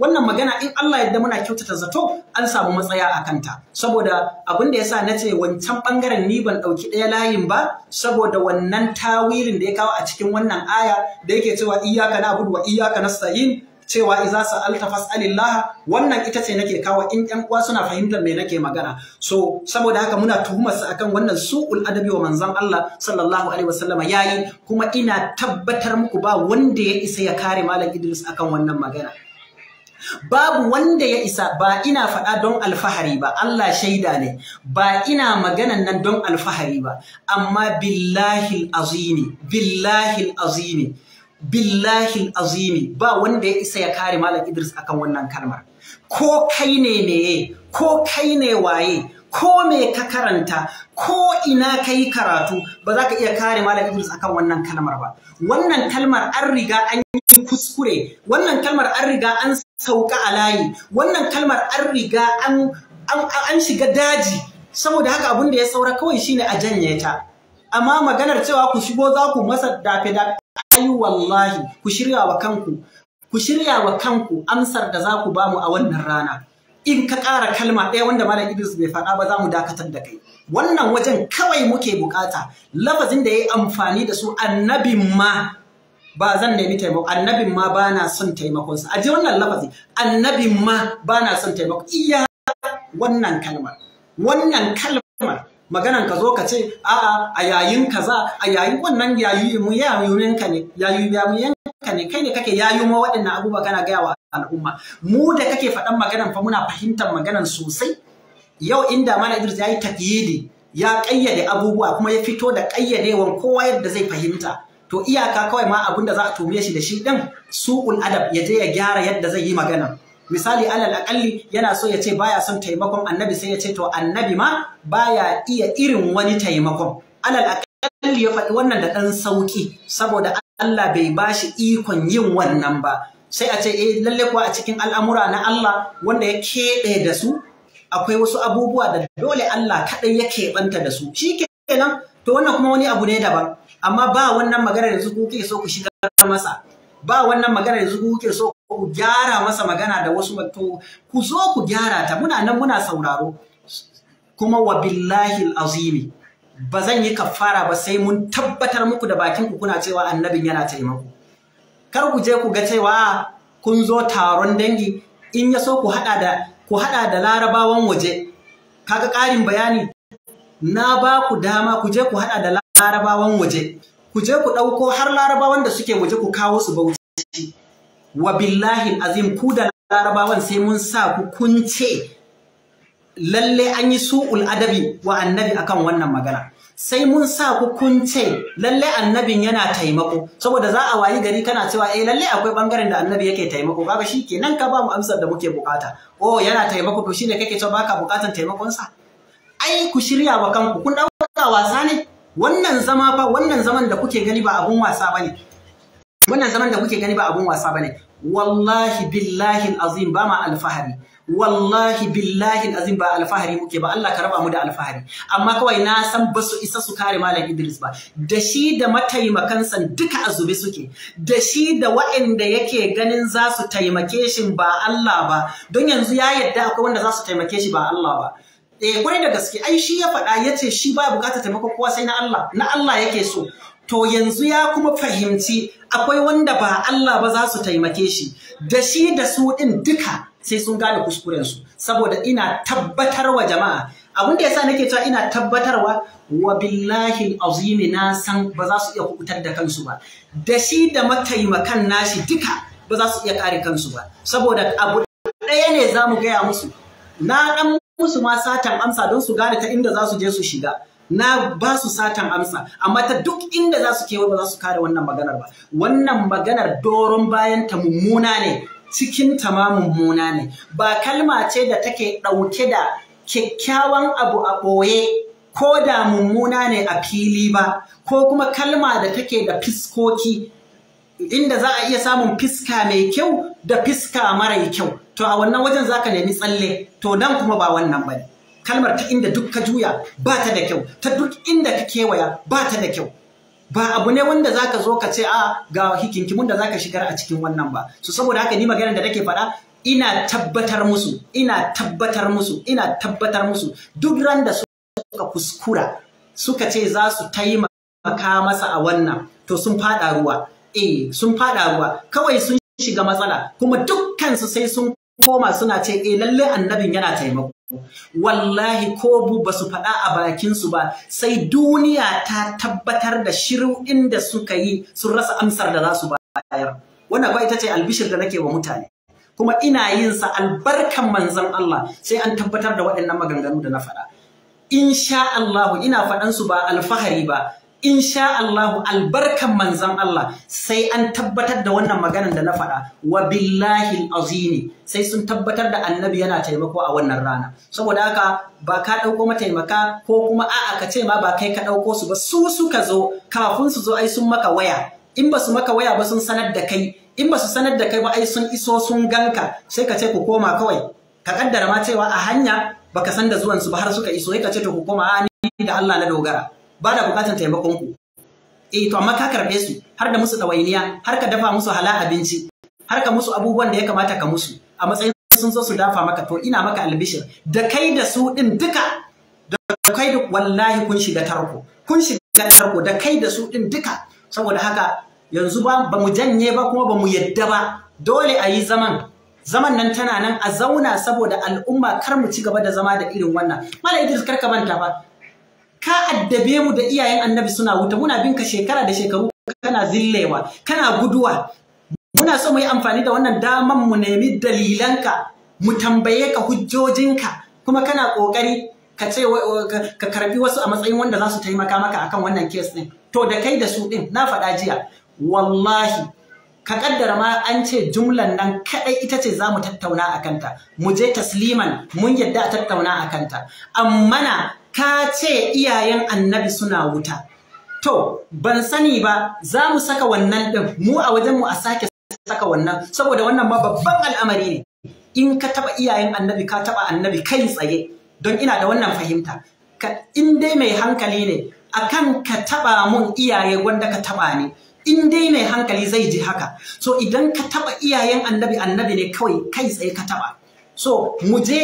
wannan magana in Allah yadda muna kyautata zato an samu matsaya a kanta saboda abin da ya sa na ce wancan ɓangaren ni ban ɗauki ɗaya layin ba saboda wannan tawilin da ya kawo a cikin wannan aya da yake cewa iyaka na na'budu wa na nasta'in cewa iza sa'alta fas'alillah wannan ita ce nake kawo in ƴan uwa suna fahimtar me nake magana so saboda haka muna tuhumar su akan wannan su'ul adabi wa manzon Allah sallallahu alaihi wasallama yayi kuma ina tabbatar muku ba wanda ya isa ya kare malam Idris akan wannan magana babu wanda ya isa ba ina faɗa don alfahari ba Allah shaida ne ba ina maganan nan don alfahari ba amma billahi azimi billahi azimi billahi azimi ba wanda ya isa ya kare malam Idris akan wannan kalmar ko kai ne meye ko kai ne waye ko me ka karanta ko ina ka yi karatu ba za ka iya kare malam Idris akan wannan kalmar ba wannan kalmar an riga an yi kuskure wannan kalmar an riga an sauka a layi wannan kalmar an riga an an shiga daji saboda haka abin da ya saura kawai shine a janye ta amma maganar cewa ku shigo za ku masa dafe dafe ai wallahi ku shirya wa kanku ku shirya wa kanku amsar da za ku bamu a wannan rana in ka ƙara kalma ɗaya wanda malam Idris bai faɗa ba za mu dakatar da kai wannan wajen kawai muke bukata lafazin da yayi yi amfani da su annabin ma ba zan nemi taimako annabin ma ba son taimakonsa sa aje wannan lafazi annabin ma ba son taimako iya wannan kalmar wannan kalmar maganan ka zo ka ce a'a a yayin kaza a yayin wannan yayi mu yayin ka ne yayi ka ne kai ne kake yayi mu waɗannan abubuwa kana gaya wa al'umma mu da kake faɗan maganan fa muna fahimtar maganan sosai yau inda mana Idris yayi takyidi ya kayyade abubuwa kuma ya fito da kayyadewan kowa yadda zai fahimta to iyaka kawai ma abun da za a tume shi da shi din su'ul adab ya je ya gyara yadda zai yi maganan misali alal akalli yana so ya ce baya son taimakon annabi sai ya ce to annabi ma baya iya irin wani taimakon alal akalli ya faɗi wannan da ɗan sauƙi saboda Allah bai bashi ikon yin wannan ba sai a ce eh lalle kuwa a cikin al'amura na Allah wanda ya keɓe da su akwai wasu abubuwa da dole Allah kaɗai ya keɓanta da su shi kenan to wannan kuma wani abu ne daban amma ba wannan maganar yanzu kuke so ku shiga masa ba wannan maganar yanzu kuke so ku gyara masa magana da wasu to ku zo ku gyara ta muna nan muna sauraro kuma wa billahi azimi ba zan yi kafara ba sai mun tabbatar muku da bakin ku kuna cewa annabin yana taimako kar ku je ku ga cewa kun zo taron dangi in ya so ku hada da ku hada da larabawan waje kaga ƙarin bayani na ba ku dama ku je ku hada da larabawan waje ku je ku ɗauko har larabawan da suke waje ku kawo su bauchi wa billahi azim ku da larabawan sai mun sa ku kunce lalle an yi su'ul adabi wa annabi akan wannan magana sai mun sa ku kunce lalle annabin yana taimako saboda za a wayi gari kana cewa eh lalle akwai bangaren da annabi yake taimako kaga kenan ka ba mu amsar da muke bukata oh yana taimako to shine kake cewa baka bukatan taimakon sa ai ku shirya wa kanku kun dauka wasa ne wannan zama fa wannan zaman da kuke gani ba abun wasa bane wannan zaman da kuke gani ba abun wasa bane wallahi billahi azim ba ma alfahari wallahi billahi azim ba alfahari muke ba Allah ka raba mu da alfahari amma kawai na san ba su isa su kare malam Idris ba da shi da mataimakansa duka azube suke da shi da waɗanda yake ganin za su taimake shi ba Allah ba don yanzu ya yadda akwai wanda za su taimake shi ba Allah ba eh kwarai da gaske ai shi ya faɗa yace shi ba bukatar taimako kowa sai na Allah na Allah yake so to yanzu ya kuma fahimci akwai wanda ba Allah ba za su taimake shi da shi da su ɗin duka sai sun gane kuskuren su saboda ina tabbatar wa jama'a abin da yasa nake cewa ina tabbatarwa wa billahi azimi na san ba za su iya kubutar da kansu ba da shi da mataimakan nashi duka ba za su iya kare kansu ba saboda abu ɗaya ne za mu gaya musu na ɗan musu ma satan amsa don su gane ta inda za su je su shiga na ba su satan amsa amma ta duk inda za su kewa ba za su kare wannan maganar ba wannan maganar doron bayan ta mummuna ne cikin ta ma mummuna ne ba kalma ce da take ɗauke da kyakkyawan abu a ɓoye ko da mummuna ne a fili ba ko kuma kalma da take da fiskoki inda za a iya samun fiska mai kyau da fiska mara kyau to a wannan wajen zaka nemi tsalle to nan kuma ba wannan bane kalmar ta inda duk ka juya ba ta da kyau ta duk inda ka kewaya ba ta da kyau ba abu ne wanda zaka zo ka ce a ah, ga wanda da ka shigar a cikin wannan ba so saboda haka ni maganar da nake faɗa ina tabbatar musu ina tabbatar musu ina tabbatar musu duk ran da suka kuskura suka ce za su taimaka masa a wannan to sun faɗa ruwa eh sun faɗa ruwa kawai sun shiga matsala kuma dukkansu sai sun koma suna ce eh lalle annabin yana taimako wallahi ko bu ba su faɗa a bakinsu ba sai duniya ta tabbatar da shiru inda suka yi sun rasa amsar da za su bayar wannan ba ita ce albishir da nake wa mutane kuma ina yin sa albarkan manzon Allah sai an tabbatar da waɗannan maganganu da na faɗa insha Allah ina faɗan su ba alfahari ba insha allahu albarkan manzon Allah sai an tabbatar da wannan maganan da na faɗa wa billahi azini sai sun tabbatar da annabi yana taimako a wannan rana saboda haka ba ka ɗauko mataimaka ko kuma a'a ka ce ma ba kai ka ɗauko su ba su suka zo kafin su zo ai sun maka waya in ba su maka waya ba sun sanar da kai in ba su sanar da kai ba ai sun iso sun ganka sai ka ce ku koma kawai ka kaddara ma cewa a hanya baka san da zuwan su ba har suka iso sai ka ce to ku koma ni da Allah na dogara ba na bukatar taimakon ku E, eh, to amma ka karɓe su har da musu ɗawainiya har ka dafa musu hala abinci har ka musu abubuwan da ya kamata ka musu a matsayin sun zo su dafa maka to ina maka albishir da kai da su ɗin duka da kai da wallahi kun shiga tarko kun shiga tarko da kai da su ɗin duka saboda haka yanzu ba ba mu janye ba kuma ba mu yadda ba dole a yi zaman zaman nan tana nan a zauna saboda al'umma kar mu ci gaba da zama da irin wannan mala idris kar ka manta ba ka addabe mu da iyayen annabi suna wuta muna bin ka shekara da shekaru kana zillewa kana guduwa muna so mu yi amfani da wannan daman mu nemi dalilanka mu tambaye ka hujjojinka kuma kana kokari ka ce ka karbi wasu a matsayin wanda za su taimaka maka akan wannan kes din to da kai da su din na faɗa jiya wallahi ka kaddara ma an ce jumlan nan kadai ita ce za mu tattauna a kanta mu je tasliman mun yadda a tattauna a kanta amma ka ce iyayen annabi suna wuta to ban sani ba za mu saka wannan ɗin mu a wajen mu a sake saka wannan saboda wannan ma babban al'amari ne in ka taɓa iyayen annabi ka taba annabi kai tsaye don ina da wannan fahimta in dai mai hankali ne akan ka taɓa mun iyaye wanda ka taɓa ne in dai mai hankali zai ji haka so idan ka taba iyayen annabi annabi ne kawai kai tsaye ka taɓa so mu je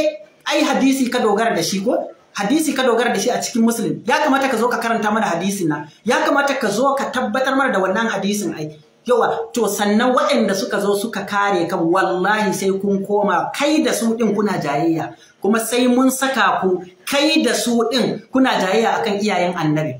ai hadisi ka dogara da shi ko hadisi ka dogara da shi a cikin muslim ya kamata ka zo ka karanta mana hadisin nan ya kamata ka zo ka tabbatar mana da wannan hadisin ai yawa to sannan waɗanda suka zo suka kare kan wallahi sai kun koma kai da su ɗin kuna jayayya kuma sai mun saka ku kai da su ɗin kuna jayayya akan iyayen annabi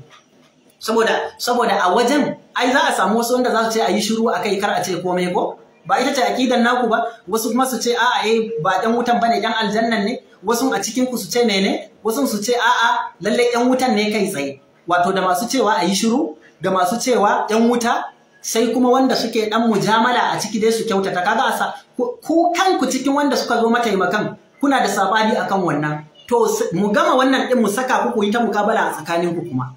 saboda saboda a wajen ai za a samu wasu wanda za su ce a yi shiru a kai kar a ce komai ko ba ita ce aqidan naku ba wasu kuma su ce a'a eh ba dan wutan bane dan aljannan ne wasu a cikin ku su ce mene wasu su ce a'a lalle yan wutan ne kai tsaye wato da masu cewa a shiru da masu cewa yan wuta sai kuma wanda suke ɗan mujamala a ciki dai su kyautata kaga asa ku kanku cikin wanda suka zo mataimakan kuna da sabani akan wannan to mu gama wannan ɗin mu saka ku yi ta mukabala a tsakanin ku kuma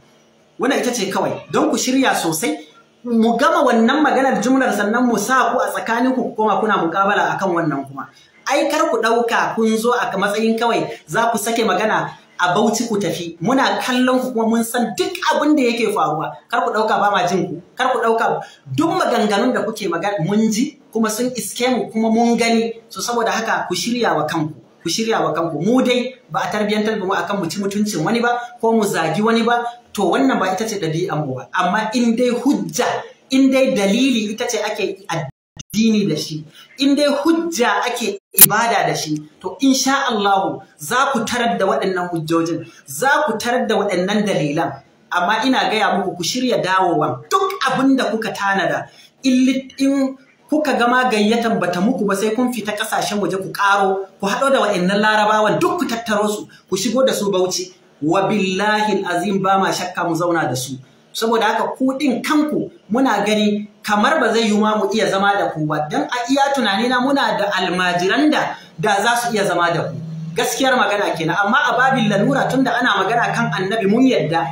wannan ita ce kawai don ku shirya sosai mu gama wannan maganar jumlar sannan mu sa ku a tsakanin ku koma kuna mukabala akan wannan kuma ai kar ku ɗauka kun zo a matsayin kawai za ku sake magana a bauchi ku tafi muna kallon ku kuma mun san duk abin da yake faruwa kar ku dauka ba ma jin ku kar ku dauka duk maganganun da kuke magana mun ji kuma sun iske mu kuma mun gani so saboda haka ku shirya wa kanku ku shirya wa kanku mu dai ba a tarbiyantar da mu akan mu ci mutuncin wani ba ko mu zagi wani ba to wannan ba ita ce ɗabi'an mu ba amma in dai hujja in dai dalili ita ce ake addini da shi in dai hujja ake ibada da shi to insha Allah za ku tarar da waɗannan hujjojin za ku tarar da waɗannan dalilan amma ina gaya muku ku shirya dawowa duk abin da kuka tanada in kuka gama gayyatan bata muku ba sai kun fita ƙasashen waje ku ƙaro, ku haɗo da waɗannan larabawan duk ku tattaro su ku shigo da su bauchi wa billahi azim ba ma shakka mu zauna da su saboda haka ku din kanku muna gani kamar ba zai yi ma mu iya zama da ku ba dan a iya tunani na muna da almajiran da da za su iya zama da ku gaskiyar magana kenan amma a babin lalura tunda ana magana kan annabi mun yadda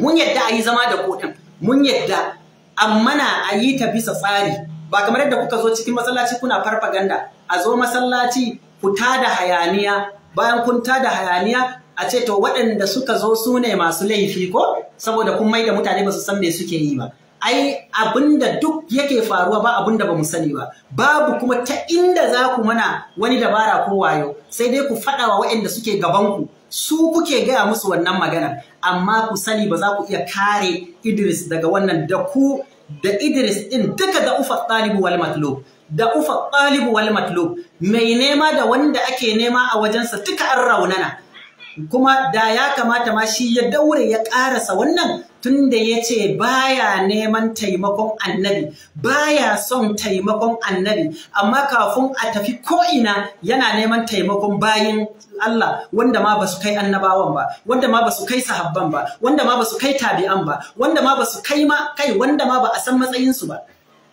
mun yadda a yi zama da ku din mun yadda amma na a yi ta bisa tsari ba kamar yadda kuka zo cikin masallaci kuna farfaganda a zo masallaci ku tada hayaniya bayan kun tada hayaniya a ce to waɗanda suka zo su ne masu laifi ko saboda kun mai da mutane ba su san me suke yi ba ai abinda duk yake faruwa ba abinda ba mu sani ba babu kuma ta inda za ku mana wani dabara ko wayo sai dai ku faɗa wa waɗanda suke gaban ku su kuke gaya musu wannan magana amma ku sani ba za ku iya kare Idris daga wannan da ku da Idris ɗin duka da ufa talibu wal matlub da ufa talibu wal matlub mai nema da wanda ake nema a wajensa duka an raunana kuma da ya kamata ma shi ya daure ya ƙarasa wannan tunda ya ce baya neman taimakon annabi baya son taimakon annabi amma kafin a tafi ko'ina yana neman taimakon bayan Allah wanda ma ba su kai annabawan ba wanda ma ba su kai sahabban ba wanda ma ba su kai tabi'an ba wanda ma ba su kai ma kai wanda ma ba a san matsayinsu ba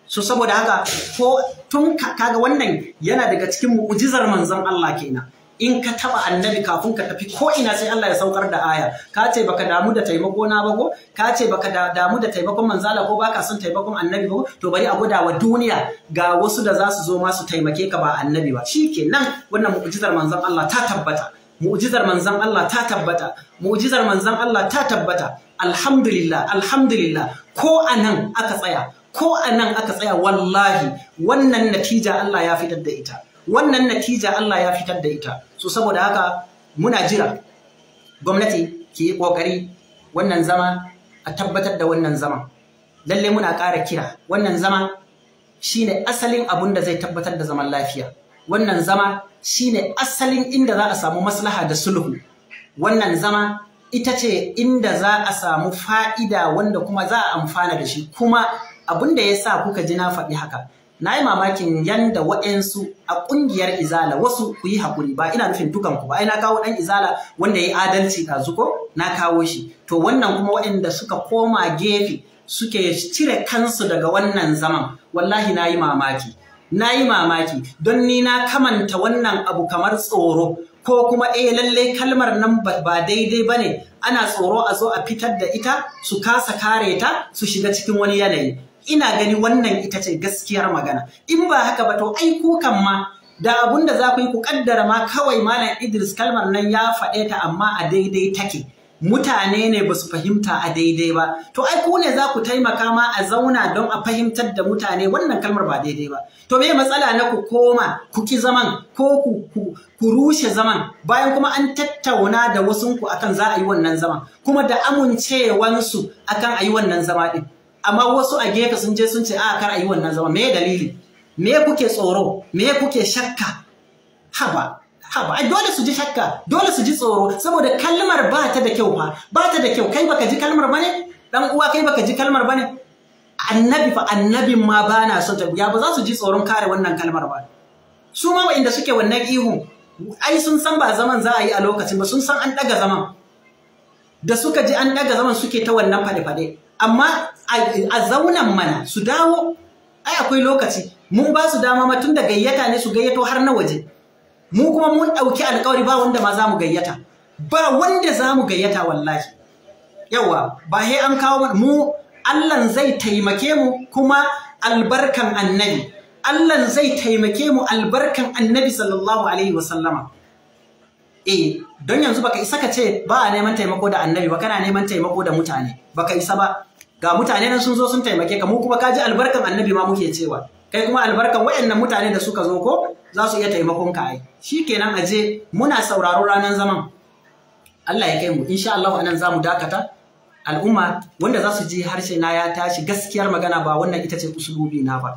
so saboda haka ko tun kaga wannan yana daga cikin mu'ujizar manzon Allah kenan in ka taba annabi kafin ka tafi ko ina sai Allah ya saukar da aya ka ce baka damu da taimako na ba ko ka ce baka damu da taimakon manzala ko baka son taimakon annabi ba to bari a gwada wa duniya ga wasu da za su zo ma su taimake ka ba annabi ba shikenan wannan mu'jizar manzon Allah ta tabbata mu'jizar manzan Allah ta tabbata mu'jizar manzon Allah ta tabbata alhamdulillah alhamdulillah ko anan aka tsaya ko anan aka tsaya wallahi wannan natija Allah ya fitar da ita wannan natija Allah ya fitar da ita so saboda haka muna jira gwamnati ke yi kokari wannan zama a tabbatar da wannan zama lalle muna ƙara kira wannan zama shine asalin abun da zai tabbatar da zaman lafiya wannan zama shine asalin inda za a samu maslaha da sulhu wannan zama ita ce inda za a samu fa'ida wanda kuma za a amfana da shi kuma abun da ya sa kuka ji na faɗi haka na yi mamakin yanda wa'ensu a ƙungiyar izala wasu ku yi haƙuri ba ina nufin dukan ku ba ai na kawo ɗan izala wanda ya yi adalci ɗazu zuko na kawo shi to wannan kuma waɗanda suka koma gefe suke cire kansu daga wannan zaman wallahi na yi mamaki na yi mamaki don ni na kamanta wannan abu kamar tsoro ko kuma eh lallai kalmar nan ba daidai ba ne ana tsoro a zo a fitar da ita su kasa kare ta su shiga cikin wani yanayi ina gani wannan ita ce gaskiyar magana in ba haka ba to ai kukan ma da abun da za ku yi ku kaddara ma kawai malam Idris kalmar nan ya faɗe ta amma a daidai take mutane ne ba su fahimta a daidai ba to ai ku ne za ku taimaka ma a zauna don a fahimtar da mutane wannan kalmar ba daidai ba to me matsala na ku koma ku ki zaman ko ku ku rushe zaman bayan kuma an tattauna da wasunku akan za a yi wannan zaman kuma da amincewansu akan a yi wannan zama din amma wasu a gefe sun je sun ce a ah, kar a yi wannan zama me dalili me kuke tsoro me kuke shakka haba haba ai dole su ji shakka dole su ji tsoro saboda kalmar ba ta da kyau fa ba ta da kyau kai baka ji kalmar bane dan uwa kai baka ji kalmar bane annabi fa annabin ma ba na so ta ya ba za su ji tsoron kare wannan kalmar ba su ma wa'inda suke wannan ihu ai sun san ba zaman za a yi a lokacin ba sun san an daga zaman da suka ji an ɗaga zaman suke ta wannan fade-fade amma a zaunan mana su dawo ai akwai lokaci mun ba su dama ma tun da gayyata ne su gayyato har na waje mu kuma mun ɗauki alƙawari ba wanda ma za mu gayyata ba wanda za mu gayyata wallahi yawa ba he an kawo mu Allah zai taimake mu kuma albarkan annabi Allah zai taimake mu albarkan annabi sallallahu alaihi wasallama eh don yanzu baka isa ka ce ba a neman taimako da annabi ba kana neman taimako da mutane baka isa ba ga mutane nan sun zo sun taimake ka mu kuma ka ji albarkan annabi ma muke cewa kai kuma albarkan waɗannan mutane da suka zo ko za su iya taimakon ka ai shikenan aje muna sauraro ranar zaman Allah ya kai mu insha Allah anan zamu dakata al'umma wanda za su ji harshe na ya tashi gaskiyar magana ba wannan ita ce uslubi na ba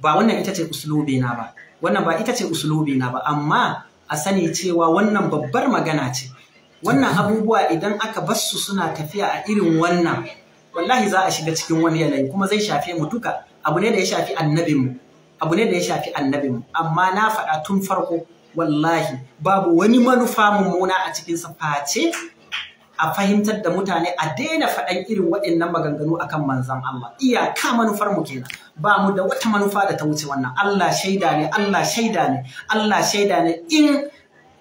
ba wannan ita ce uslubi na ba wannan ba ita ce uslubi na ba amma a sani cewa wannan babbar magana ce wannan abubuwa idan aka bar su suna tafiya a irin wannan wallahi za a shiga cikin wani yanayi kuma zai shafe mu duka abu ne da ya shafi annabinmu abu ne da ya shafi annabinmu amma na faɗa tun farko wallahi babu wani manufa mummuna a cikin sa face a fahimtar da mutane a daina faɗan irin waɗannan maganganu akan manzan Allah iyaka manufar mu kenan ba mu da wata manufa da ta wuce wannan Allah shaida ne Allah shaida ne Allah shaida ne in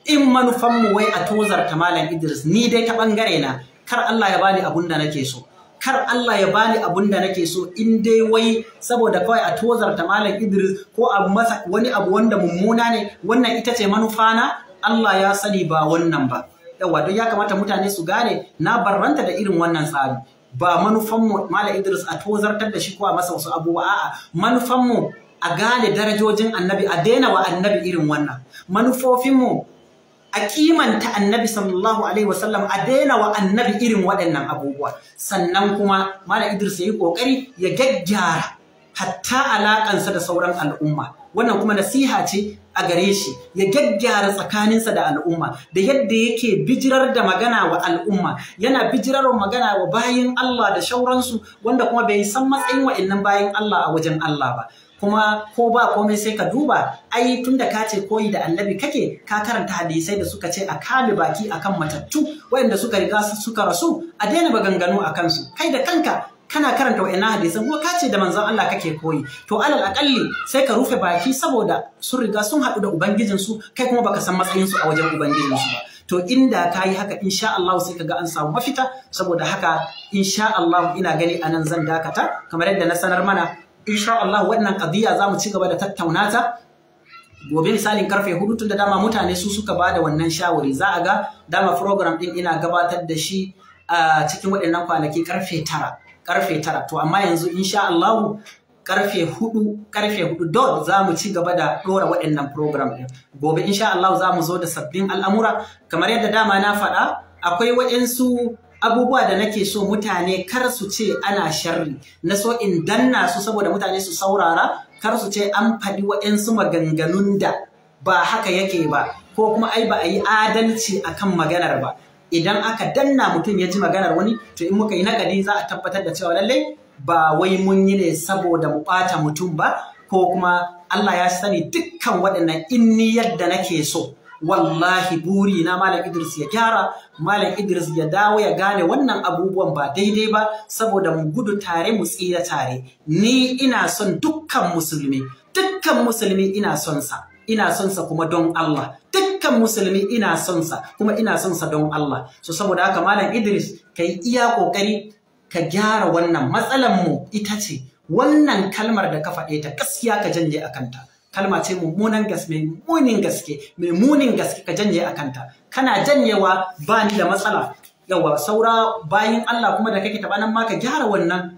in manufan mu wai a tozarta malam Idris ni dai ta bangare na kar Allah ya bani abun da nake so kar Allah ya bani abun da nake so in dai wai saboda kawai a tozarta malam Idris ko a masa wani abu wanda mummuna ne wannan ita ce manufa na Allah ya sani ba wannan ba yawa don ya kamata mutane su gane na barranta da irin wannan tsari ba manufanmu malam Idris a tozartar da shi ko a masa wasu abubuwa a'a mu a gane darajojin annabi a daina wa annabi irin wannan manufofin mu a kimanta annabi sallallahu alaihi wasallam a daina wa annabi irin waɗannan abubuwa sannan kuma mala idris ya yi ƙoƙari ya gaggyara hatta alaƙansa da sauran al'umma wannan kuma nasiha ce a gare shi ya gaggyara tsakaninsa da al'umma da yadda yake bijirar da magana wa al'umma yana bijirar magana wa bayin Allah da shauransu wanda kuma bai san matsayin wa'annan bayin Allah a wajen Allah ba kuma ko ba komai sai ka duba ai tun da ka ce koyi da annabi kake ka karanta hadisai da suka ce a kame baki akan matattu wayanda suka riga suka rasu a daina maganganu a kansu kai da kanka kana karanta wa'ina hadisan kuma ka ce da manzon Allah kake koyi to alal akalli sai ka rufe baki saboda sun riga sun haɗu da ubangijinsu kai kuma baka san matsayinsu a wajen ubangijinsu ba to inda ka yi haka insha Allah sai ka ga an samu mafita saboda haka insha Allah ina gani anan zan dakata kamar yadda na sanar mana insha Allah wannan za zamu ci gaba da tattauna ta gobe misalin karfe hudu tun da dama mutane su suka ba da wannan shawari za a ga dama program din ina gabatar da shi a cikin waɗannan kwanaki karfe tara karfe tara to amma yanzu insha Allah karfe hudu karfe hudu dot za mu ci gaba da ɗora waɗannan program din gobe insha Allah za mu zo da sabbin al'amura kamar yadda dama na faɗa akwai waɗansu abubuwa da nake so mutane kar su ce ana sharri na so in danna su saboda mutane su saurara kar su ce an faɗi waɗansu maganganun da ba haka yake ba ko kuma ai ba a yi adalci akan maganar ba idan aka danna mutum ya ji maganar wani to in muka yi nakali za a tabbatar da cewa lallai ba wai mun yi ne saboda mu ɓata mutum ba ko kuma Allah ya sani dukkan waɗannan inni yadda nake so wallahi buri na malam Idris ya gyara malam Idris ya dawo ya gane wannan abubuwan ba daidai ba saboda mu gudu tare mu tsira tare ni ina son dukkan musulmi dukkan musulmi ina son sa ina son sa kuma don Allah dukkan musulmi ina son sa kuma ina son sa don Allah so saboda haka malam Idris kai iya kokari ka gyara wannan matsalan mu ita ce wannan kalmar da ka faɗe ta gaskiya ka janje a kanta kalma ce mummunan gaske munin gaske mai munin gaske ka janye a kanta kana janyewa ba ni da matsala yawa saura bayan Allah kuma da kake taɓa nan ma ka gyara wannan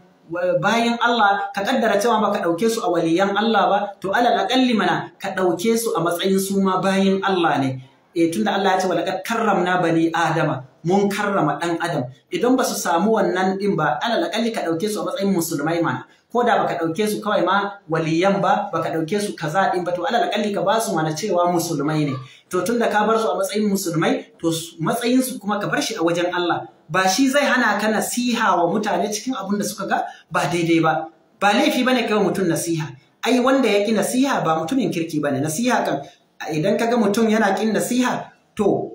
bayan Allah ka kaddara cewa ba ka ɗauke su a waliyan Allah ba to alal aqalli mana ka ɗauke su a matsayin su ma bayan Allah ne E tunda Allah ya ce walaqad karramna bani adama mun karrama ɗan adam idan ba su samu wannan din ba alal aqalli ka ɗauke su a matsayin musulmai mana ko da baka ɗauke su kawai ma waliyan ba baka ɗauke su kaza ɗin ba to alal kalli ka ba su mana cewa musulmai ne to tun da ka bar su a matsayin musulmai to matsayin su kuma ka bar shi a wajen Allah ba shi zai hana ka nasiha wa mutane cikin abun da suka ga ba daidai ba ba laifi bane kai mutum nasiha ai wanda ya ki nasiha ba mutumin kirki bane nasiha kan idan ka ga mutum yana kin nasiha to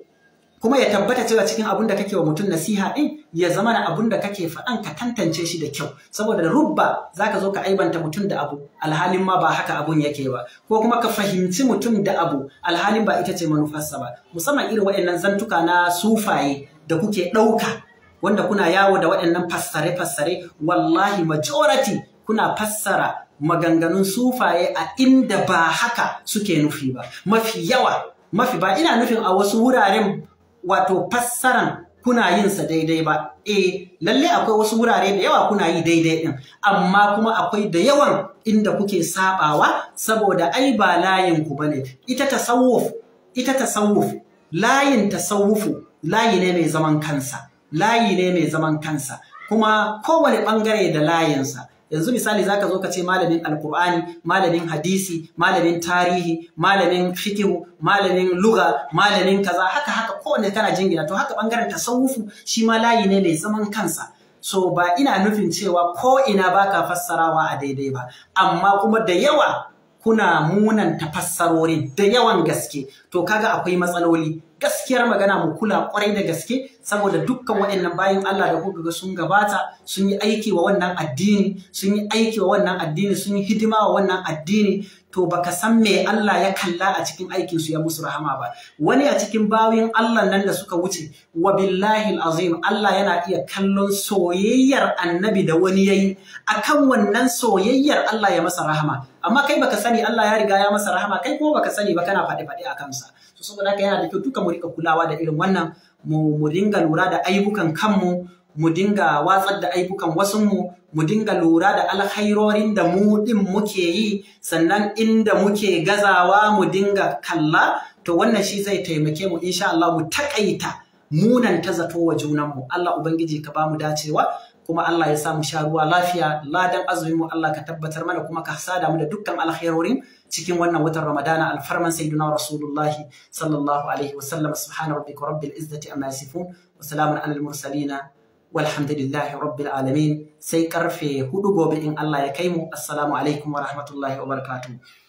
kuma ya tabbata cewa cikin abun da kake wa mutum nasiha din ya zama na abun da kake faɗan ka tantance shi da kyau saboda da rubba zaka zo ka aibanta mutum da abu alhalin ma ba haka abun yake ba ko kuma ka fahimci mutum da abu alhalin ba ita ce manufarsa ba musamman irin waɗannan zantuka na sufaye da kuke ɗauka wanda kuna yawo da waɗannan fassare-fassare wallahi majority kuna fassara maganganun sufaye a inda ba haka suke nufi ba mafi yawa mafi ba ina nufin a wasu wuraren wato fassaran kuna yin sa daidai ba eh lalle akwai wasu wurare da yawa kuna yi daidai din amma kuma akwai da yawan inda kuke saɓawa saboda ai ba layin ku bane ita tasawuf ita tasawuf layin tasawufu layi ne mai zaman kansa layi ne mai zaman kansa kuma kowane ɓangare da layinsa yanzu misali za ka zo ka ce malamin alkur'ani malamin hadisi malamin tarihi malamin fikihu malamin luga malamin kaza haka haka kowane kana jingina to haka bangaren tasawufu shi ma layi ne mai zaman kansa so ba ina nufin cewa ko ina baka fassarawa a daidai ba amma kuma da yawa kuna munan tafassarori da yawan gaske to kaga akwai matsaloli gaskiyar magana mu kula kwarai da gaske saboda dukkan waɗannan bayan Allah da kuka sun gabata sun yi aiki wa wannan addini sun yi aiki wa wannan addini sun yi hidima wa wannan addini to baka san me Allah ya kalla a cikin aikinsu ya musu rahama ba wani a cikin bawin Allah nan da suka wuce wa billahi azim Allah yana iya kallon soyayyar annabi da wani yayi akan wannan soyayyar Allah ya masa rahama amma kai baka sani Allah ya riga ya masa rahama kai kuma baka sani ba kana faɗi faɗi a kansa to saboda haka yana da kyau duka mu rika kulawa da irin wannan mu mu dinga lura da ayyukan kanmu mu dinga watsar da aibukan wasu mu mu dinga lura da alkhairorin da mu ɗin muke yi sannan inda muke gazawa mu dinga kalla to wannan shi zai taimake mu insha Allah mu takaita ta zato wa junanmu Allah ubangiji ka bamu dacewa kuma Allah ya sa mu sha ruwa lafiya ladan azumin mu Allah ka tabbatar mana kuma ka sada mu da dukkan alkhairorin cikin wannan watan Ramadana alfarman sayyidina Rasulullahi sallallahu alaihi wa sallam subhana rabbika rabbil izzati amma yasifun alal mursalina walhamdulillahi rabbil alamin sai karfe hudu gobe in Allah ya kai mu assalamu alaikum wa rahmatullahi wa barakatuh